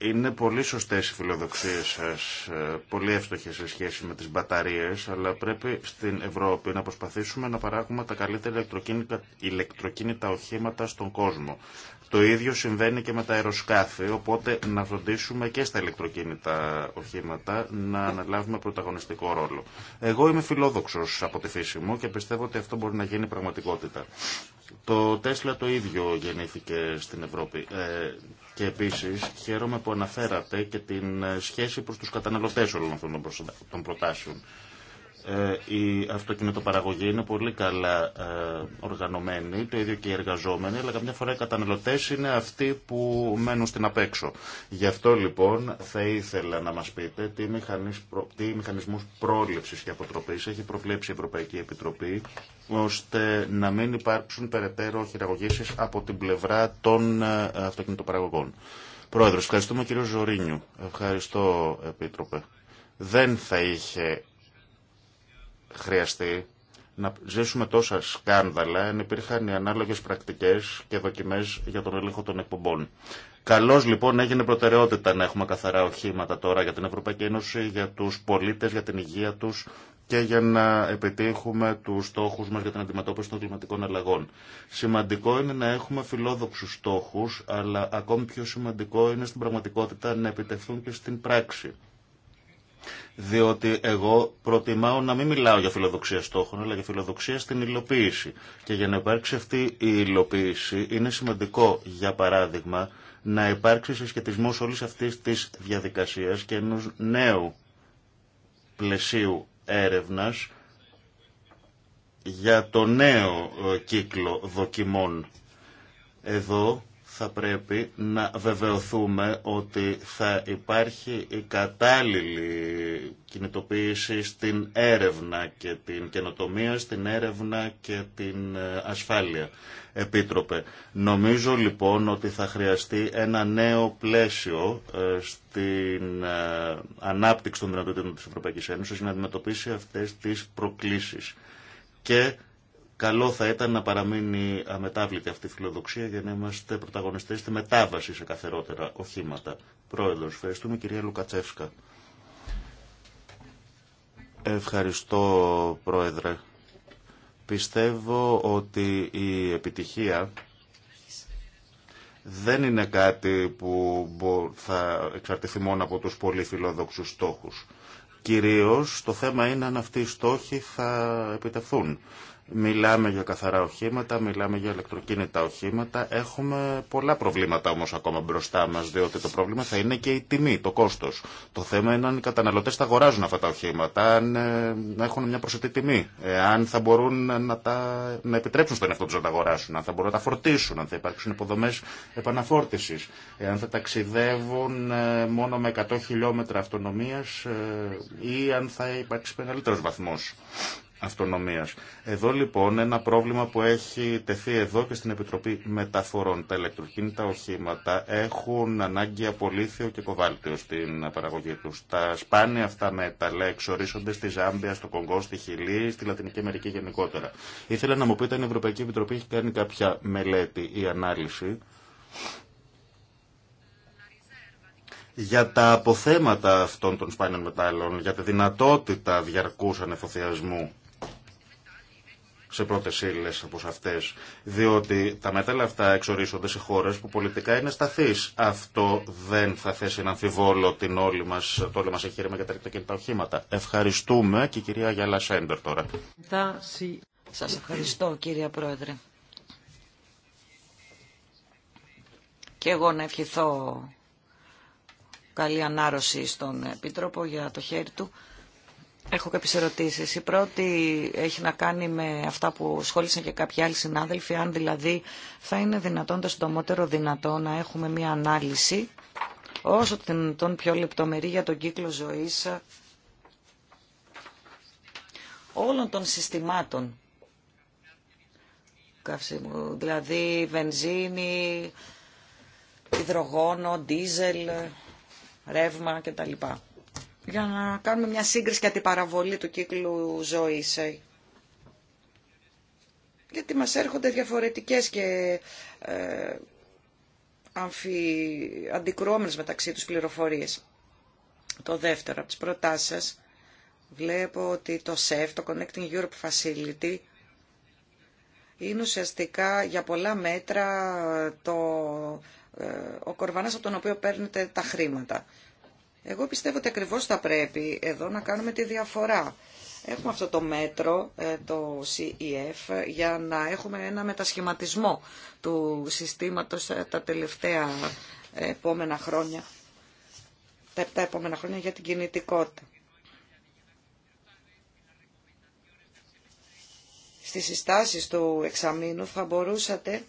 S2: Είναι πολύ σωστές οι φιλοδοξίες σας, ε, πολύ εύστοχες σε σχέση με τις μπαταρίες, αλλά πρέπει στην Ευρώπη να προσπαθήσουμε να παράγουμε τα καλύτερα ηλεκτροκίνητα, ηλεκτροκίνητα οχήματα στον κόσμο. Το ίδιο συμβαίνει και με τα αεροσκάφη, οπότε να φροντίσουμε και στα ηλεκτροκίνητα οχήματα να αναλάβουμε πρωταγωνιστικό ρόλο. Εγώ είμαι φιλόδοξος από τη φύση μου και πιστεύω ότι αυτό μπορεί να γίνει πραγματικότητα. Το Τέσλα το ίδιο γεννήθηκε στην Ευρώπη. Ε, και επίση χαίρομαι που αναφέρατε και την ε, σχέση προ του καταναλωτέ όλων αυτών των προτάσεων. Ε, η αυτοκινητοπαραγωγή είναι πολύ καλά ε, οργανωμένη, το ίδιο και οι εργαζόμενοι, αλλά καμιά φορά οι καταναλωτέ είναι αυτοί που μένουν στην απέξω. Γι' αυτό λοιπόν θα ήθελα να μα πείτε τι, προ, τι και αποτροπή έχει προβλέψει η Ευρωπαϊκή Επιτροπή ώστε να μην υπάρξουν περαιτέρω χειραγωγήσει από την πλευρά των ε, αυτοκινητοπαραγωγών. Πρόεδρος, ευχαριστούμε κύριο Ζωρίνιου. Ευχαριστώ, Επίτροπε. Δεν θα είχε χρειαστεί να ζήσουμε τόσα σκάνδαλα αν υπήρχαν οι ανάλογες πρακτικές και δοκιμές για τον ελέγχο των εκπομπών. Καλώ λοιπόν έγινε προτεραιότητα να έχουμε καθαρά οχήματα τώρα για την Ευρωπαϊκή Ένωση, για του πολίτε, για την υγεία του και για να επιτύχουμε του στόχου μα για την αντιμετώπιση των κλιματικών αλλαγών. Σημαντικό είναι να έχουμε φιλόδοξου στόχου, αλλά ακόμη πιο σημαντικό είναι στην πραγματικότητα να επιτευχθούν και στην πράξη. Διότι εγώ προτιμάω να μην μιλάω για φιλοδοξία στόχων, αλλά για φιλοδοξία στην υλοποίηση. Και για να υπάρξει αυτή η υλοποίηση είναι σημαντικό, για παράδειγμα, να υπάρξει συσχετισμό όλη αυτή τη διαδικασία και ενό νέου πλαισίου έρευνα για το νέο ε, κύκλο δοκιμών. Εδώ θα πρέπει να βεβαιωθούμε ότι θα υπάρχει η κατάλληλη κινητοποίηση στην έρευνα και την καινοτομία, στην έρευνα και την ε, ασφάλεια. Επίτροπε, νομίζω λοιπόν ότι θα χρειαστεί ένα νέο πλαίσιο ε, στην ε, ανάπτυξη των δυνατοτήτων της Ευρωπαϊκής Ένωσης για να αντιμετωπίσει αυτές τις προκλήσεις. Και Καλό θα ήταν να παραμείνει αμετάβλητη αυτή η φιλοδοξία για να είμαστε πρωταγωνιστές στη μετάβαση σε καθερότερα οχήματα. Πρόεδρος, ευχαριστούμε κυρία Λουκατσεύσκα. Ευχαριστώ πρόεδρε. Πιστεύω ότι η επιτυχία δεν είναι κάτι που θα εξαρτηθεί μόνο από τους πολύ φιλόδοξους στόχους. Κυρίως το θέμα είναι αν αυτοί οι στόχοι θα επιτεθούν. Μιλάμε για καθαρά οχήματα, μιλάμε για ηλεκτροκίνητα οχήματα. Έχουμε πολλά προβλήματα όμως ακόμα μπροστά μας, διότι το πρόβλημα θα είναι και η τιμή, το κόστος. Το θέμα είναι αν οι καταναλωτές θα αγοράζουν αυτά τα οχήματα, αν ε, έχουν μια προσιτή τιμή, ε, αν θα μπορούν να, τα, να επιτρέψουν στον εαυτό τους να τα αγοράσουν, αν θα μπορούν να τα φορτίσουν, αν θα υπάρξουν υποδομές επαναφόρτησης, ε, αν θα ταξιδεύουν μόνο με 100 χιλιόμετρα αυτονομίας ή αν θα υπάρξει μεγαλύτερο βαθμό αυτονομίας. Εδώ λοιπόν ένα πρόβλημα που έχει τεθεί εδώ και στην Επιτροπή Μεταφορών. Τα ηλεκτροκίνητα οχήματα έχουν ανάγκη από λίθιο και κοβάλτιο στην παραγωγή του. Τα σπάνια αυτά μέταλλα εξορίσσονται στη Ζάμπια, στο Κονγκό, στη Χιλή, στη Λατινική Αμερική γενικότερα. Ήθελα να μου πείτε αν η Ευρωπαϊκή Επιτροπή έχει κάνει κάποια μελέτη ή ανάλυση για τα αποθέματα αυτών των σπάνιων μετάλλων, για τη δυνατότητα διαρκούς ανεφοθιασμού σε πρώτε ύλε όπω αυτέ. Διότι τα μετάλλα αυτά εξορίσσονται σε χώρε που πολιτικά είναι σταθεί. Αυτό δεν θα θέσει να αμφιβόλο την όλη μας, το όλο μα εγχείρημα για τα ρητοκίνητα οχήματα. Ευχαριστούμε και η κυρία Γιάλα Σέντερ τώρα.
S1: Σα ευχαριστώ κύριε Πρόεδρε. Και εγώ να ευχηθώ καλή ανάρρωση στον Επίτροπο για το χέρι του. Έχω κάποιες ερωτήσεις. Η πρώτη έχει να κάνει με αυτά που σχόλησαν και κάποιοι άλλοι συνάδελφοι, αν δηλαδή θα είναι δυνατόν το συντομότερο δυνατό να έχουμε μια ανάλυση όσο το πιο λεπτομερή για τον κύκλο ζωής όλων των συστημάτων δηλαδή βενζίνη, υδρογόνο, ντίζελ, ρεύμα κτλ για να κάνουμε μια σύγκριση για την παραβολή του κύκλου ζωής. Γιατί μας έρχονται διαφορετικές και ε, αμφι... μεταξύ τους πληροφορίες. Το δεύτερο από τις προτάσεις σας, βλέπω ότι το ΣΕΦ, το Connecting Europe Facility, είναι ουσιαστικά για πολλά μέτρα το, ε, ο κορβανάς από τον οποίο παίρνετε τα χρήματα. Εγώ πιστεύω ότι ακριβώς θα πρέπει εδώ να κάνουμε τη διαφορά. Έχουμε αυτό το μέτρο, ε, το CEF, για να έχουμε ένα μετασχηματισμό του συστήματος ε, τα τελευταία ε, επόμενα χρόνια, τα επτά επόμενα χρόνια για την κινητικότητα. Στις συστάσεις του εξαμήνου θα μπορούσατε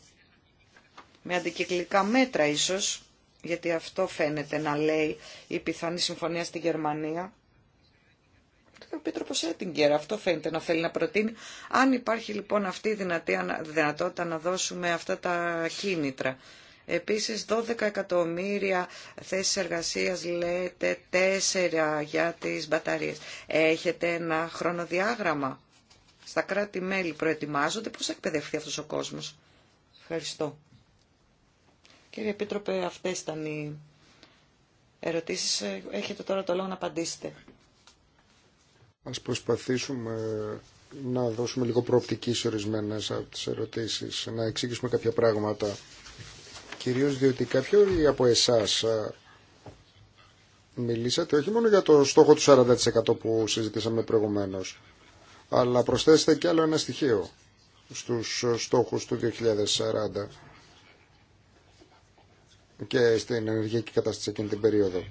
S1: με αντικυκλικά μέτρα ίσως γιατί αυτό φαίνεται να λέει η πιθανή συμφωνία στη Γερμανία. Ο Επίτροπο Έτιγκερ αυτό φαίνεται να θέλει να προτείνει. Αν υπάρχει λοιπόν αυτή η δυνατή, δυνατότητα να δώσουμε αυτά τα κίνητρα. Επίσης 12 εκατομμύρια θέσεις εργασίας λέτε 4 για τις μπαταρίες. Έχετε ένα χρονοδιάγραμμα. Στα κράτη-μέλη προετοιμάζονται. Πώς θα εκπαιδευτεί αυτός ο κόσμος. Ευχαριστώ. Κύριε Επίτροπε, αυτές ήταν οι ερωτήσεις. Έχετε τώρα το λόγο να απαντήσετε.
S3: Ας προσπαθήσουμε να δώσουμε λίγο προοπτική σε ορισμένε από τις ερωτήσεις, να εξήγησουμε κάποια πράγματα. Κυρίως διότι κάποιοι από εσάς μιλήσατε όχι μόνο για το στόχο του 40% που συζητήσαμε προηγουμένως, αλλά προσθέσετε και άλλο ένα στοιχείο στους στόχους του 2040 και στην ενεργειακή κατάσταση εκείνη την περίοδο.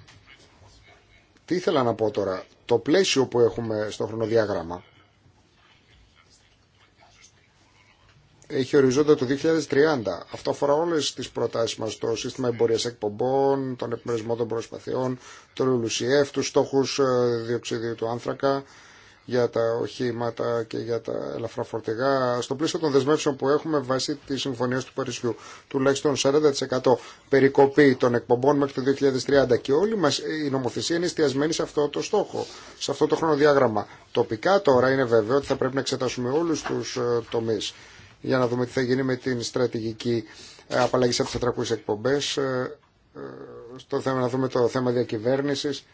S3: Τι ήθελα να πω τώρα. Το πλαίσιο που έχουμε στο χρονοδιάγραμμα έχει οριζόντα το 2030. Αυτό αφορά όλες τις προτάσεις μας, το σύστημα εμπορίας εκπομπών, τον επιμερισμό των προσπαθειών, το LULUCF, τους στόχους ε, διοξιδίου του άνθρακα, για τα οχήματα και για τα ελαφρά φορτηγά στο πλαίσιο των δεσμεύσεων που έχουμε βάσει τη Συμφωνία του Παρισιού. Τουλάχιστον 40% περικοπή των εκπομπών μέχρι το 2030 και όλη μας η νομοθεσία είναι εστιασμένη σε αυτό το στόχο, σε αυτό το χρονοδιάγραμμα. Τοπικά τώρα είναι βέβαιο ότι θα πρέπει να εξετάσουμε όλους τους ε, τομείς για να δούμε τι θα γίνει με την στρατηγική ε, απαλλαγή από τις 400 εκπομπές, ε, στο θέμα, να δούμε το θέμα διακυβέρνησης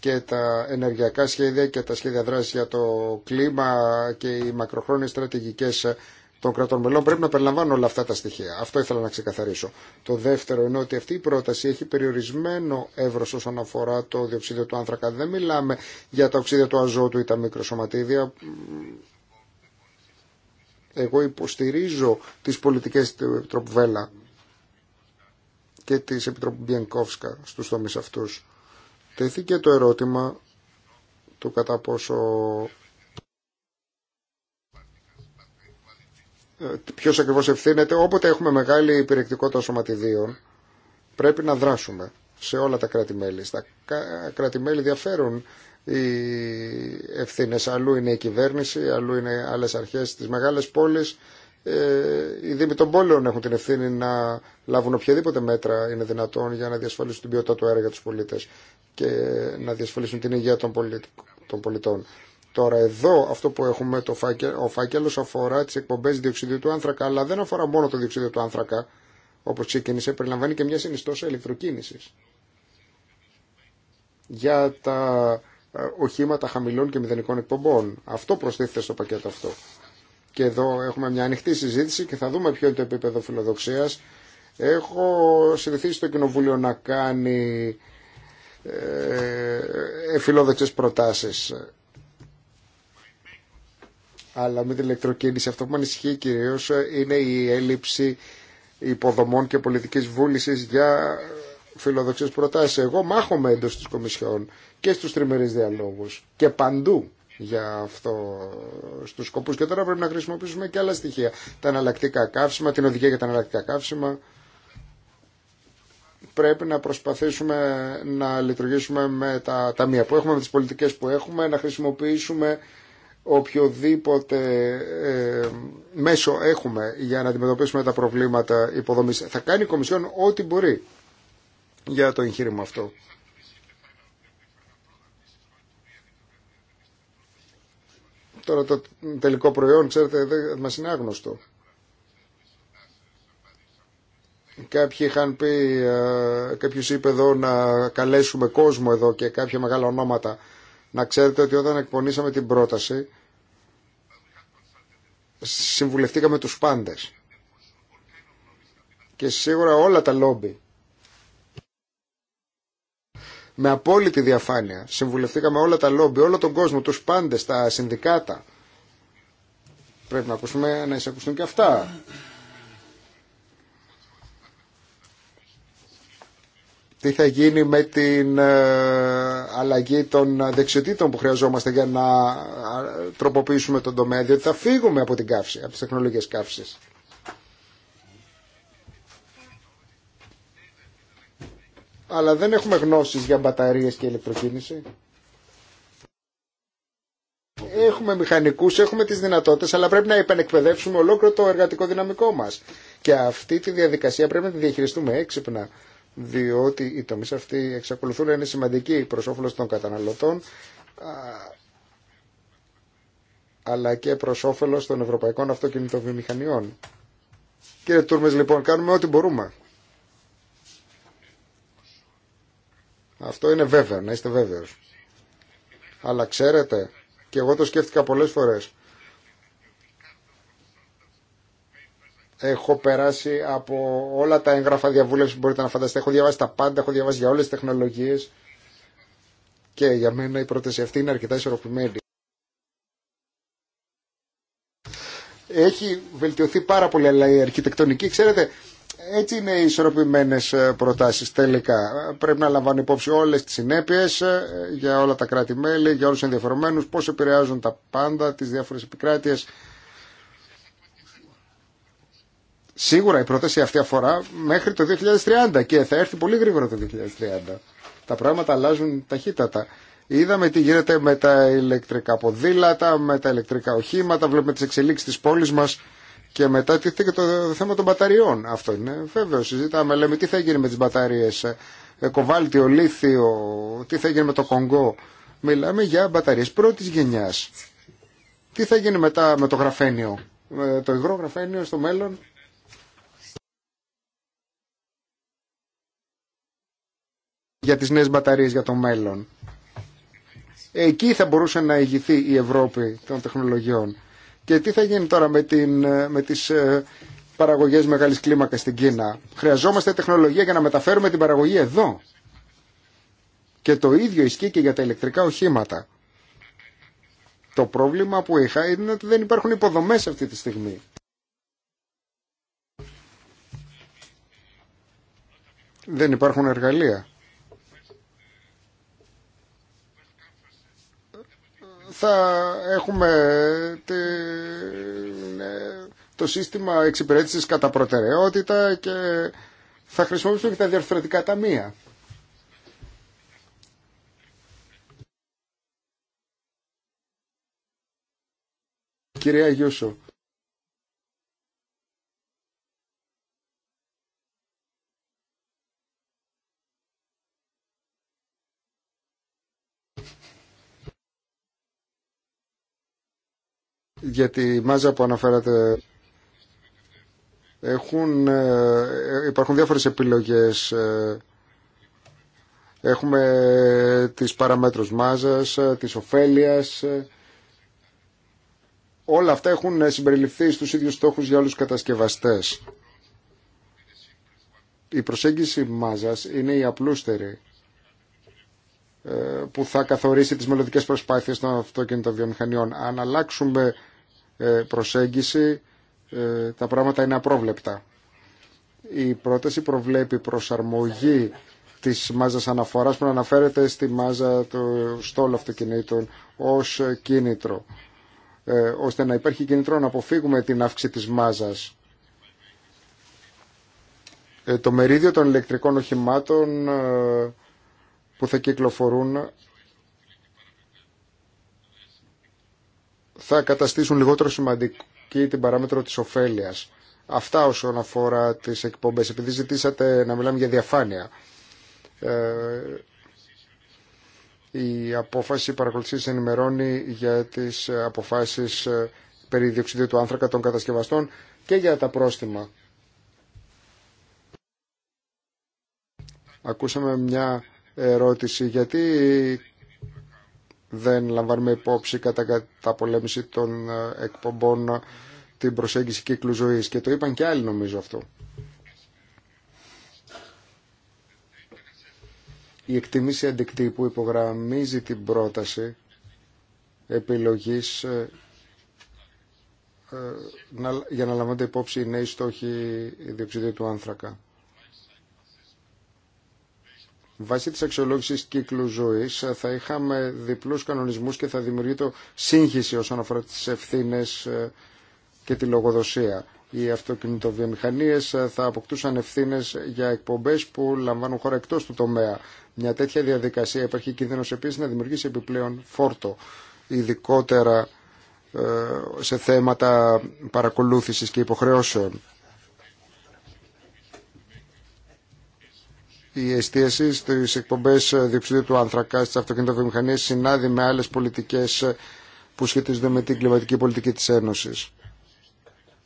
S3: και τα ενεργειακά σχέδια και τα σχέδια δράση για το κλίμα και οι μακροχρόνιες στρατηγικές των κρατών μελών πρέπει να περιλαμβάνουν όλα αυτά τα στοιχεία. Αυτό ήθελα να ξεκαθαρίσω. Το δεύτερο είναι ότι αυτή η πρόταση έχει περιορισμένο εύρο όσον αφορά το διοξίδιο του άνθρακα. Δεν μιλάμε για τα οξίδια του αζότου ή τα μικροσωματίδια. Εγώ υποστηρίζω τις πολιτικές του Επιτροπού Βέλα και της Επιτροπού Μπιενκόφσκα στου τομείς αυτού. Τέθηκε το ερώτημα του κατά πόσο ε, ποιος ακριβώς ευθύνεται, όποτε έχουμε μεγάλη υπηρεκτικότητα σωματιδίων, πρέπει να δράσουμε σε όλα τα κράτη-μέλη. Στα κράτη-μέλη διαφέρουν οι ευθύνες. Αλλού είναι η κυβέρνηση, αλλού είναι άλλες αρχές της μεγάλες πόλεις, ε, οι Δήμοι των Πόλεων έχουν την ευθύνη να λάβουν οποιαδήποτε μέτρα είναι δυνατόν για να διασφαλίσουν την ποιότητα του αέρα για τους πολίτες και να διασφαλίσουν την υγεία των πολιτών. Τώρα εδώ αυτό που έχουμε το ο φάκελος αφορά τις εκπομπές διοξιδίου του άνθρακα αλλά δεν αφορά μόνο το διοξιδίο του άνθρακα όπως ξεκίνησε περιλαμβάνει και μια συνιστόσα ηλεκτροκίνησης για τα ε, οχήματα χαμηλών και μηδενικών εκπομπών. Αυτό προστίθεται στο πακέτο αυτό και εδώ έχουμε μια ανοιχτή συζήτηση και θα δούμε ποιο είναι το επίπεδο φιλοδοξίας. Έχω συνηθίσει το Κοινοβούλιο να κάνει ε, ε, φιλόδοξες προτάσεις. Αλλά με την ηλεκτροκίνηση αυτό που με ανησυχεί κυρίως είναι η έλλειψη υποδομών και πολιτικής βούλησης για φιλοδοξίες προτάσεις. Εγώ μάχομαι εντός της Κομισιόν και στους τριμερείς διαλόγους και παντού για αυτό στους σκοπούς. Και τώρα πρέπει να χρησιμοποιήσουμε και άλλα στοιχεία. Τα αναλλακτικά καύσιμα, την οδηγία για τα αναλλακτικά καύσιμα. Πρέπει να προσπαθήσουμε να λειτουργήσουμε με τα ταμεία που έχουμε, με τις πολιτικές που έχουμε, να χρησιμοποιήσουμε οποιοδήποτε ε, μέσο έχουμε για να αντιμετωπίσουμε τα προβλήματα υποδομής. Θα κάνει η Κομισιόν ό,τι μπορεί για το εγχείρημα αυτό. Τώρα το τελικό προϊόν, ξέρετε, δεν μας είναι άγνωστο. Κάποιοι είχαν πει, ε, κάποιος είπε εδώ να καλέσουμε κόσμο εδώ και κάποια μεγάλα ονόματα. Να ξέρετε ότι όταν εκπονήσαμε την πρόταση, συμβουλευτήκαμε τους πάντες. Και σίγουρα όλα τα λόμπι με απόλυτη διαφάνεια. Συμβουλευτήκαμε όλα τα λόμπι, όλο τον κόσμο, τους πάντες, τα συνδικάτα. Πρέπει να ακούσουμε, να εισακουστούν και αυτά. Τι θα γίνει με την ε, αλλαγή των δεξιοτήτων που χρειαζόμαστε για να τροποποιήσουμε τον τομέα, διότι θα φύγουμε από την καύση, από τις τεχνολογίες καύσης. αλλά δεν έχουμε γνώσεις για μπαταρίες και ηλεκτροκίνηση. Έχουμε μηχανικούς, έχουμε τις δυνατότητες, αλλά πρέπει να επανεκπαιδεύσουμε ολόκληρο το εργατικό δυναμικό μας. Και αυτή τη διαδικασία πρέπει να τη διαχειριστούμε έξυπνα, διότι οι τομείς αυτοί εξακολουθούν να είναι σημαντικοί προς όφελος των καταναλωτών, αλλά και προς όφελος των ευρωπαϊκών αυτοκινητοβιομηχανιών. Κύριε Τούρμες, λοιπόν, κάνουμε ό,τι μπορούμε. Αυτό είναι βέβαιο, να είστε βέβαιο. Αλλά ξέρετε, και εγώ το σκέφτηκα πολλές φορές, έχω περάσει από όλα τα έγγραφα διαβούλευση που μπορείτε να φανταστείτε. Έχω διαβάσει τα πάντα, έχω διαβάσει για όλες τις τεχνολογίες και για μένα η πρόταση αυτή είναι αρκετά ισορροπημένη. Έχει βελτιωθεί πάρα πολύ, αλλά η αρχιτεκτονική, ξέρετε, έτσι είναι οι ισορροπημένε ε, προτάσεις τελικά. Πρέπει να λαμβάνουν υπόψη όλες τις συνέπειε ε, για όλα τα κράτη-μέλη, για όλους του ενδιαφερομένους, πώς επηρεάζουν τα πάντα, τις διάφορες επικράτειες. Σίγουρα η πρόταση αυτή αφορά μέχρι το 2030 και θα έρθει πολύ γρήγορα το 2030. Τα πράγματα αλλάζουν ταχύτατα. Είδαμε τι γίνεται με τα ηλεκτρικά ποδήλατα, με τα ηλεκτρικά οχήματα, βλέπουμε τις εξελίξεις της πόλης μας. Και μετά τίθεται και το θέμα των μπαταριών. Αυτό είναι Βέβαια Συζητάμε, λέμε τι θα γίνει με τι μπαταρίε. Ε, ε, κοβάλτιο, λίθιο, τι θα γίνει με το Κονγκό. Μιλάμε για μπαταρίε πρώτη γενιά. Τι θα γίνει μετά με το γραφένιο, με το υγρό γραφένιο στο μέλλον. για τις νέες μπαταρίες για το μέλλον. Εκεί θα μπορούσε να ηγηθεί η Ευρώπη των τεχνολογιών. Και τι θα γίνει τώρα με, την, με τις ε, παραγωγές μεγάλης κλίμακας στην Κίνα. Χρειαζόμαστε τεχνολογία για να μεταφέρουμε την παραγωγή εδώ. Και το ίδιο ισχύει και για τα ηλεκτρικά οχήματα. Το πρόβλημα που είχα είναι ότι δεν υπάρχουν υποδομές αυτή τη στιγμή. Δεν υπάρχουν εργαλεία. θα έχουμε ε, το σύστημα εξυπηρέτησης κατά προτεραιότητα και θα χρησιμοποιήσουμε και τα διαρθρωτικά ταμεία. Κυρία Γιώσο. γιατί τη μάζα που αναφέρατε έχουν, ε, υπάρχουν διάφορες επιλογές ε, έχουμε τις παραμέτρους μάζας ε, της ωφέλειας όλα αυτά έχουν συμπεριληφθεί στους ίδιους στόχους για όλους τους κατασκευαστές η προσέγγιση μάζας είναι η απλούστερη που θα καθορίσει τις μελλοντικές προσπάθειες των αυτοκινητοβιομηχανιών. Αν αλλάξουμε ε, προσέγγιση ε, τα πράγματα είναι απρόβλεπτα. Η πρόταση προβλέπει προσαρμογή της μάζας αναφοράς που αναφέρεται στη μάζα του στόλου αυτοκινήτων ως κίνητρο ε, ώστε να υπάρχει κίνητρο να αποφύγουμε την αύξηση της μάζας. Το μερίδιο των ηλεκτρικών οχημάτων που θα κυκλοφορούν θα καταστήσουν λιγότερο σημαντική την παράμετρο της ωφέλειας. Αυτά όσον αφορά τις εκπομπές. Επειδή ζητήσατε να μιλάμε για διαφάνεια, ε, η απόφαση παρακολουθήσης ενημερώνει για τις αποφάσεις ε, περί διοξιδίου του άνθρακα των κατασκευαστών και για τα πρόστιμα. Ακούσαμε μια ερώτηση γιατί δεν λαμβάνουμε υπόψη κατά πολέμηση των ε, εκπομπών την προσέγγιση κύκλου ζωής και το είπαν και άλλοι νομίζω αυτό. Η εκτίμηση αντικτύπου υπογραμμίζει την πρόταση επιλογής ε, ε, για να λαμβάνονται υπόψη οι νέοι στόχοι του άνθρακα. Βάσει τη αξιολόγηση κύκλου ζωή θα είχαμε διπλού κανονισμού και θα δημιουργείται σύγχυση όσον αφορά τι ευθύνε ε, και τη λογοδοσία. Οι αυτοκινητοβιομηχανίες ε, θα αποκτούσαν ευθύνε για εκπομπέ που λαμβάνουν χώρα εκτός του τομέα. Μια τέτοια διαδικασία υπάρχει κίνδυνο επίση να δημιουργήσει επιπλέον φόρτο, ειδικότερα ε, σε θέματα παρακολούθησης και υποχρεώσεων. η εστίαση στι εκπομπέ ε, διοξιδίου του άνθρακα στι αυτοκινητοβιομηχανίε συνάδει με άλλε πολιτικέ ε, που σχετίζονται με την κλιματική πολιτική τη Ένωση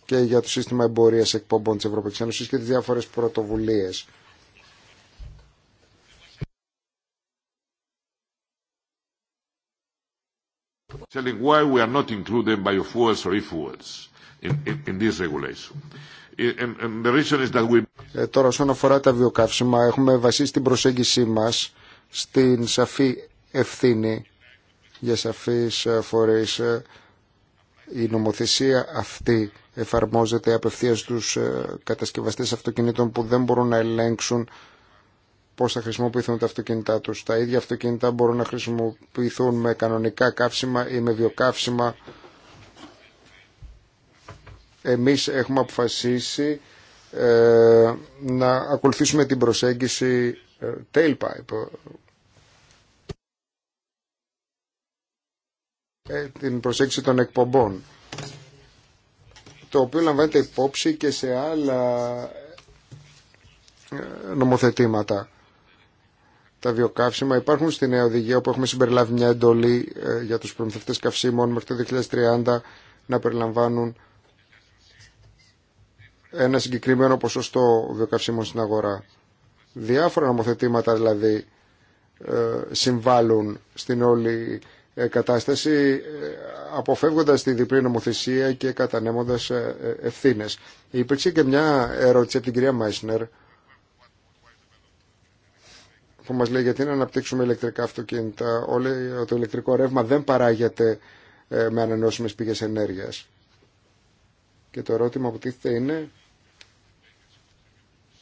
S3: και για το σύστημα εμπορία εκπομπών τη Ευρωπαϊκή Ένωση και τις διάφορες πρωτοβουλίες. Ε, τώρα όσον αφορά τα βιοκαύσιμα έχουμε βασίσει την προσέγγιση μας στην σαφή ευθύνη για σαφείς ε, φορείς ε, η νομοθεσία αυτή εφαρμόζεται απευθείας στους κατασκευαστές αυτοκινήτων που δεν μπορούν να ελέγξουν πώς θα χρησιμοποιηθούν τα αυτοκίνητά τους. Τα ίδια αυτοκίνητα μπορούν να χρησιμοποιηθούν με κανονικά καύσιμα ή με βιοκαύσιμα εμείς έχουμε αποφασίσει ε, να ακολουθήσουμε την προσέγγιση ε, tailpipe, ε, την προσέγγιση των εκπομπών, το οποίο λαμβάνεται υπόψη και σε άλλα νομοθετήματα. Τα βιοκαύσιμα υπάρχουν στη νέα οδηγία όπου έχουμε συμπεριλάβει μια εντολή για τους προμηθευτές καυσίμων μέχρι το 2030 να περιλαμβάνουν ένα συγκεκριμένο ποσοστό βιοκαυσίμων στην αγορά. Διάφορα νομοθετήματα δηλαδή ε, συμβάλλουν στην όλη κατάσταση ε, αποφεύγοντας τη διπλή νομοθεσία και κατανέμοντας ε, ευθύνες. Υπήρξε και μια ερώτηση από την κυρία Μάισνερ που μας λέει γιατί να αναπτύξουμε ηλεκτρικά αυτοκίνητα όλο το ηλεκτρικό ρεύμα δεν παράγεται με ανανεώσιμες πηγές ενέργειας. Και το ερώτημα που τίθεται είναι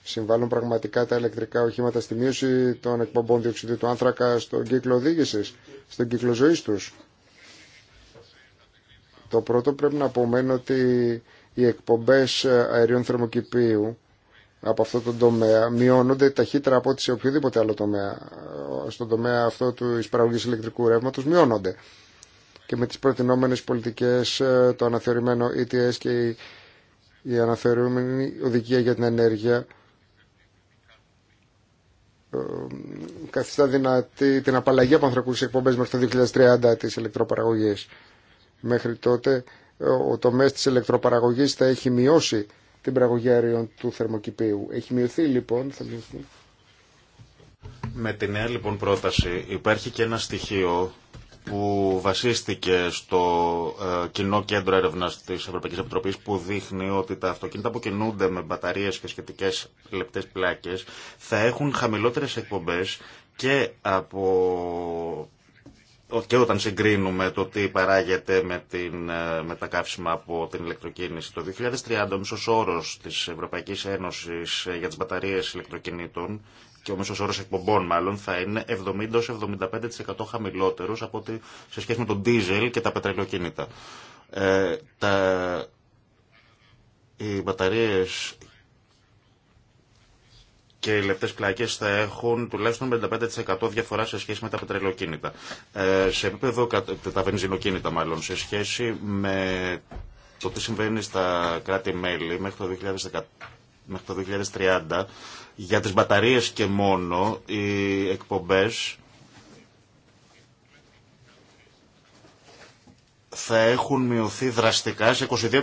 S3: Συμβάλλουν πραγματικά τα ηλεκτρικά οχήματα στη μείωση των εκπομπών διοξιδίου του άνθρακα στον κύκλο οδήγηση, στον κύκλο ζωή του. Το πρώτο πρέπει να πούμε ότι οι εκπομπέ αερίων θερμοκηπίου από αυτό το τομέα μειώνονται ταχύτερα από ό,τι σε οποιοδήποτε άλλο τομέα. Στον τομέα αυτό του παραγωγή ηλεκτρικού ρεύματο μειώνονται. Και με τι προτινόμενε πολιτικέ, ε, το αναθεωρημένο ETS και η αναθεωρημένη οδηγία για την ενέργεια ε, καθιστά δυνατή την απαλλαγή από ανθρακούς εκπομπές μέχρι το 2030 της ηλεκτροπαραγωγής. Μέχρι τότε ε, ο τομέας της ηλεκτροπαραγωγής θα έχει μειώσει την παραγωγή αερίων του θερμοκηπίου. Έχει μειωθεί λοιπόν, θα μειωθεί.
S2: Με τη νέα λοιπόν πρόταση υπάρχει και ένα στοιχείο που βασίστηκε στο ε, κοινό κέντρο έρευνα τη Ευρωπαϊκή Επιτροπή που δείχνει ότι τα αυτοκίνητα που κινούνται με μπαταρίε και σχετικέ λεπτέ πλάκε θα έχουν χαμηλότερε εκπομπέ και από και όταν συγκρίνουμε το τι παράγεται με, την, ε, με τα καύσιμα από την ηλεκτροκίνηση. Το 2030 ο μισός όρος της Ευρωπαϊκής Ένωσης ε, για τις μπαταρίες ηλεκτροκινήτων και ο μέσο όρο εκπομπών μάλλον θα είναι 70-75% χαμηλότερος από τη, σε σχέση με τον diesel και τα πετρελαιοκίνητα. Ε, τα, οι μπαταρίε και οι λεπτέ πλάκε θα έχουν τουλάχιστον 55% διαφορά σε σχέση με τα πετρελαιοκίνητα. Ε, σε επίπεδο, τα βενζινοκίνητα μάλλον, σε σχέση με το τι συμβαίνει στα κράτη-μέλη μέχρι το 2030, για τις μπαταρίες και μόνο οι εκπομπές θα έχουν μειωθεί δραστικά σε 22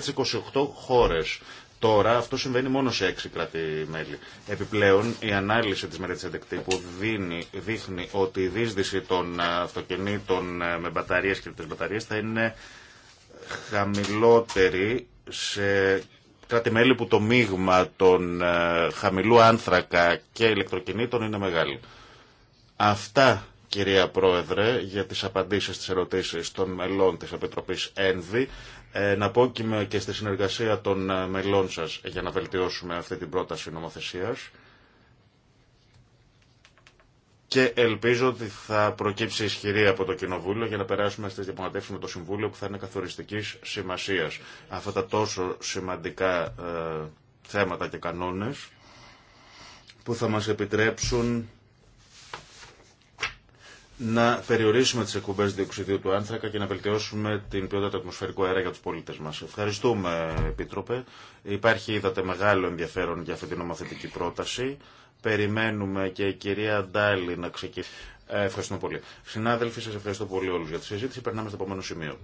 S2: 28 χώρες. Τώρα αυτό συμβαίνει μόνο σε έξι κράτη-μέλη. Επιπλέον, η ανάλυση της μελέτη αντικτύπου δίνει, δείχνει ότι η δίσδυση των ε, αυτοκινήτων ε, με μπαταρίες και τι μπαταρίες θα είναι χαμηλότερη σε κράτη-μέλη που το μείγμα των ε, χαμηλού άνθρακα και ηλεκτροκινήτων είναι μεγάλο. Αυτά, κυρία Πρόεδρε, για τις απαντήσεις στις ερωτήσεις των μελών της Επιτροπής ΕΝΒΗ. να πω και στη συνεργασία των ε, μελών σας για να βελτιώσουμε αυτή την πρόταση νομοθεσίας και ελπίζω ότι θα προκύψει ισχυρή από το Κοινοβούλιο για να περάσουμε στις διαπραγματεύσεις με το Συμβούλιο που θα είναι καθοριστικής σημασίας. Αυτά τα τόσο σημαντικά ε, θέματα και κανόνες που θα μας επιτρέψουν να περιορίσουμε τις εκπομπές διοξιδίου του άνθρακα και να βελτιώσουμε την ποιότητα του ατμοσφαιρικού αέρα για τους πολίτες μας. Ευχαριστούμε, Επίτροπε. Υπάρχει, είδατε, μεγάλο ενδιαφέρον για αυτή την νομοθετική πρόταση. Περιμένουμε και η κυρία Ντάλι να ξεκινήσει. Ε, ευχαριστούμε πολύ. Συνάδελφοι, σα ευχαριστώ πολύ όλου για τη συζήτηση. Περνάμε στο επόμενο σημείο.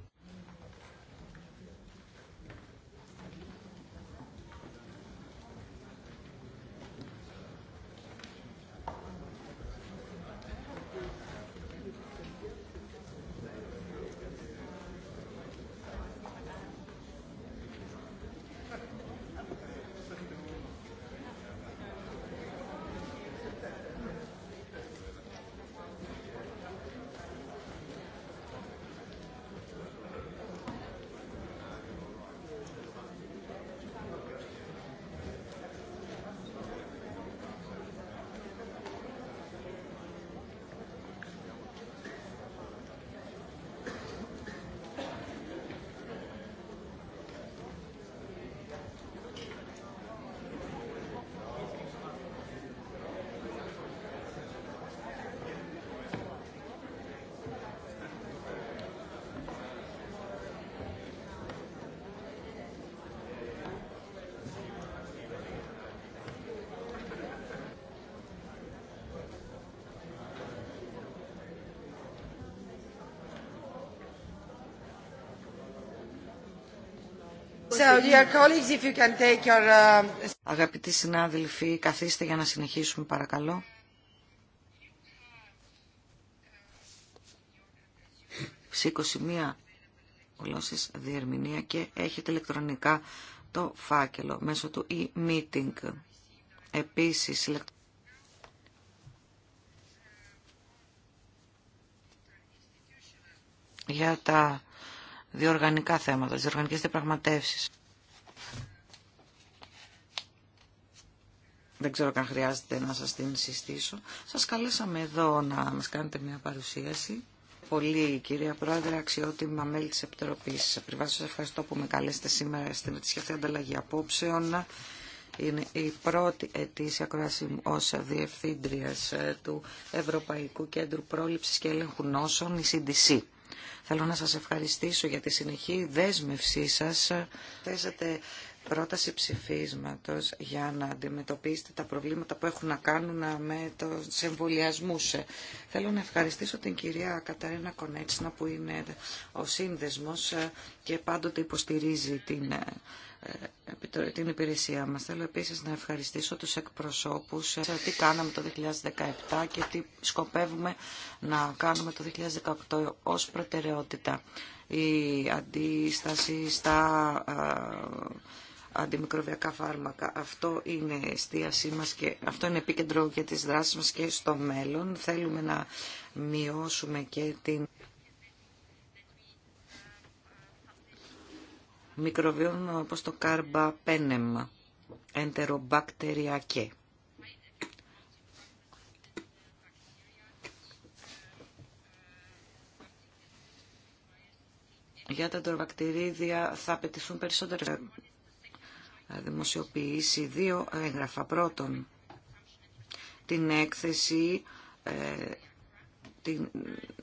S3: Uh,
S1: Αγαπητοί συνάδελφοι, καθίστε για να συνεχίσουμε παρακαλώ. Σήκωση, 21 γλώσσες διερμηνία και έχετε ηλεκτρονικά το φάκελο μέσω του e-meeting. Επίσης, για τα διοργανικά θέματα, διοργανικές διαπραγματεύσει. Δεν ξέρω καν χρειάζεται να σας την συστήσω. Σας καλέσαμε εδώ να μας κάνετε μια παρουσίαση. Πολύ κυρία Πρόεδρε, αξιότιμα μέλη της Επιτροπής. σας ευχαριστώ που με καλέσετε σήμερα στην ετησιακή ανταλλαγή απόψεων. Είναι η πρώτη ετήσια κράση ως διευθύντριας ε, του Ευρωπαϊκού Κέντρου Πρόληψης και Έλεγχου Νόσων, η CDC. Θέλω να σας ευχαριστήσω για τη συνεχή δέσμευσή σας. Θέσατε πρόταση ψηφίσματος για να αντιμετωπίσετε τα προβλήματα που έχουν να κάνουν με τους εμβολιασμού. Θέλω να ευχαριστήσω την κυρία Καταρίνα Κονέτσινα που είναι ο σύνδεσμος και πάντοτε υποστηρίζει την την υπηρεσία μας. Θέλω επίσης να ευχαριστήσω τους εκπροσώπους σε τι κάναμε το 2017 και τι σκοπεύουμε να κάνουμε το 2018 ως προτεραιότητα. Η αντίσταση στα αντιμικροβιακά φάρμακα. Αυτό είναι εστίασή μας και αυτό είναι επίκεντρο για τις δράσεις μας και στο μέλλον. Θέλουμε να μειώσουμε και την μικροβίων όπως το πένεμα, εντερομπακτεριακέ. Για τα εντεροβακτηρίδια θα απαιτηθούν περισσότερα ε, δημοσιοποιήσει δύο έγγραφα. Πρώτον, την έκθεση ε, την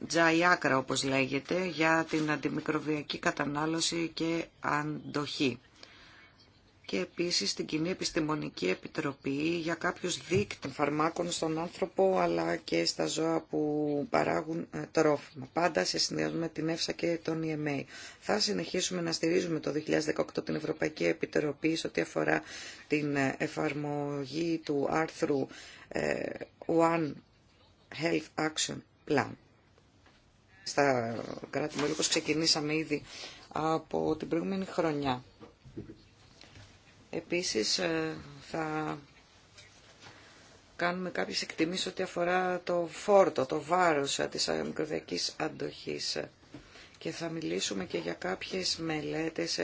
S1: τζαϊάκρα όπως λέγεται για την αντιμικροβιακή κατανάλωση και αντοχή και επίσης την Κοινή Επιστημονική Επιτροπή για κάποιους δείκτες φαρμάκων στον άνθρωπο αλλά και στα ζώα που παράγουν ε, τρόφιμα. Πάντα σε συνδυασμό με την ΕΦΣΑ και τον EMA. Θα συνεχίσουμε να στηρίζουμε το 2018 την Ευρωπαϊκή Επιτροπή σε ό,τι αφορά την ε, εφαρμογή του άρθρου ε, One Health Action λα. Στα κράτη-μέλη, ξεκινήσαμε ήδη από την προηγούμενη χρονιά. Επίσης, ε, θα κάνουμε κάποιες εκτιμήσεις ότι αφορά το φόρτο, το βάρος ε, της ε, μικροδιακής αντοχής και θα μιλήσουμε και για κάποιες μελέτες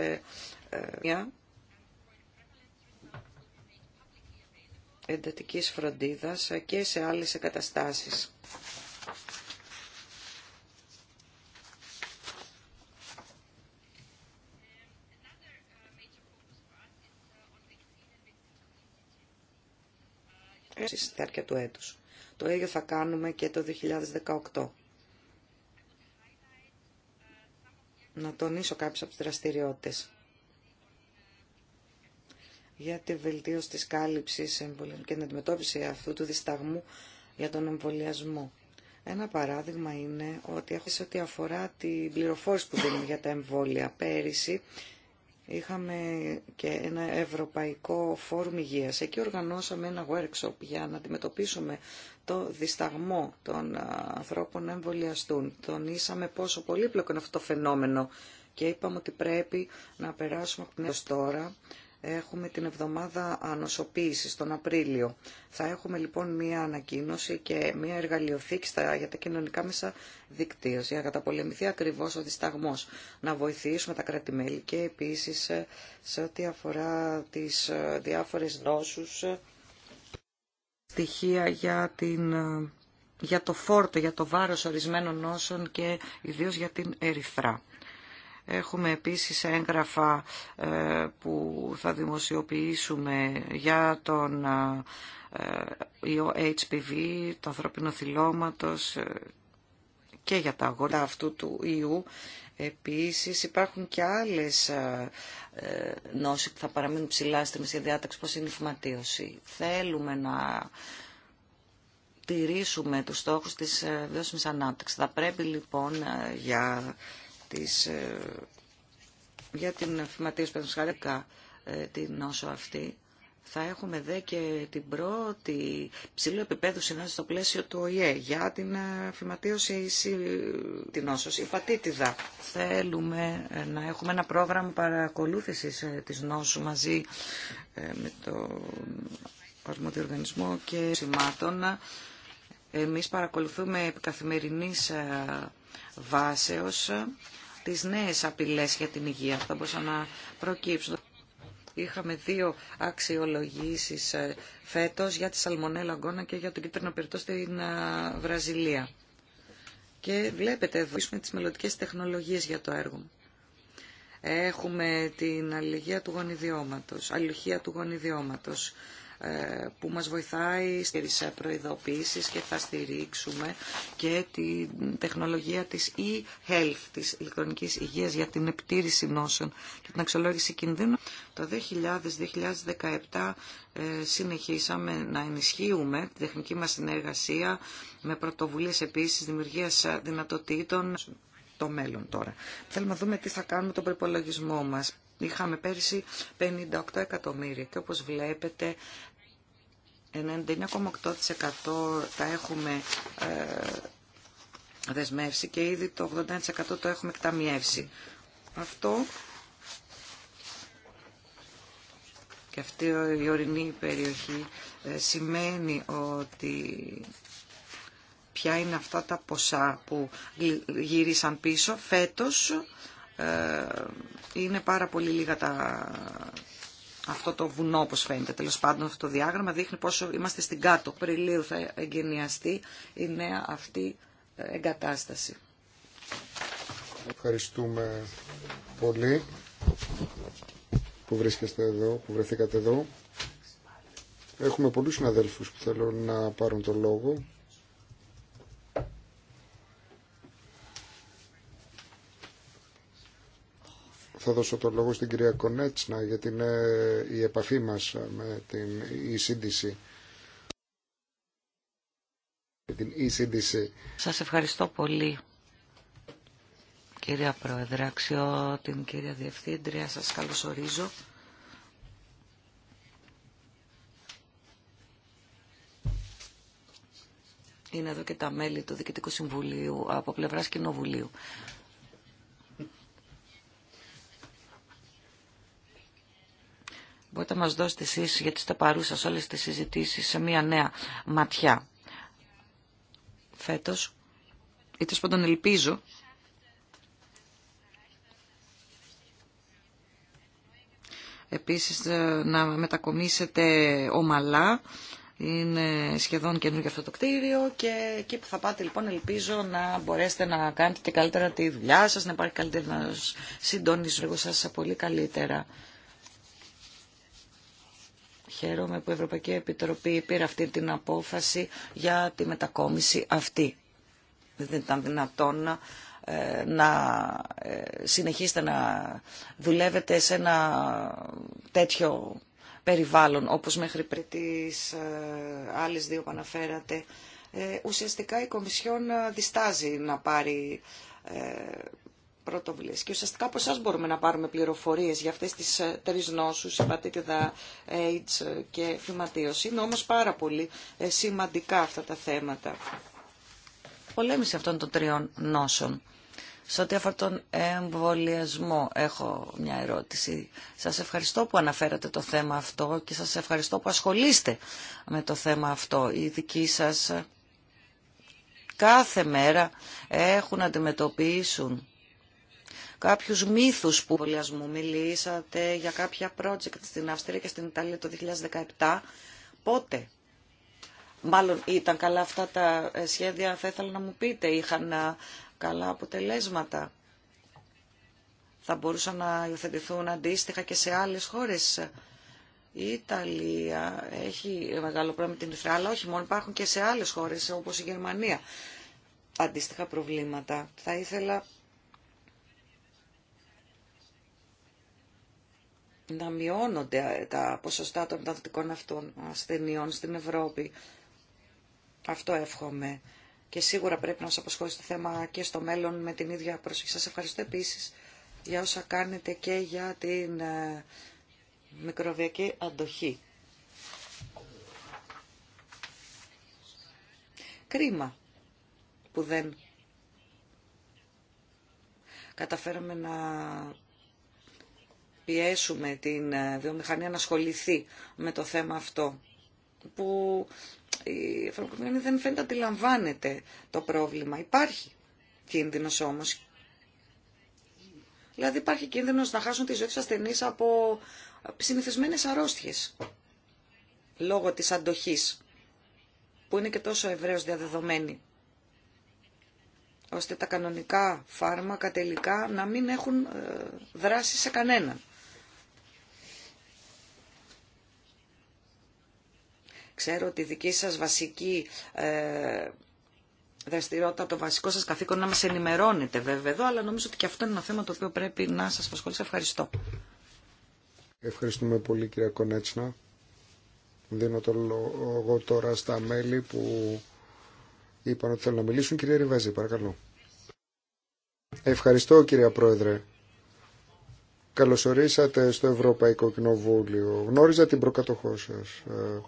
S1: εντατικής φροντίδας και σε άλλες εγκαταστάσεις. στη διάρκεια του έτους. Το ίδιο θα κάνουμε και το 2018. Να τονίσω κάποιες από τις δραστηριότητες για τη βελτίωση της κάλυψης και την αντιμετώπιση αυτού του δισταγμού για τον εμβολιασμό. Ένα παράδειγμα είναι ότι έχω σε ό,τι αφορά την πληροφόρηση που δίνουμε για τα εμβόλια. Πέρυσι είχαμε και ένα ευρωπαϊκό φόρουμ υγείας. Εκεί οργανώσαμε ένα workshop για να αντιμετωπίσουμε το δισταγμό των ανθρώπων να εμβολιαστούν. Τονίσαμε πόσο πολύπλοκο είναι αυτό το φαινόμενο και είπαμε ότι πρέπει να περάσουμε από την τώρα έχουμε την εβδομάδα ανοσοποίησης τον Απρίλιο. Θα έχουμε λοιπόν μία ανακοίνωση και μία εργαλειοθήκη για τα κοινωνικά μέσα δικτύωση, για να καταπολεμηθεί ακριβώς ο δισταγμός, να βοηθήσουμε τα κρατη και επίσης ε, σε ό,τι αφορά τις ε, διάφορες νόσους, ε, στοιχεία για για το φόρτο, για το βάρος ορισμένων νόσων και ιδίως για την ερυθρά. Έχουμε επίσης έγγραφα ε, που θα δημοσιοποιήσουμε για τον ε, ε, ιό HPV, το ανθρωπίνο θυλώματος και για τα αγόρια αυτού του ιού. Επίσης υπάρχουν και άλλες νόσοι που θα παραμείνουν ψηλά στη διάταξη όπως είναι η φυματίωση. Θέλουμε να τηρήσουμε τους στόχους της βιώσιμης ανάπτυξης. Θα πρέπει λοιπόν για της, ε, για την φυματίωση ε, την νόσο αυτή, θα έχουμε δε και την πρώτη ψηλού επίπεδου συνάντηση στο πλαίσιο του ΟΗΕ για την ε, φυματίωση την νόσος, υπατήτηδα. Θέλουμε ε, να έχουμε ένα πρόγραμμα παρακολούθησης της νόσου μαζί με το αρμόδιο οργανισμό και σημάτων. Εμείς παρακολουθούμε επικαθημερινής βάσεως τις νέες απειλές για την υγεία που θα μπορούσαν να προκύψουν. Είχαμε δύο αξιολογήσεις ε, φέτος για τη Σαλμονέλα Αγκώνα και για τον κίτρινο πυρτό στην ε, Βραζιλία. Και βλέπετε εδώ τις μελλοντικές τεχνολογίες για το έργο μου. Έχουμε την αλληλεγγύα του γονιδιώματος, αλληλεγγύη του γονιδιώματος. Ε, που μας βοηθάει στις προειδοποίησεις και θα στηρίξουμε και την τεχνολογία της e-health, της ηλεκτρονικής υγείας για την επιτήρηση νόσων και την αξιολόγηση κινδύνων. Το 2000-2017 ε, συνεχίσαμε να ενισχύουμε την τεχνική μας συνεργασία με πρωτοβουλίες επίσης δημιουργίας δυνατοτήτων το μέλλον τώρα. Θέλουμε να δούμε τι θα κάνουμε τον προπολογισμό μας. Είχαμε πέρυσι 58 εκατομμύρια και όπως βλέπετε 99,8% τα έχουμε ε, δεσμεύσει και ήδη το 81% το έχουμε εκταμιεύσει. Αυτό και αυτή η ορεινή περιοχή ε, σημαίνει ότι ποια είναι αυτά τα ποσά που γύρισαν πίσω φέτος ε, είναι πάρα πολύ λίγα τα... αυτό το βουνό όπως φαίνεται. Τέλος πάντων αυτό το διάγραμμα δείχνει πόσο είμαστε στην κάτω. λίγο θα εγκαινιαστεί η νέα αυτή ε, εγκατάσταση.
S3: Ευχαριστούμε πολύ που βρίσκεστε εδώ, που βρεθήκατε εδώ. Έχουμε πολλούς συναδέλφους που θέλουν να πάρουν το λόγο. θα δώσω το λόγο στην κυρία Κονέτσνα για την η επαφή μας με την ECDC. Την e Σας ευχαριστώ πολύ
S1: κυρία Πρόεδρε, αξιό την κυρία Διευθύντρια, σας καλωσορίζω. Είναι εδώ και τα μέλη του Διοικητικού Συμβουλίου από πλευράς Κοινοβουλίου. μας δώσετε εσείς, γιατί είστε παρούσα σε όλες τις συζητήσεις, σε μια νέα ματιά. Φέτος, είτε σπον τον ελπίζω, επίσης ε, να μετακομίσετε ομαλά, είναι σχεδόν καινούργιο αυτό το κτίριο και εκεί που θα πάτε λοιπόν ελπίζω να μπορέσετε να κάνετε και καλύτερα τη δουλειά σας, να υπάρχει καλύτερα συντόνιση έργο σας πολύ καλύτερα. Χαίρομαι που η Ευρωπαϊκή Επιτροπή πήρε αυτή την απόφαση για τη μετακόμιση αυτή. Δεν ήταν δυνατόν ε, να ε, συνεχίσετε να δουλεύετε σε ένα τέτοιο περιβάλλον όπως μέχρι πριν τις ε, άλλες δύο που αναφέρατε. Ουσιαστικά η Κομισιόν διστάζει να πάρει πρωτοβουλίες. Και ουσιαστικά από εσά μπορούμε να πάρουμε πληροφορίες για αυτές τις ε, τρει νόσους, AIDS ε, και φυματίωση. Είναι όμως πάρα πολύ ε, σημαντικά αυτά τα θέματα. Πολέμηση αυτών των τριών νόσων. Σε ό,τι αφορά τον εμβολιασμό έχω μια ερώτηση. Σας ευχαριστώ που αναφέρατε το θέμα αυτό και σας ευχαριστώ που ασχολείστε με το θέμα αυτό. Οι δικοί σας κάθε μέρα έχουν αντιμετωπίσουν κάποιους μύθους που μου μιλήσατε για κάποια project στην Αυστρία και στην Ιταλία το 2017. Πότε, μάλλον ήταν καλά αυτά τα ε, σχέδια, θα ήθελα να μου πείτε, είχαν ε, καλά αποτελέσματα. Θα μπορούσαν να υιοθετηθούν αντίστοιχα και σε άλλες χώρες. Η Ιταλία έχει μεγάλο πρόβλημα με την Ιθρά, αλλά όχι μόνο, υπάρχουν και σε άλλες χώρες όπως η Γερμανία αντίστοιχα προβλήματα. Θα ήθελα να μειώνονται τα ποσοστά των μεταδοτικών αυτών ασθενειών στην Ευρώπη. Αυτό εύχομαι. Και σίγουρα πρέπει να σας αποσχολήσει το θέμα και στο μέλλον με την ίδια προσοχή. Σας ευχαριστώ επίσης για όσα κάνετε και για την ε, μικροβιακή αντοχή. Κρίμα που δεν καταφέραμε να πιέσουμε την ε, βιομηχανία να ασχοληθεί με το θέμα αυτό που η φαρμακοβιομηχανία δεν φαίνεται αντιλαμβάνεται το πρόβλημα. Υπάρχει κίνδυνος όμως. Δηλαδή υπάρχει κίνδυνος να χάσουν τη ζωή τους ασθενείς από συνηθισμένες αρρώστιες λόγω της αντοχής που είναι και τόσο ευρέως διαδεδομένη ώστε τα κανονικά φάρμακα τελικά να μην έχουν ε, δράση σε κανέναν. Ξέρω ότι η δική σας βασική ε, δραστηριότητα, το βασικό σας καθήκον να μας ενημερώνετε βέβαια εδώ, αλλά νομίζω ότι και αυτό είναι ένα θέμα το οποίο πρέπει να σας απασχολήσει. Ευχαριστώ.
S3: Ευχαριστούμε πολύ κυρία Κονέτσνα. Δίνω το λόγο τώρα στα μέλη που είπαν ότι θέλουν να μιλήσουν. Κυρία Ριβάζη, παρακαλώ. Ευχαριστώ κυρία Πρόεδρε. Καλωσορίσατε στο Ευρωπαϊκό Κοινοβούλιο. Γνώριζα την προκατοχό σας. Ε,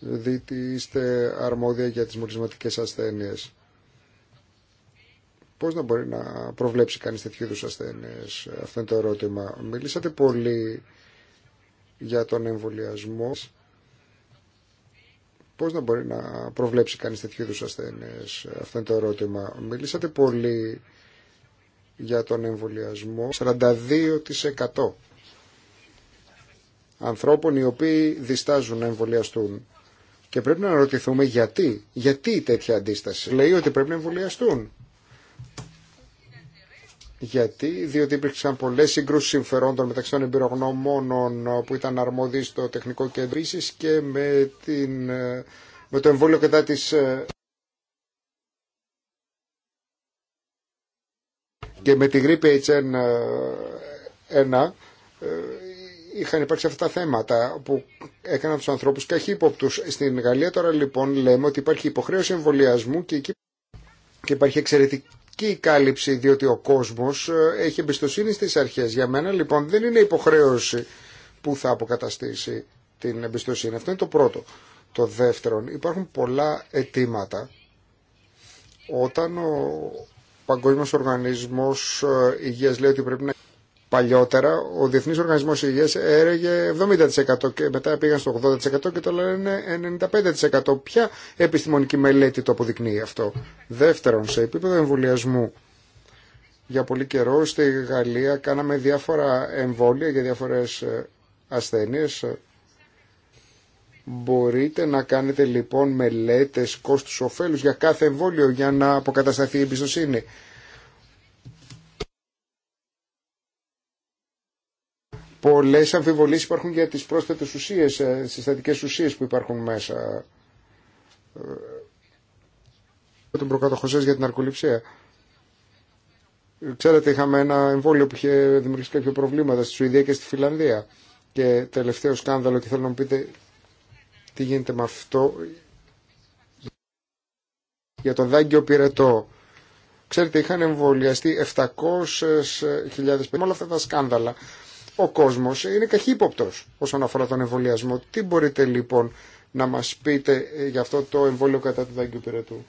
S3: διότι είστε αρμόδια για τις μολυσματικές ασθένειες. Πώς να μπορεί να προβλέψει κανείς τέτοιου είδους ασθένειες, αυτό είναι το ερώτημα. Μιλήσατε πολύ για τον εμβολιασμό. Πώς να μπορεί να προβλέψει κανείς τέτοιου είδους ασθένειες, αυτό είναι το ερώτημα. Μιλήσατε πολύ για τον εμβολιασμό, 42% ανθρώπων οι οποίοι διστάζουν να εμβολιαστούν. Και πρέπει να ρωτηθούμε γιατί. Γιατί τέτοια αντίσταση. Λέει ότι πρέπει να εμβολιαστούν. Γιατί, διότι υπήρξαν πολλές συγκρούσεις συμφερόντων μεταξύ των εμπειρογνωμόνων που ήταν αρμόδιοι στο τεχνικό κέντρο και με, την, ε, με το εμβόλιο κατά της... Ε, και με τη γρήπη HN1 είχαν υπάρξει αυτά τα θέματα που έκαναν τους ανθρώπους καχύποπτους. Στην Γαλλία τώρα λοιπόν λέμε ότι υπάρχει υποχρέωση εμβολιασμού και και υπάρχει εξαιρετική κάλυψη διότι ο κόσμος ε, έχει εμπιστοσύνη στις αρχές. Για μένα λοιπόν δεν είναι υποχρέωση που θα αποκαταστήσει την εμπιστοσύνη. Αυτό είναι το πρώτο. Το δεύτερο, υπάρχουν πολλά αιτήματα όταν ο Παγκόσμιος Οργανισμός ε, Υγείας λέει ότι πρέπει να Παλιότερα ο Διεθνής Οργανισμός Υγείας έρεγε 70% και μετά πήγαν στο 80% και τώρα είναι 95%. Ποια επιστημονική μελέτη το αποδεικνύει αυτό. Δεύτερον, σε επίπεδο εμβολιασμού για πολύ καιρό στη Γαλλία κάναμε διάφορα εμβόλια για διάφορες ε, ασθένειες. Μπορείτε να κάνετε λοιπόν μελέτες κόστους οφέλους για κάθε εμβόλιο για να αποκατασταθεί η εμπιστοσύνη. Πολλέ αμφιβολίε υπάρχουν για τις πρόσθετες ουσίες, συστατικές ε, ουσίε που υπάρχουν μέσα. Ε, τον προκατοχό σα για την αρκοληψία. Ξέρετε, είχαμε ένα εμβόλιο που είχε δημιουργήσει κάποια προβλήματα στη Σουηδία και στη Φιλανδία. Και τελευταίο σκάνδαλο και θέλω να μου πείτε τι γίνεται με αυτό για τον δάγκιο πυρετό. Ξέρετε, είχαν εμβολιαστεί 700.000 παιδιά. Όλα αυτά τα σκάνδαλα ο κόσμος είναι καχύποπτος όσον αφορά τον εμβολιασμό. Τι μπορείτε λοιπόν να μας πείτε ε, για αυτό το εμβόλιο κατά του δάγκιου πυρετού.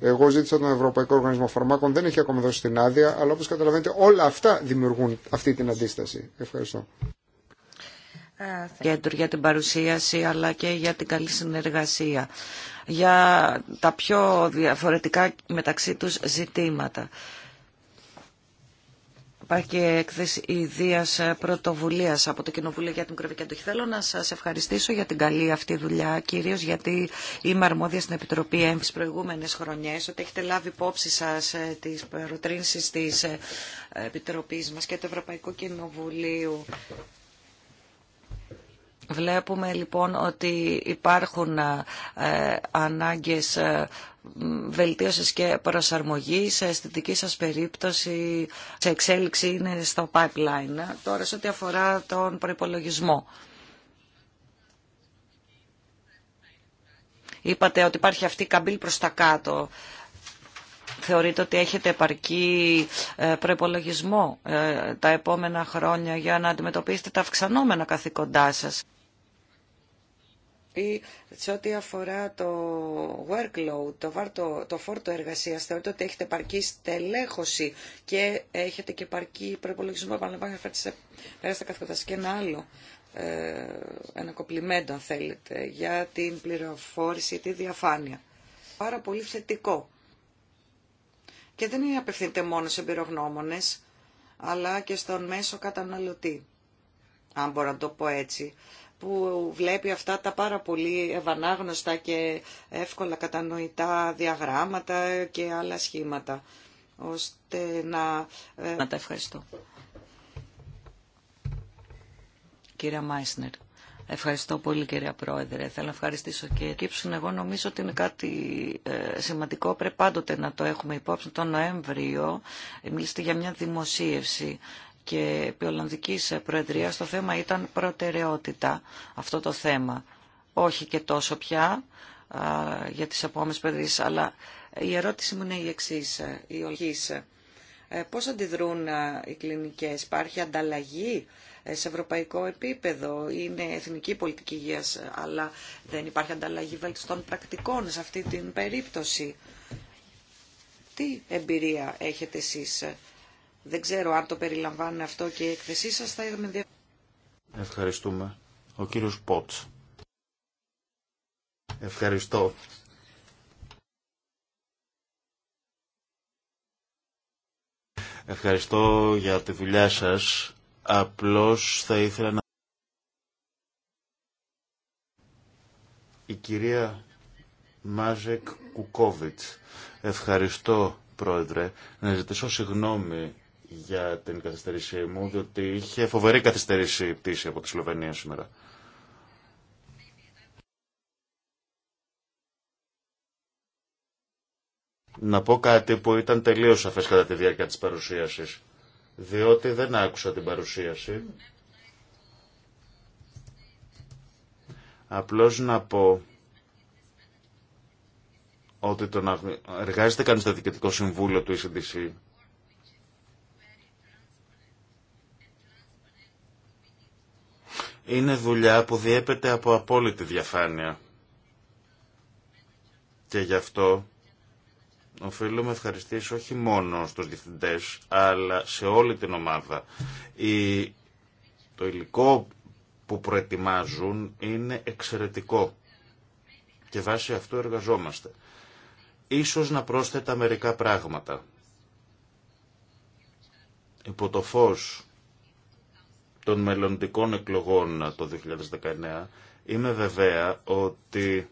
S3: Εγώ ζήτησα τον Ευρωπαϊκό Οργανισμό Φαρμάκων, δεν έχει ακόμα δώσει την άδεια, αλλά όπως καταλαβαίνετε όλα αυτά δημιουργούν αυτή την αντίσταση. Ευχαριστώ.
S1: Κέντρο ε, για την παρουσίαση αλλά και για την καλή συνεργασία για τα πιο διαφορετικά μεταξύ τους ζητήματα. Υπάρχει και έκθεση ε, πρωτοβουλίας από το Κοινοβούλιο για την Κροβική Αντοχή. Θέλω να σας ευχαριστήσω για την καλή αυτή δουλειά, κυρίως γιατί είμαι αρμόδια στην Επιτροπή έμφυς προηγούμενες χρονιές, ότι έχετε λάβει υπόψη σα ε, τι προτρύνσεις της ε, επιτροπή μας και του Ευρωπαϊκού Κοινοβουλίου Βλέπουμε λοιπόν ότι υπάρχουν ε, ανάγκες ε, βελτίωσης και προσαρμογή Σε αισθητική σας περίπτωση σε εξέλιξη είναι στο pipeline. Τώρα σε ό,τι αφορά τον προϋπολογισμό. Είπατε ότι υπάρχει αυτή η καμπύλη προς τα κάτω. Θεωρείτε ότι έχετε επαρκή ε, προϋπολογισμό τα επόμενα χρόνια για να αντιμετωπίσετε τα αυξανόμενα καθήκοντά σας ή σε ό,τι αφορά το workload, το, βάρτο, το φόρτο εργασίας, θεωρείτε ότι έχετε επαρκή στελέχωση και έχετε και επαρκή προπολογισμό, επαναλαμβάνω, φέρετε πέρα και ένα άλλο ε, ένα κοπλιμέντο, αν θέλετε, για την πληροφόρηση, τη διαφάνεια. Πάρα πολύ θετικό. Και δεν είναι απευθύνεται μόνο σε εμπειρογνώμονες, αλλά και στον μέσο καταναλωτή, αν μπορώ να το πω έτσι που βλέπει αυτά τα πάρα πολύ ευανάγνωστα και εύκολα κατανοητά διαγράμματα και άλλα σχήματα, ώστε να... Να ε, τα ευχαριστώ. Κύριε Μάισνερ. Ευχαριστώ πολύ κυρία Πρόεδρε. Θέλω να ευχαριστήσω και Κύψουν. Εγώ νομίζω ότι είναι κάτι ε, σημαντικό. Πρέπει πάντοτε να το έχουμε υπόψη. Το Νοέμβριο μιλήσετε για μια δημοσίευση και επί Ολλανδικής Προεδρίας το θέμα ήταν προτεραιότητα αυτό το θέμα. Όχι και τόσο πια για τις επόμενες παιδίες, αλλά η ερώτηση μου είναι η εξής, ε, η ολχής. Ε, πώς αντιδρούν ε, οι κλινικές, υπάρχει ανταλλαγή σε ευρωπαϊκό επίπεδο, είναι εθνική πολιτική υγείας, αλλά δεν υπάρχει ανταλλαγή βελτιστών πρακτικών σε αυτή την περίπτωση. Τι εμπειρία έχετε εσείς δεν ξέρω αν το περιλαμβάνει αυτό και η έκθεσή σα, θα είδαμε
S2: Ευχαριστούμε. Ο κύριος Πότς. Ευχαριστώ. Ευχαριστώ για τη δουλειά σας. Απλώς θα ήθελα να... Η κυρία Μάζεκ Κουκόβιτς. Ευχαριστώ, Πρόεδρε. Να ζητήσω συγγνώμη για την καθυστερήσή μου, διότι είχε φοβερή καθυστερήση η πτήση από τη Σλοβενία σήμερα. Να πω κάτι που ήταν τελείως σαφές κατά τη διάρκεια της παρουσίασης, διότι δεν άκουσα την παρουσίαση. Απλώς να πω ότι το να εργάζεται κανείς στο Διοικητικό Συμβούλιο του ECDC είναι δουλειά που διέπεται από απόλυτη διαφάνεια. Και γι' αυτό οφείλουμε ευχαριστήσεις όχι μόνο στους διευθυντές, αλλά σε όλη την ομάδα. Η... Το υλικό που προετοιμάζουν είναι εξαιρετικό και βάσει αυτού εργαζόμαστε. Ίσως να πρόσθετα μερικά πράγματα. Υπό το φως των μελλοντικών εκλογών το 2019, είμαι βεβαία ότι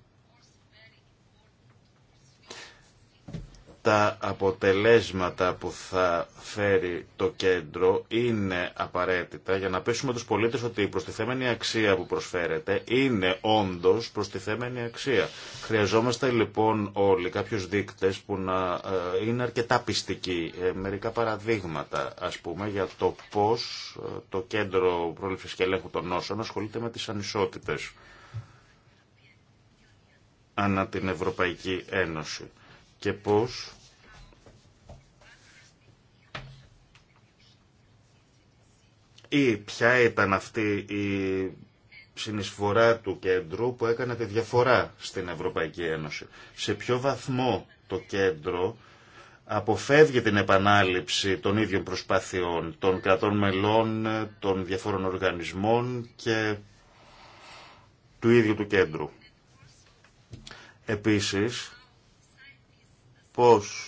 S2: τα αποτελέσματα που θα φέρει το κέντρο είναι απαραίτητα για να πείσουμε τους πολίτες ότι η προστιθέμενη αξία που προσφέρεται είναι όντως προστιθέμενη αξία. Χρειαζόμαστε λοιπόν όλοι κάποιους δείκτες που να ε, είναι αρκετά πιστικοί, ε, μερικά παραδείγματα ας πούμε για το πώς ε, το κέντρο πρόληψης και ελέγχου των νόσων ασχολείται με τις ανισότητες ανά την Ευρωπαϊκή Ένωση και πώς ή ποια ήταν αυτή η συνεισφορά του κέντρου που έκανε τη διαφορά στην Ευρωπαϊκή Ένωση. Σε ποιο βαθμό το κέντρο αποφεύγει την επανάληψη των ίδιων προσπάθειών των κρατών μελών, των διαφόρων οργανισμών και του ίδιου του κέντρου. Επίσης, πώς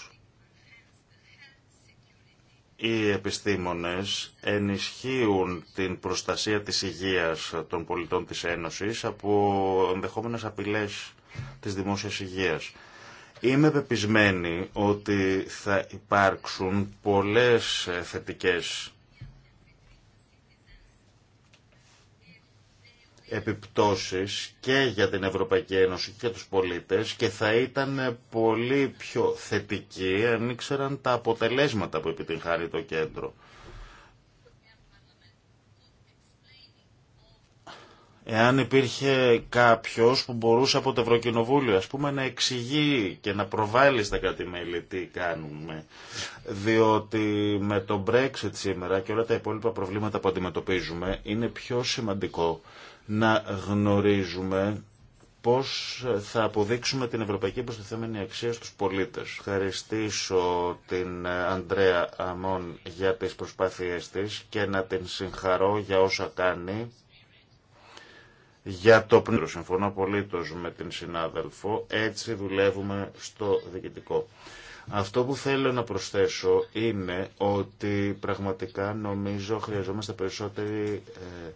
S2: οι επιστήμονες ενισχύουν την προστασία της υγείας των πολιτών της Ένωσης από ενδεχόμενες απειλές της δημόσιας υγείας. Είμαι πεπισμένη ότι θα υπάρξουν πολλές θετικές επιπτώσεις και για την Ευρωπαϊκή Ένωση και τους πολίτες και θα ήταν πολύ πιο θετική αν ήξεραν τα αποτελέσματα που επιτυγχάρει το κέντρο. Εάν υπήρχε κάποιος που μπορούσε από το Ευρωκοινοβούλιο ας πούμε να εξηγεί και να προβάλλει στα κράτη-μέλη τι κάνουμε διότι με το Brexit σήμερα και όλα τα υπόλοιπα προβλήματα που αντιμετωπίζουμε είναι πιο σημαντικό να γνωρίζουμε πώς θα αποδείξουμε την ευρωπαϊκή προστιθέμενη αξία στους πολίτες. Ευχαριστήσω την Αντρέα Αμών για τις προσπάθειές της και να την συγχαρώ για όσα κάνει για το πνεύμα. Συμφωνώ απολύτως με την συνάδελφο. Έτσι δουλεύουμε στο διοικητικό. Αυτό που θέλω να προσθέσω είναι ότι πραγματικά νομίζω χρειαζόμαστε περισσότερη ε,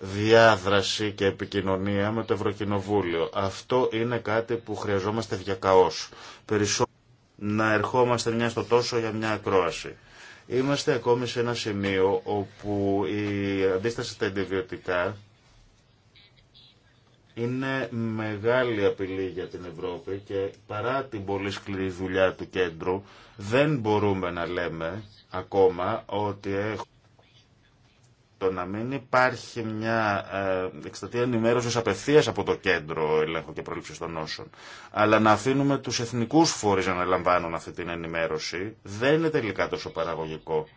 S2: διάδραση και επικοινωνία με το Ευρωκοινοβούλιο. Αυτό είναι κάτι που χρειαζόμαστε διακαώς. Περισσότερο να ερχόμαστε μια στο τόσο για μια ακρόαση. Είμαστε ακόμη σε ένα σημείο όπου η αντίσταση στα αντιβιωτικά είναι μεγάλη απειλή για την Ευρώπη και παρά την πολύ σκληρή δουλειά του κέντρου δεν μπορούμε να λέμε ακόμα ότι έχουμε το να μην υπάρχει μια ε, εκστατεία ενημέρωση απευθεία από το κέντρο ελέγχου και πρόληψη των νόσων, αλλά να αφήνουμε του εθνικού φορεί να αναλαμβάνουν αυτή την ενημέρωση, δεν είναι τελικά τόσο παραγωγικό.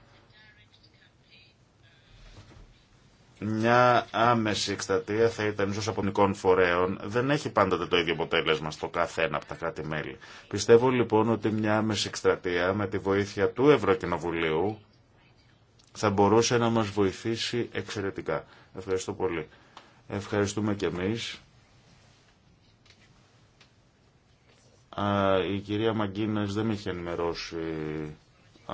S2: Μια άμεση εκστατεία θα ήταν ίσω απονικών φορέων. Δεν έχει πάντα το ίδιο αποτέλεσμα στο κάθε ένα από τα κράτη-μέλη. Πιστεύω λοιπόν ότι μια άμεση εκστρατεία με τη βοήθεια του Ευρωκοινοβουλίου θα μπορούσε να μας βοηθήσει εξαιρετικά. Ευχαριστώ πολύ. Ευχαριστούμε και εμείς. η κυρία Μαγκίνες δεν με είχε ενημερώσει ε,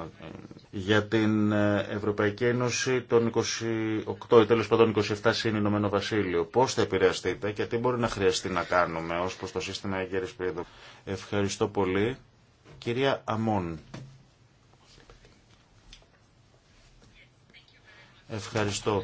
S2: για την ε, Ευρωπαϊκή Ένωση των 28 ή τέλος πάντων 27 συν Ηνωμένο Βασίλειο. Πώς θα επηρεαστείτε και τι μπορεί να χρειαστεί να κάνουμε ως προς το σύστημα Αιγέρης Ευχαριστώ πολύ. Κυρία Αμών. Ευχαριστώ.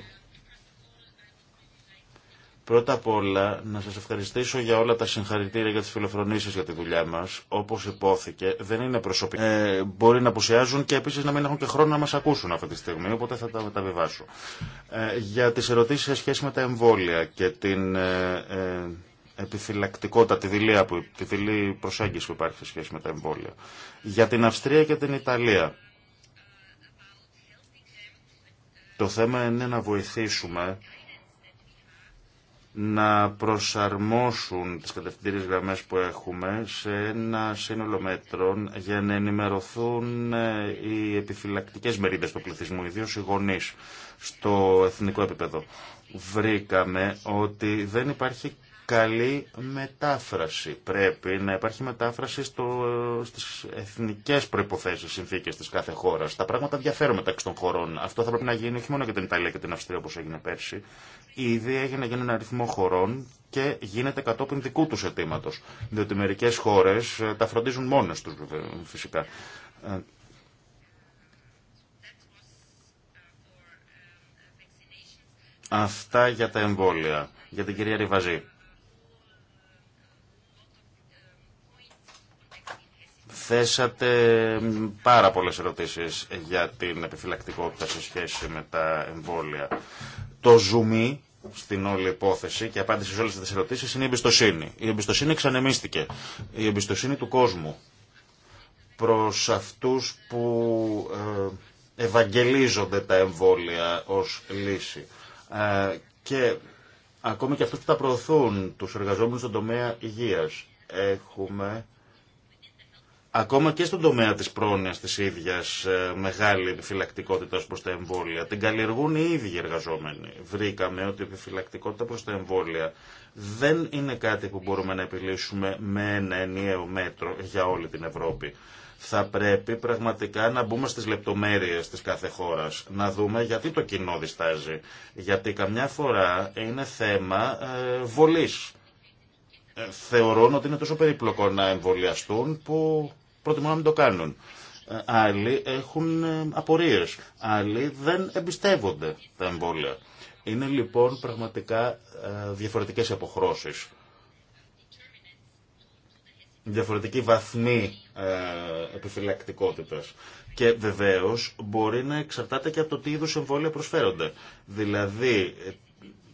S2: Πρώτα απ' όλα να σας ευχαριστήσω για όλα τα συγχαρητήρια για τις φιλοφρονήσεις για τη δουλειά μας. Όπως υπόθηκε δεν είναι προσωπικά. Ε, μπορεί να απουσιάζουν και επίσης να μην έχουν και χρόνο να μας ακούσουν αυτή τη στιγμή, οπότε θα τα μεταβιβάσω. Ε, για τις ερωτήσεις σε σχέση με τα εμβόλια και την... Ε, ε επιφυλακτικότητα, τη τη προσέγγιση που υπάρχει σε σχέση με τα εμβόλια. Για την Αυστρία και την Ιταλία. Το θέμα είναι να βοηθήσουμε να προσαρμόσουν τις κατευθυντήριες γραμμές που έχουμε σε ένα σύνολο μέτρων για να ενημερωθούν ε, οι επιφυλακτικές μερίδες του πληθυσμού, ιδίως οι στο εθνικό επίπεδο. Βρήκαμε ότι δεν υπάρχει καλή μετάφραση. Πρέπει να υπάρχει μετάφραση στο, στις εθνικές προϋποθέσεις, συνθήκες της κάθε χώρας. Τα πράγματα διαφέρουν μεταξύ των χωρών. Αυτό θα πρέπει να γίνει όχι μόνο για την Ιταλία και την Αυστρία όπως έγινε πέρσι. Ήδη έγινε γίνει ένα αριθμό χωρών και γίνεται κατόπιν δικού τους αιτήματο. Διότι μερικές χώρες ε, τα φροντίζουν μόνες τους φυσικά. Ε, αυτά για τα εμβόλια, για την κυρία Ριβαζή. Θέσατε πάρα πολλές ερωτήσεις για την επιφυλακτικότητα σε σχέση με τα εμβόλια. Το ζουμί στην όλη υπόθεση και απάντηση σε όλες τις ερωτήσεις είναι η εμπιστοσύνη. Η εμπιστοσύνη ξανεμίστηκε. Η εμπιστοσύνη του κόσμου προς αυτούς που ε, ευαγγελίζονται τα εμβόλια ως λύση. Ε, και ακόμη και αυτούς που τα προωθούν, τους εργαζόμενους στον τομέα υγείας. Έχουμε Ακόμα και στον τομέα της πρόνοιας της ίδιας ε, μεγάλη επιφυλακτικότητα προς τα εμβόλια. Την καλλιεργούν οι ίδιοι εργαζόμενοι. Βρήκαμε ότι η επιφυλακτικότητα προς τα εμβόλια δεν είναι κάτι που μπορούμε να επιλύσουμε με ένα ενιαίο μέτρο για όλη την Ευρώπη. Θα πρέπει πραγματικά να μπούμε στις λεπτομέρειες της κάθε χώρας, να δούμε γιατί το κοινό διστάζει. Γιατί καμιά φορά είναι θέμα ε, βολής. Ε, Θεωρώ ότι είναι τόσο περιπλοκό να εμβολιαστούν που προτιμούν να μην το κάνουν. Ε, άλλοι έχουν ε, απορίες. Άλλοι δεν εμπιστεύονται τα εμβόλια. Είναι λοιπόν πραγματικά ε, διαφορετικές αποχρώσεις. Διαφορετική βαθμή επιφυλακτικότητας. Και βεβαίω μπορεί να εξαρτάται και από το τι είδου εμβόλια προσφέρονται. Δηλαδή,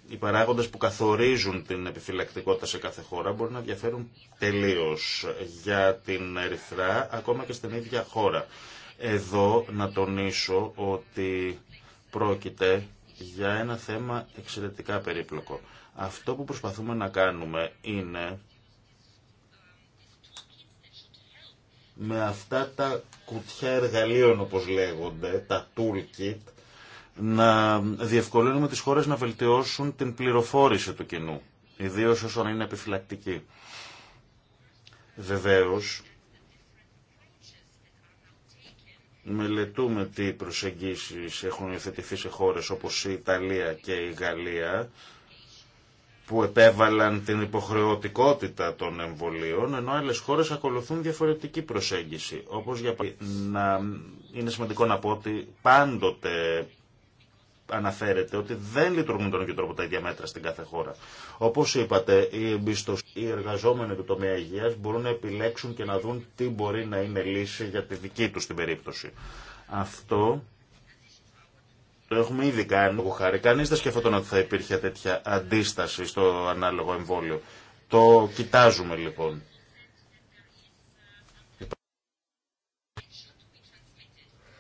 S2: οι παράγοντες που καθορίζουν την επιφυλακτικότητα σε κάθε χώρα μπορεί να διαφέρουν τελείως για την Ερυθρά ακόμα και στην ίδια χώρα. Εδώ να τονίσω ότι πρόκειται για ένα θέμα εξαιρετικά περίπλοκο. Αυτό που προσπαθούμε να κάνουμε είναι με αυτά τα κουτιά εργαλείων όπως λέγονται, τα toolkit, να διευκολύνουμε τις χώρες να βελτιώσουν την πληροφόρηση του κοινού, ιδίως όσον είναι επιφυλακτική. Βεβαίως, μελετούμε τι προσεγγίσεις έχουν υιοθετηθεί σε χώρες όπως η Ιταλία και η Γαλλία, που επέβαλαν την υποχρεωτικότητα των εμβολίων, ενώ άλλε χώρε ακολουθούν διαφορετική προσέγγιση. Όπως για να είναι σημαντικό να πω ότι πάντοτε αναφέρεται ότι δεν λειτουργούν τον ίδιο τρόπο τα ίδια μέτρα στην κάθε χώρα. Όπω είπατε, οι οι εργαζόμενοι του τομέα υγεία μπορούν να επιλέξουν και να δουν τι μπορεί να είναι λύση για τη δική του την περίπτωση. Αυτό το έχουμε ήδη κάνει. Εγώ χάρη. Κανεί δεν σκεφτόταν ότι θα υπήρχε τέτοια αντίσταση στο ανάλογο εμβόλιο. Το κοιτάζουμε λοιπόν.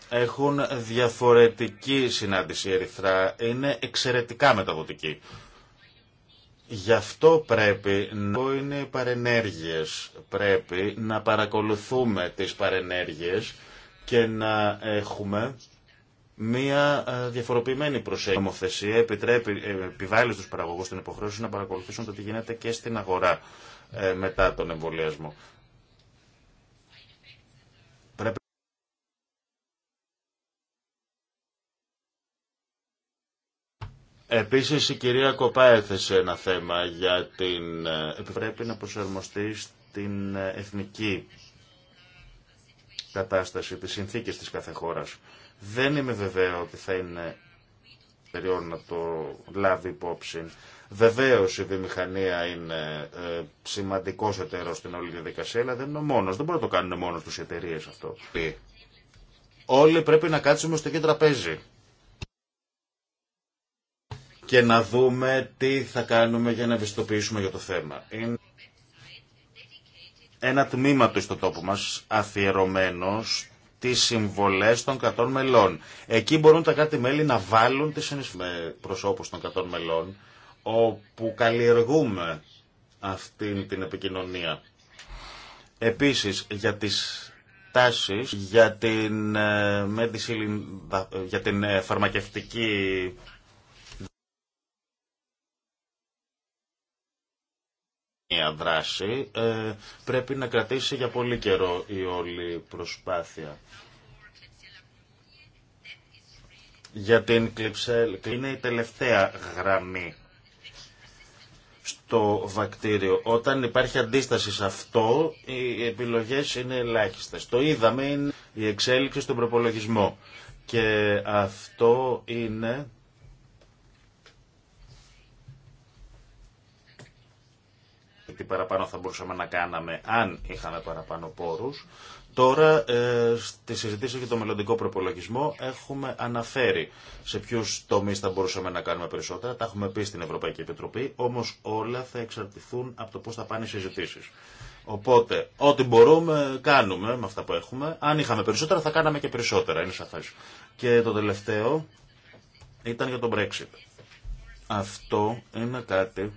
S2: έχουν διαφορετική συνάντηση ερυθρά. Είναι εξαιρετικά μεταδοτική. Γι' αυτό πρέπει να είναι οι παρενέργειες. Πρέπει να παρακολουθούμε τις παρενέργειες και να έχουμε μία ε, διαφοροποιημένη προσέγγιση. Η νομοθεσία επιτρέπει, ε, επιβάλλει στους παραγωγούς την υποχρέωση να παρακολουθήσουν το τι γίνεται και στην αγορά ε, μετά τον εμβολιασμό. Επίσης η κυρία Κοπά έθεσε ένα θέμα για την... Ε, πρέπει να προσαρμοστεί στην ε, εθνική κατάσταση, τις συνθήκες της κάθε χώρας. Δεν είμαι βεβαίω ότι θα είναι περιόν να το λάβει υπόψη. Βεβαίω η βιομηχανία είναι ε, σημαντικό εταίρο στην όλη διαδικασία, αλλά δεν είναι ο μόνο. Δεν μπορεί να το κάνουν μόνο τους οι εταιρείε αυτό. Όλοι πρέπει να κάτσουμε στο ίδιο τραπέζι και να δούμε τι θα κάνουμε για να ευαισθητοποιήσουμε για το θέμα. Είναι ένα τμήμα του στο τόπο μας αφιερωμένο τις συμβολές των 100 μελών. Εκεί μπορούν τα κάτι μέλη να βάλουν τις προσώπους των 100 μελών, όπου καλλιεργούμε αυτή την επικοινωνία. Επίσης, για τις τάσεις, για την, ε, για την ε, φαρμακευτική δράση ε, πρέπει να κρατήσει για πολύ καιρό η όλη προσπάθεια. Για την κλειψέλ, είναι η τελευταία γραμμή στο βακτήριο. Όταν υπάρχει αντίσταση σε αυτό, οι επιλογές είναι ελάχιστες. Το είδαμε, είναι η εξέλιξη στον προπολογισμό. Και αυτό είναι τι παραπάνω θα μπορούσαμε να κάναμε αν είχαμε παραπάνω πόρου. Τώρα, ε, στη συζήτηση για το μελλοντικό προπολογισμό, έχουμε αναφέρει σε ποιου τομεί θα μπορούσαμε να κάνουμε περισσότερα. Τα έχουμε πει στην Ευρωπαϊκή Επιτροπή, όμω όλα θα εξαρτηθούν από το πώ θα πάνε οι συζητήσει. Οπότε, ό,τι μπορούμε, κάνουμε με αυτά που έχουμε. Αν είχαμε περισσότερα, θα κάναμε και περισσότερα, είναι σαφέ. Και το τελευταίο ήταν για το Brexit. Αυτό είναι κάτι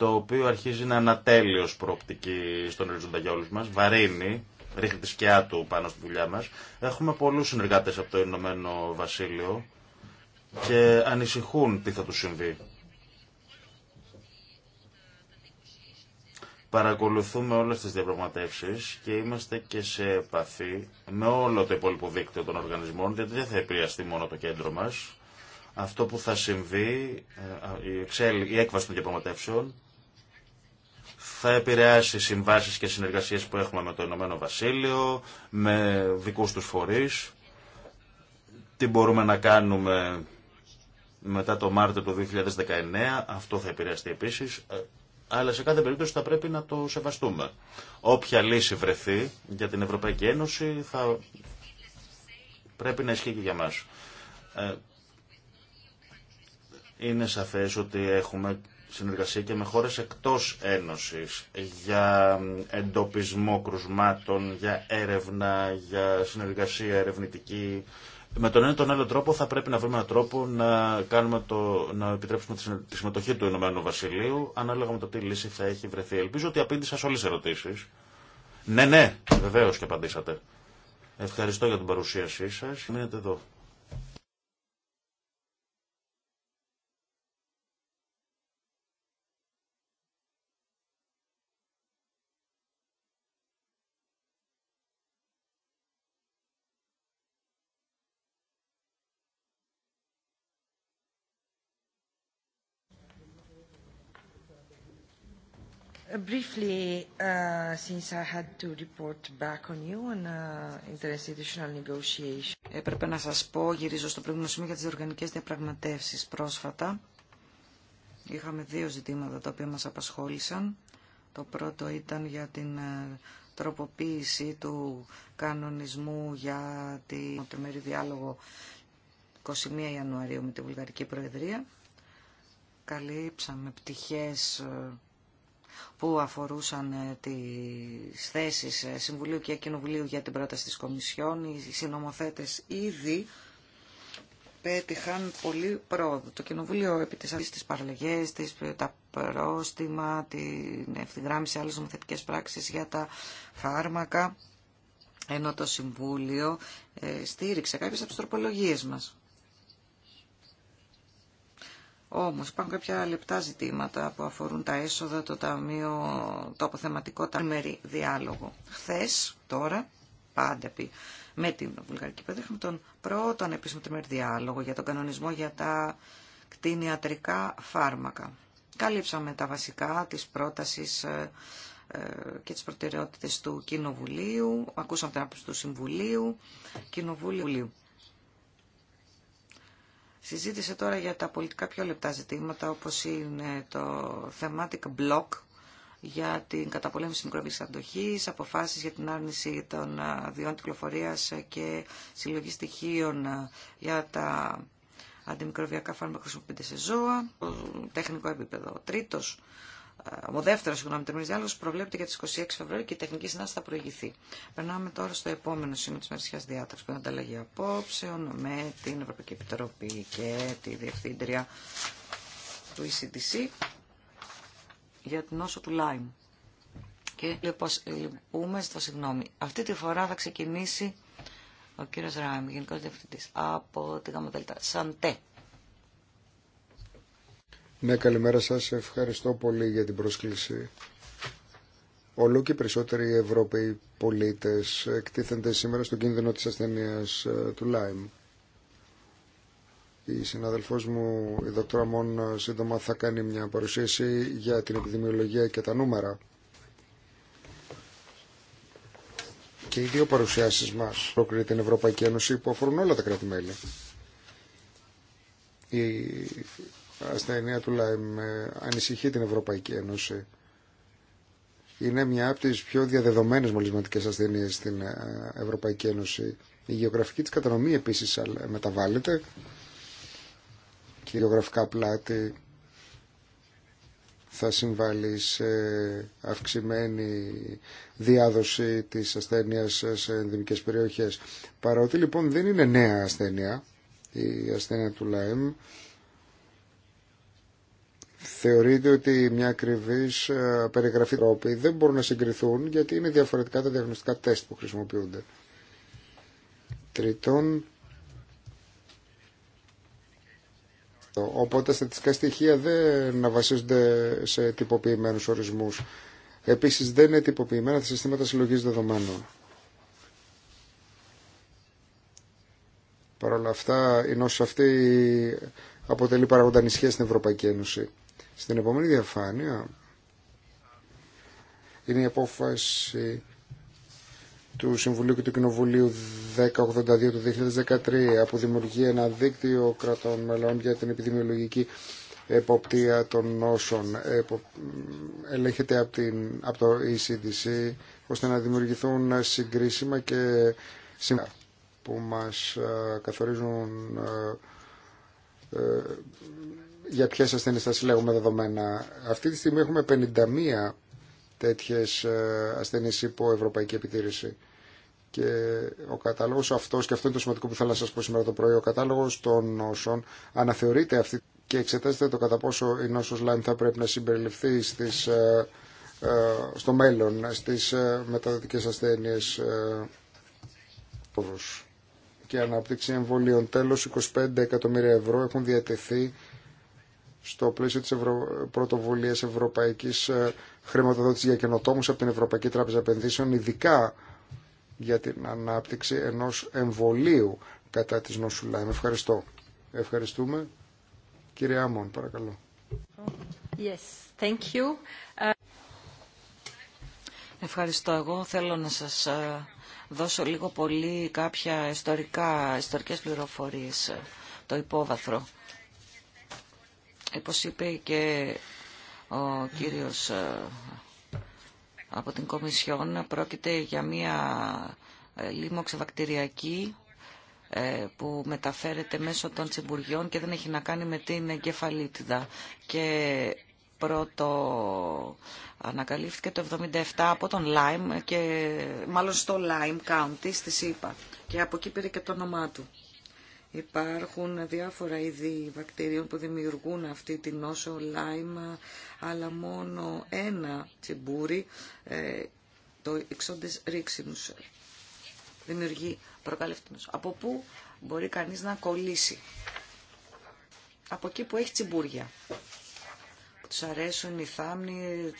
S2: το οποίο αρχίζει να είναι ως προοπτική στον οριζόντα για μας, βαρύνει, ρίχνει τη σκιά του πάνω στη δουλειά μας. Έχουμε πολλούς συνεργάτες από το Ηνωμένο Βασίλειο και ανησυχούν τι θα τους συμβεί. Παρακολουθούμε όλες τις διαπραγματεύσεις και είμαστε και σε επαφή με όλο το υπόλοιπο δίκτυο των οργανισμών, γιατί δεν θα επηρεαστεί μόνο το κέντρο μας. Αυτό που θα συμβεί, ε, η, η έκβαση των διαπραγματεύσεων, θα επηρεάσει συμβάσεις και συνεργασίες που έχουμε με το Ηνωμένο Βασίλειο, με δικούς τους φορείς, τι μπορούμε να κάνουμε μετά το Μάρτιο του 2019, αυτό θα επηρεαστεί επίσης, ε, αλλά σε κάθε περίπτωση θα πρέπει να το σεβαστούμε. Όποια λύση βρεθεί για την Ευρωπαϊκή Ένωση θα πρέπει να ισχύει και για μας. Ε, είναι σαφές ότι έχουμε συνεργασία και με χώρες εκτός Ένωσης για εντοπισμό κρουσμάτων, για έρευνα, για συνεργασία ερευνητική. Με τον ένα τον άλλο τρόπο θα πρέπει να βρούμε έναν τρόπο να, κάνουμε το, να επιτρέψουμε τη συμμετοχή του Ηνωμένου Βασιλείου ανάλογα με το τι λύση θα έχει βρεθεί. Ελπίζω ότι απήντησα σε όλες τις ερωτήσεις. Ναι, ναι, βεβαίως και απαντήσατε. Ευχαριστώ για την παρουσίασή σας. Μείνετε εδώ.
S1: briefly, uh, since I had to report back on you on uh, interinstitutional Έπρεπε να σας πω, γυρίζω στο προηγούμενο σημείο για τις οργανικές διαπραγματεύσεις πρόσφατα. Είχαμε δύο ζητήματα τα οποία μας απασχόλησαν. Το πρώτο ήταν για την ε, τροποποίηση του κανονισμού για την τριμερή διάλογο 21 Ιανουαρίου με τη Βουλγαρική Προεδρία. Καλύψαμε πτυχές ε, που αφορούσαν ε, τις θέσεις ε, Συμβουλίου και Κοινοβουλίου για την πρόταση της Κομισιόν. Οι συνομοθέτες ήδη πέτυχαν πολύ πρόοδο. Το Κοινοβούλιο επί της αρχής τις τα πρόστιμα, την ευθυγράμμιση άλλε νομοθετικές πράξεις για τα φάρμακα, ενώ το Συμβούλιο ε, στήριξε κάποιες από τις τροπολογίες μας. Όμως υπάρχουν κάποια λεπτά ζητήματα που αφορούν τα έσοδα, το ταμείο, το αποθεματικό ταμείο διάλογο. Χθες, τώρα, πάντα πει, με την Βουλγαρική Παιδεία είχαμε τον πρώτο ανεπίσημο τριμερή διάλογο για τον κανονισμό για τα κτηνιατρικά φάρμακα. Καλύψαμε τα βασικά της πρότασης ε, ε, και τις προτεραιότητες του Κοινοβουλίου, ακούσαμε την άποψη του Συμβουλίου, Κοινοβουλίου. Συζήτησε τώρα για τα πολιτικά πιο λεπτά ζητήματα, όπως είναι το thematic block για την καταπολέμηση μικροβής αντοχής, αποφάσεις για την άρνηση των διών κυκλοφορίας και συλλογή στοιχείων για τα αντιμικροβιακά φάρμακα χρησιμοποιούνται σε ζώα, τεχνικό επίπεδο. Τρίτος, ε, ο δεύτερο συγγνώμη τερμινή διάλογο προβλέπεται για τι 26 Φεβρουαρίου και η τεχνική συνάντηση θα προηγηθεί. Περνάμε τώρα στο επόμενο σημείο τη Μερσιά διάταξη που είναι ανταλλαγή απόψεων με την Ευρωπαϊκή Επιτροπή και τη Διευθύντρια του ECDC για την όσο του ΛΑΙΜ. Και λοιπόν, λυπούμε στο συγγνώμη. Αυτή τη φορά θα ξεκινήσει ο κύριο Ράιμ, γενικό διευθυντή από τη ΓΑΜΑΔΕΛΤΑ ΣΑΝΤΕ.
S3: Ναι, καλημέρα σας. Ευχαριστώ πολύ για την πρόσκληση. Όλο και περισσότεροι Ευρωπαίοι πολίτες εκτίθενται σήμερα στον κίνδυνο της ασθενείας ε, του Λάιμ. Η συναδελφός μου, η Δόκτωρα Μόν, ε, σύντομα θα κάνει μια παρουσίαση για την επιδημιολογία και τα νούμερα. Και οι δύο παρουσιάσεις μας προκρίνει την Ευρωπαϊκή Ένωση που αφορούν όλα τα κράτη-μέλη ασθένεια του ΛΑΕΜ ανησυχεί την Ευρωπαϊκή Ένωση. Είναι μια από τις πιο διαδεδομένες μολυσματικές ασθένειες στην ε, Ευρωπαϊκή Ένωση. Η γεωγραφική της κατανομή επίσης ε, μεταβάλλεται και γεωγραφικά πλάτη θα συμβάλλει σε αυξημένη διάδοση της ασθένειας σε ενδυμικές περιοχές. Παρότι λοιπόν δεν είναι νέα ασθένεια, η ασθένεια του ΛΑΕΜ Θεωρείται ότι μια ακριβή ε, περιγραφή τρόποι δεν μπορούν να συγκριθούν γιατί είναι διαφορετικά τα διαγνωστικά τεστ που χρησιμοποιούνται. Τρίτον, οπότε τα στατιστικά στοιχεία δεν βασίζονται σε τυποποιημένους ορισμούς. Επίσης δεν είναι τυποποιημένα τα συστήματα συλλογής δεδομένων. Παρ' όλα αυτά, η νόση αυτή αποτελεί παράγοντα σχέση στην Ευρωπαϊκή Ένωση. Στην επόμενη διαφάνεια είναι η απόφαση του Συμβουλίου και του Κοινοβουλίου 1082 του 2013 που δημιουργεί ένα δίκτυο κρατών μελών για την επιδημιολογική εποπτεία των νόσων. Ελέγχεται από, την, από το ECDC ώστε να δημιουργηθούν συγκρίσιμα και σύμφωνα που μας καθορίζουν ε, για ποιε ασθένειε θα συλλέγουμε δεδομένα. Αυτή τη στιγμή έχουμε 51 τέτοιε ασθένειε υπό ευρωπαϊκή επιτήρηση. Και ο κατάλογο αυτό, και αυτό είναι το σημαντικό που θέλω να σα πω σήμερα το πρωί, ο κατάλογο των νόσων αναθεωρείται αυτή και εξετάζεται το κατά πόσο η νόσο Lyme θα πρέπει να συμπεριληφθεί στις, ε, ε, στο μέλλον στις ε, μεταδοτικέ ασθένειε και ανάπτυξη εμβολίων. Τέλος, 25 εκατομμύρια ευρώ έχουν διατεθεί στο πλαίσιο της Ευρω... πρωτοβουλίας ευρωπαϊκής ε, χρηματοδότησης για καινοτόμους από την Ευρωπαϊκή Τράπεζα Επενδύσεων, ειδικά για την ανάπτυξη ενός εμβολίου κατά της νοσουλά. Ευχαριστώ. Ευχαριστούμε. Κύριε Άμον, παρακαλώ.
S1: Yes, thank you. Ε, ευχαριστώ. Εγώ θέλω να σας ε, δώσω λίγο πολύ κάποια ιστορικά, ιστορικές πληροφορίες, το υπόβαθρο όπως είπε και ο κύριος ε, από την Κομισιόν, πρόκειται για μία ε, λίμωξη βακτηριακή ε, που μεταφέρεται μέσω των τσιμπουργιών και δεν έχει να κάνει με την εγκεφαλίτιδα. Και πρώτο ανακαλύφθηκε το 77 από τον Λάιμ και μάλλον στο Λάιμ County στη ΣΥΠΑ. Και από εκεί πήρε και το όνομά του. Υπάρχουν διάφορα είδη βακτηρίων που δημιουργούν αυτή την νόσο λάιμα, αλλά μόνο ένα τσιμπούρι, ε, το εξόντες ρίξιμους, δημιουργεί προκαλευτίνος. Από πού μπορεί κανείς να κολλήσει. Από εκεί που έχει τσιμπούρια τους αρέσουν οι θάμνοι,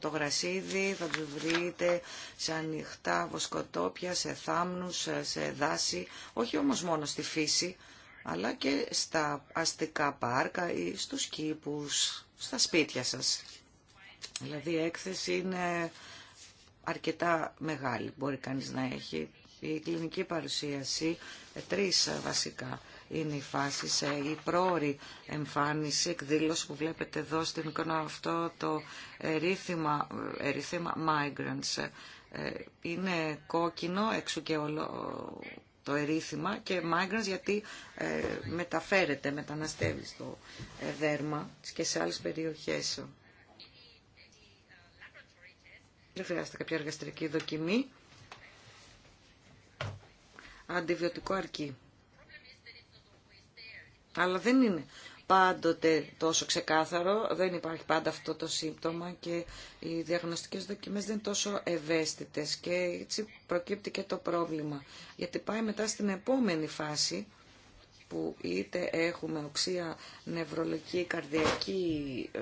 S1: το γρασίδι, θα τους βρείτε σε ανοιχτά βοσκοτόπια, σε θάμνους, σε δάση, όχι όμως μόνο στη φύση, αλλά και στα αστικά πάρκα ή στους κήπους, στα σπίτια σας. Δηλαδή η έκθεση είναι αρκετά μεγάλη, μπορεί κανείς να έχει. Η κλινική παρουσίαση, ε, τρεις ε, βασικά είναι φάση σε η πρόορη εμφάνιση, εκδήλωση που βλέπετε εδώ στην εικόνα αυτό το ερήθημα, ερήθημα migrants. Ε, είναι κόκκινο, έξω και όλο το ερήθημα και migrants γιατί ε, μεταφέρεται, μεταναστεύει στο ε, δέρμα και σε άλλες περιοχές. Δεν χρειάζεται κάποια εργαστηρική δοκιμή. Αντιβιωτικό αρκεί. Αλλά δεν είναι πάντοτε τόσο ξεκάθαρο, δεν υπάρχει πάντα αυτό το σύμπτωμα και οι διαγνωστικές δοκιμές δεν είναι τόσο ευαίσθητες και έτσι προκύπτει και το πρόβλημα. Γιατί πάει μετά στην επόμενη φάση που είτε έχουμε οξία νευρολογική, καρδιακή ε,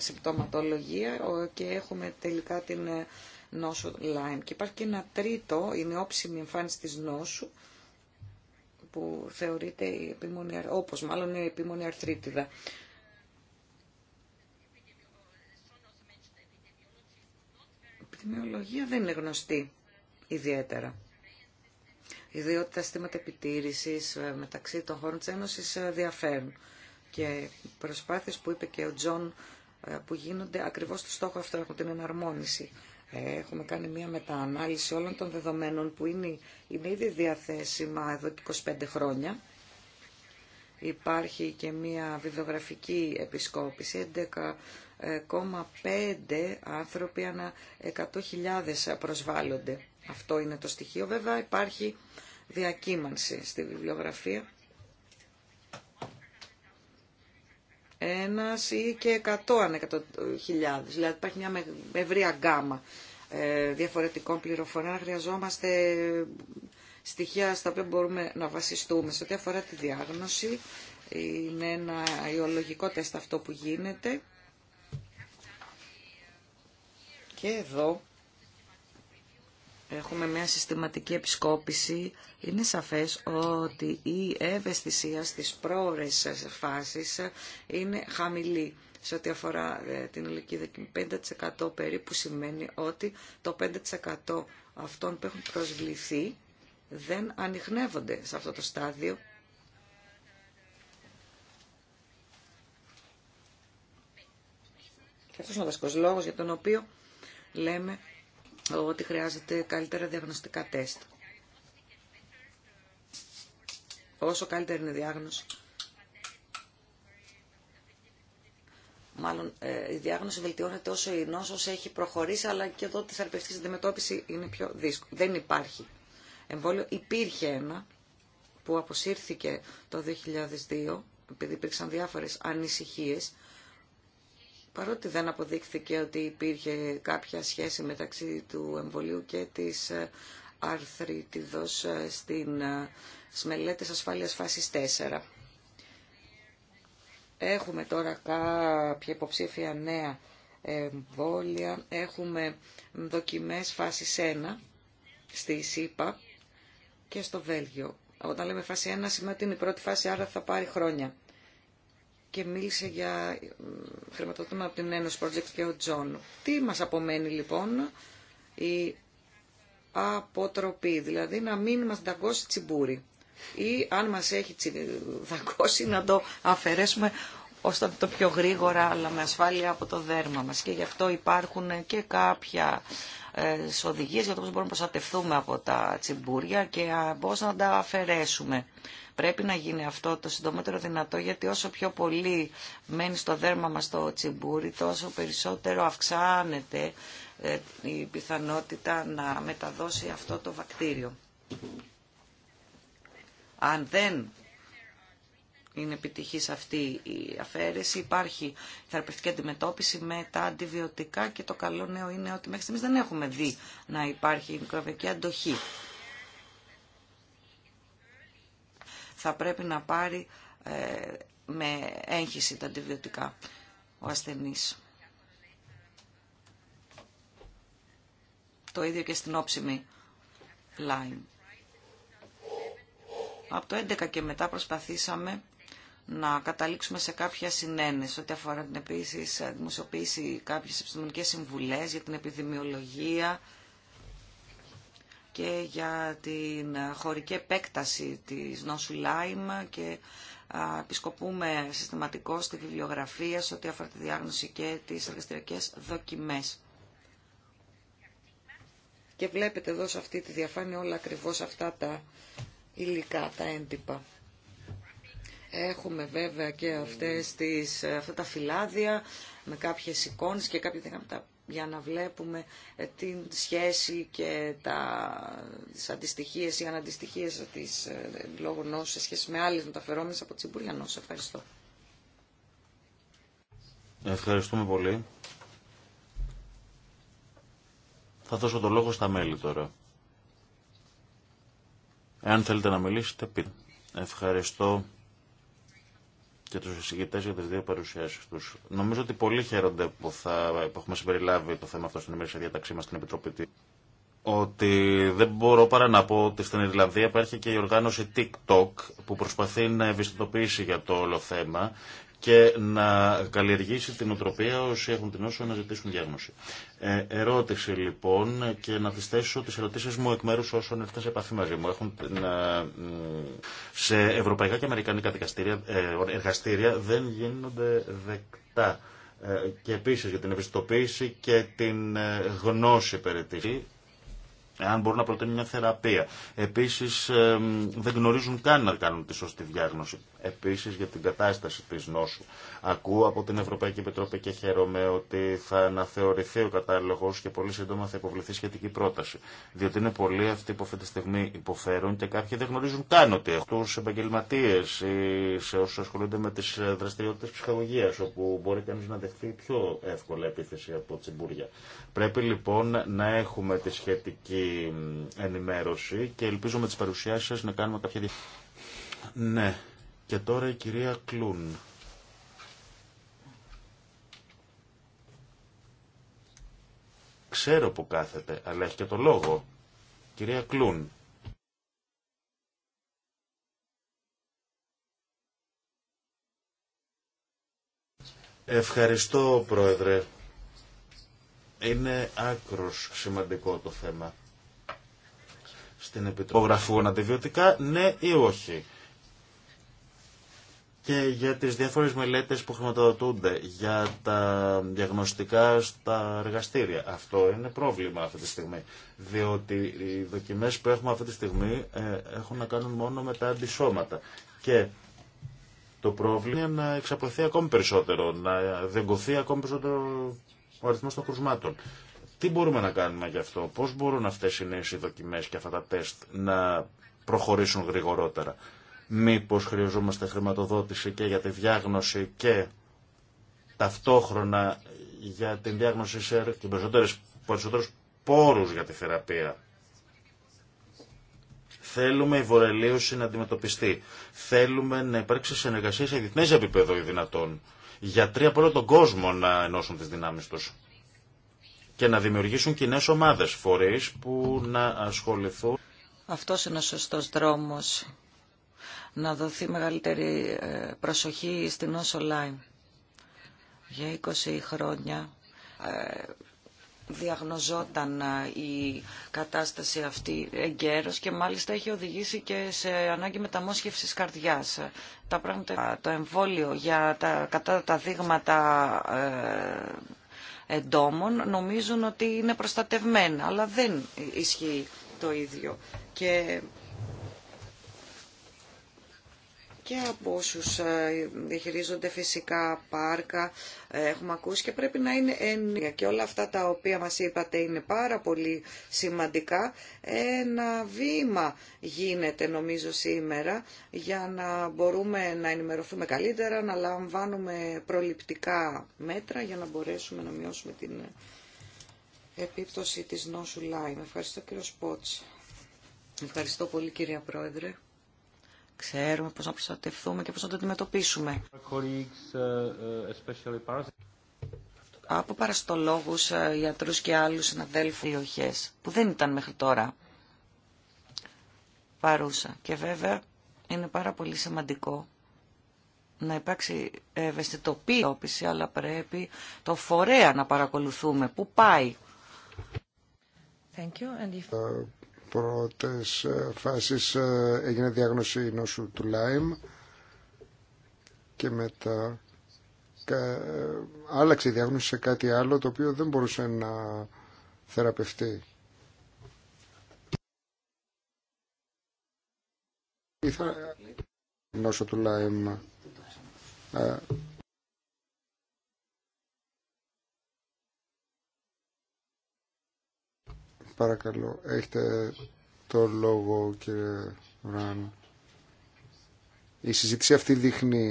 S1: συμπτωματολογία και έχουμε τελικά την ε, νόσο Lyme. Και υπάρχει και ένα τρίτο, είναι όψιμη εμφάνιση της νόσου, που θεωρείται η όπως μάλλον η επίμονη αρθρίτιδα. Η επιδημιολογία δεν είναι γνωστή ιδιαίτερα. Διότι τα στήματα επιτήρησης ε, μεταξύ των χώρων της Ένωσης ε, διαφέρουν. Και οι προσπάθειες που είπε και ο Τζον ε, που γίνονται ακριβώς στο στόχο αυτό έχουν την εναρμόνιση ε, έχουμε κάνει μια μεταανάλυση όλων των δεδομένων που είναι, είναι ήδη διαθέσιμα εδώ και 25 χρόνια. Υπάρχει και μια βιβλιογραφική επισκόπηση, 11,5 άνθρωποι ανά 100.000 προσβάλλονται. Αυτό είναι το στοιχείο. Βέβαια υπάρχει διακύμανση στη βιβλιογραφία ένας ή και 100 ανεκατό χιλιάδε. Δηλαδή υπάρχει μια ευρία γκάμα ε, διαφορετικών πληροφοριών. Χρειαζόμαστε στοιχεία στα οποία μπορούμε να βασιστούμε. Σε ό,τι αφορά τη διάγνωση, είναι ένα ιολογικό τεστ αυτό που γίνεται. Και εδώ έχουμε μια συστηματική επισκόπηση, είναι σαφές ότι η ευαισθησία στις πρόορες φάσεις είναι χαμηλή σε ό,τι αφορά ε, την ηλικία 5% περίπου σημαίνει ότι το 5% αυτών που έχουν προσβληθεί δεν ανοιχνεύονται σε αυτό το στάδιο. Και αυτός είναι ο βασικός λόγος για τον οποίο λέμε ότι χρειάζεται καλύτερα διαγνωστικά τεστ. Όσο καλύτερη είναι η διάγνωση, μάλλον ε, η διάγνωση βελτιώνεται όσο η νόσος έχει προχωρήσει, αλλά και εδώ τη θεραπευτική αντιμετώπιση είναι πιο δύσκολη. Δεν υπάρχει εμβόλιο. Υπήρχε ένα που αποσύρθηκε το 2002, επειδή υπήρξαν διάφορες ανησυχίες παρότι δεν αποδείχθηκε ότι υπήρχε κάποια σχέση μεταξύ του εμβολίου και της ε, αρθρίτιδος ε, στην ε, μελέτες ασφάλειας φάσης 4. Έχουμε τώρα κάποια υποψήφια νέα εμβόλια, έχουμε δοκιμές φάσης 1 στη ΣΥΠΑ και στο Βέλγιο. Όταν λέμε φάση 1 σημαίνει ότι είναι η πρώτη φάση, άρα θα πάρει χρόνια και μίλησε για χρηματοδότημα από την Ένωση Project και ο Τζον. Τι μας απομένει λοιπόν η αποτροπή, δηλαδή να μην μας δαγκώσει τσιμπούρι ή αν μας έχει δαγκώσει να το αφαιρέσουμε ώστε το πιο γρήγορα αλλά με ασφάλεια από το δέρμα μας. Και γι' αυτό υπάρχουν και κάποια οδηγίες για το πώς μπορούμε να προστατευτούμε από τα τσιμπούρια και πώς να τα αφαιρέσουμε. Πρέπει να γίνει αυτό το συντομότερο δυνατό γιατί όσο πιο πολύ μένει στο δέρμα μας το τσιμπούρι τόσο περισσότερο αυξάνεται ε, η πιθανότητα να μεταδώσει αυτό το βακτήριο. Αν δεν είναι επιτυχής αυτή η αφαίρεση. Υπάρχει θεραπευτική αντιμετώπιση με τα αντιβιωτικά και το καλό νέο είναι ότι μέχρι στιγμής δεν έχουμε δει να υπάρχει μικροβιακή αντοχή. Θα πρέπει να πάρει ε, με έγχυση τα αντιβιωτικά ο ασθενής. Το ίδιο και στην όψιμη Line. Από το 11 και μετά προσπαθήσαμε να καταλήξουμε σε κάποια συνένεση ό,τι αφορά την επίσης ε, δημοσιοποίηση κάποιες επιστημονικές συμβουλές για την επιδημιολογία και για την ε, χωρική επέκταση της νόσου Λάιμ και επισκοπούμε συστηματικό στη βιβλιογραφία σε ό,τι αφορά τη διάγνωση και τις εργαστηριακές δοκιμές. Και βλέπετε εδώ σε αυτή τη διαφάνεια όλα ακριβώς αυτά τα υλικά, τα έντυπα. Έχουμε βέβαια και αυτές τις, αυτά τα φυλάδια με κάποιες εικόνες και κάποια δυνατά για να βλέπουμε ε, την σχέση και τα, τις αντιστοιχίες ή αναντιστοιχίες της ε, λόγω νόσου σε σχέση με άλλες μεταφερόμενες από τη Συμπουργία Ευχαριστώ.
S2: Ευχαριστούμε πολύ. Θα δώσω το λόγο στα μέλη τώρα. Εάν θέλετε να μιλήσετε, πείτε. Ευχαριστώ και του εισηγητές για τι δύο παρουσιάσει του. Νομίζω ότι πολλοί χαίρονται που, θα, που έχουμε συμπεριλάβει το θέμα αυτό στην ημερήσια διαταξή μα στην Επιτροπή ότι δεν μπορώ παρά να πω ότι στην Ιρλανδία υπάρχει και η οργάνωση TikTok που προσπαθεί να ευαισθητοποιήσει για το όλο θέμα και να καλλιεργήσει την οτροπία όσοι έχουν την όσο να ζητήσουν διάγνωση. Ε, ερώτηση λοιπόν και να τις θέσω τις ερωτήσεις μου εκ μέρους όσων ήρθαν σε επαφή μαζί μου. Έχουν ε, σε ευρωπαϊκά και αμερικανικά ε, εργαστήρια δεν γίνονται δεκτά. Ε, και επίσης για την ευαισθητοποίηση και την γνώση περί αν μπορούν να προτείνουν μια θεραπεία. Επίσης δεν γνωρίζουν καν να κάνουν τη σωστή διάγνωση. Επίσης για την κατάσταση της νόσου. Ακούω από την Ευρωπαϊκή Επιτροπή και χαίρομαι ότι θα αναθεωρηθεί ο κατάλογο και πολύ σύντομα θα υποβληθεί σχετική πρόταση. Διότι είναι πολλοί αυτοί που αυτή τη στιγμή υποφέρουν και κάποιοι δεν γνωρίζουν καν ότι έχουν. Του επαγγελματίε ή σε όσου ασχολούνται με τι δραστηριότητε ψυχαγωγία, όπου μπορεί κανεί να δεχθεί πιο εύκολα επίθεση από τσιμπούρια. Πρέπει λοιπόν να έχουμε τη σχετική ενημέρωση και ελπίζω με τι παρουσιάσει σα να κάνουμε κάποια. Ναι. Και τώρα η κυρία Κλούν. ξέρω που κάθεται, αλλά έχει και το λόγο. Κυρία Κλούν. Ευχαριστώ, Πρόεδρε. Είναι άκρος σημαντικό το θέμα. Στην Επιτροπή. να αντιβιωτικά, ναι ή όχι και για τις διάφορες μελέτες που χρηματοδοτούνται για τα διαγνωστικά στα εργαστήρια. Αυτό είναι πρόβλημα αυτή τη στιγμή, διότι οι δοκιμές που έχουμε αυτή τη στιγμή ε, έχουν να κάνουν μόνο με τα αντισώματα. Και το πρόβλημα είναι να εξαπλωθεί ακόμη περισσότερο, να δεγκωθεί ακόμη περισσότερο ο αριθμός των κρουσμάτων. Τι μπορούμε να κάνουμε γι' αυτό, πώς μπορούν αυτές οι νέες δοκιμές και αυτά τα τεστ να προχωρήσουν γρηγορότερα. Μήπως χρειαζόμαστε χρηματοδότηση και για τη διάγνωση και ταυτόχρονα για την διάγνωση σε και περισσότερες, περισσότερους πόρους για τη θεραπεία. Θέλουμε η βορελίωση να αντιμετωπιστεί. Θέλουμε να υπάρξει συνεργασία σε διεθνέ επίπεδο οι δυνατόν. Γιατροί από όλο τον κόσμο να ενώσουν τι δυνάμεις του και να δημιουργήσουν κοινέ ομάδε φορεί που να ασχοληθούν. Αυτό είναι ο σωστό
S1: δρόμος να δοθεί μεγαλύτερη ε, προσοχή στην Όσο ΛΑΙΜ. Για 20 χρόνια ε, διαγνωζόταν ε, η κατάσταση αυτή εγκαίρως και μάλιστα έχει οδηγήσει και σε ανάγκη μεταμόσχευσης καρδιάς. Τα πράγματα, το εμβόλιο για τα, κατά τα δείγματα εντόμων νομίζουν ότι είναι προστατευμένα, αλλά δεν ισχύει το ίδιο. Και και από όσου ε, διαχειρίζονται φυσικά πάρκα ε, έχουμε ακούσει και πρέπει να είναι έννοια και όλα αυτά τα οποία μας είπατε είναι πάρα πολύ σημαντικά. Ένα βήμα γίνεται νομίζω σήμερα για να μπορούμε να ενημερωθούμε καλύτερα, να λαμβάνουμε προληπτικά μέτρα για να μπορέσουμε να μειώσουμε την επίπτωση της νόσου λάιμ. Ευχαριστώ κύριο Σπότς. Ευχαριστώ πολύ κυρία Πρόεδρε ξέρουμε πώς να προστατευτούμε και πώς να το αντιμετωπίσουμε. Uh, uh, Από παραστολόγους, uh, γιατρούς και άλλους συναδέλφους περιοχές που δεν ήταν μέχρι τώρα παρούσα. Και βέβαια είναι πάρα πολύ σημαντικό να υπάρξει ευαισθητοποίηση, αλλά πρέπει το φορέα να παρακολουθούμε. Πού πάει. Thank
S3: you πρώτες ε, φάσεις ε, έγινε διάγνωση νόσου του Λάιμ και μετά ε, άλλαξε η διάγνωση σε κάτι άλλο το οποίο δεν μπορούσε να θεραπευτεί. Νόσο του παρακαλώ. Έχετε το λόγο κύριε Ράν. Η συζήτηση αυτή δείχνει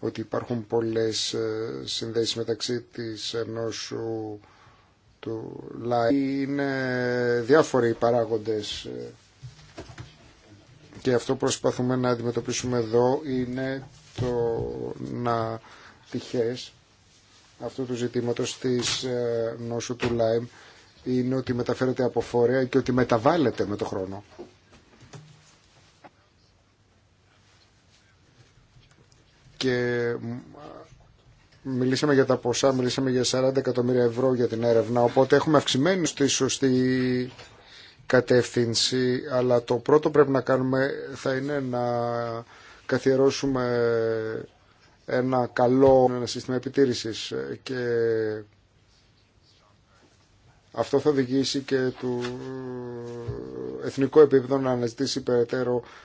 S3: ότι υπάρχουν πολλές ε, συνδέσεις μεταξύ της νόσου του ΛΑΕ. Είναι διάφοροι οι παράγοντες ε, και αυτό που προσπαθούμε να αντιμετωπίσουμε εδώ είναι το να τυχές αυτού του ζητήματος της ε, νόσου του ΛΑΕΜ είναι ότι μεταφέρεται από φορέα και ότι μεταβάλλεται με το χρόνο. Και μιλήσαμε για τα ποσά, μιλήσαμε για 40 εκατομμύρια ευρώ για την έρευνα, οπότε έχουμε αυξημένη στη σωστή κατεύθυνση, αλλά το πρώτο πρέπει να κάνουμε θα είναι να καθιερώσουμε ένα καλό ένα σύστημα επιτήρησης και αυτό θα οδηγήσει και του εθνικό επίπεδο να αναζητήσει περαιτέρω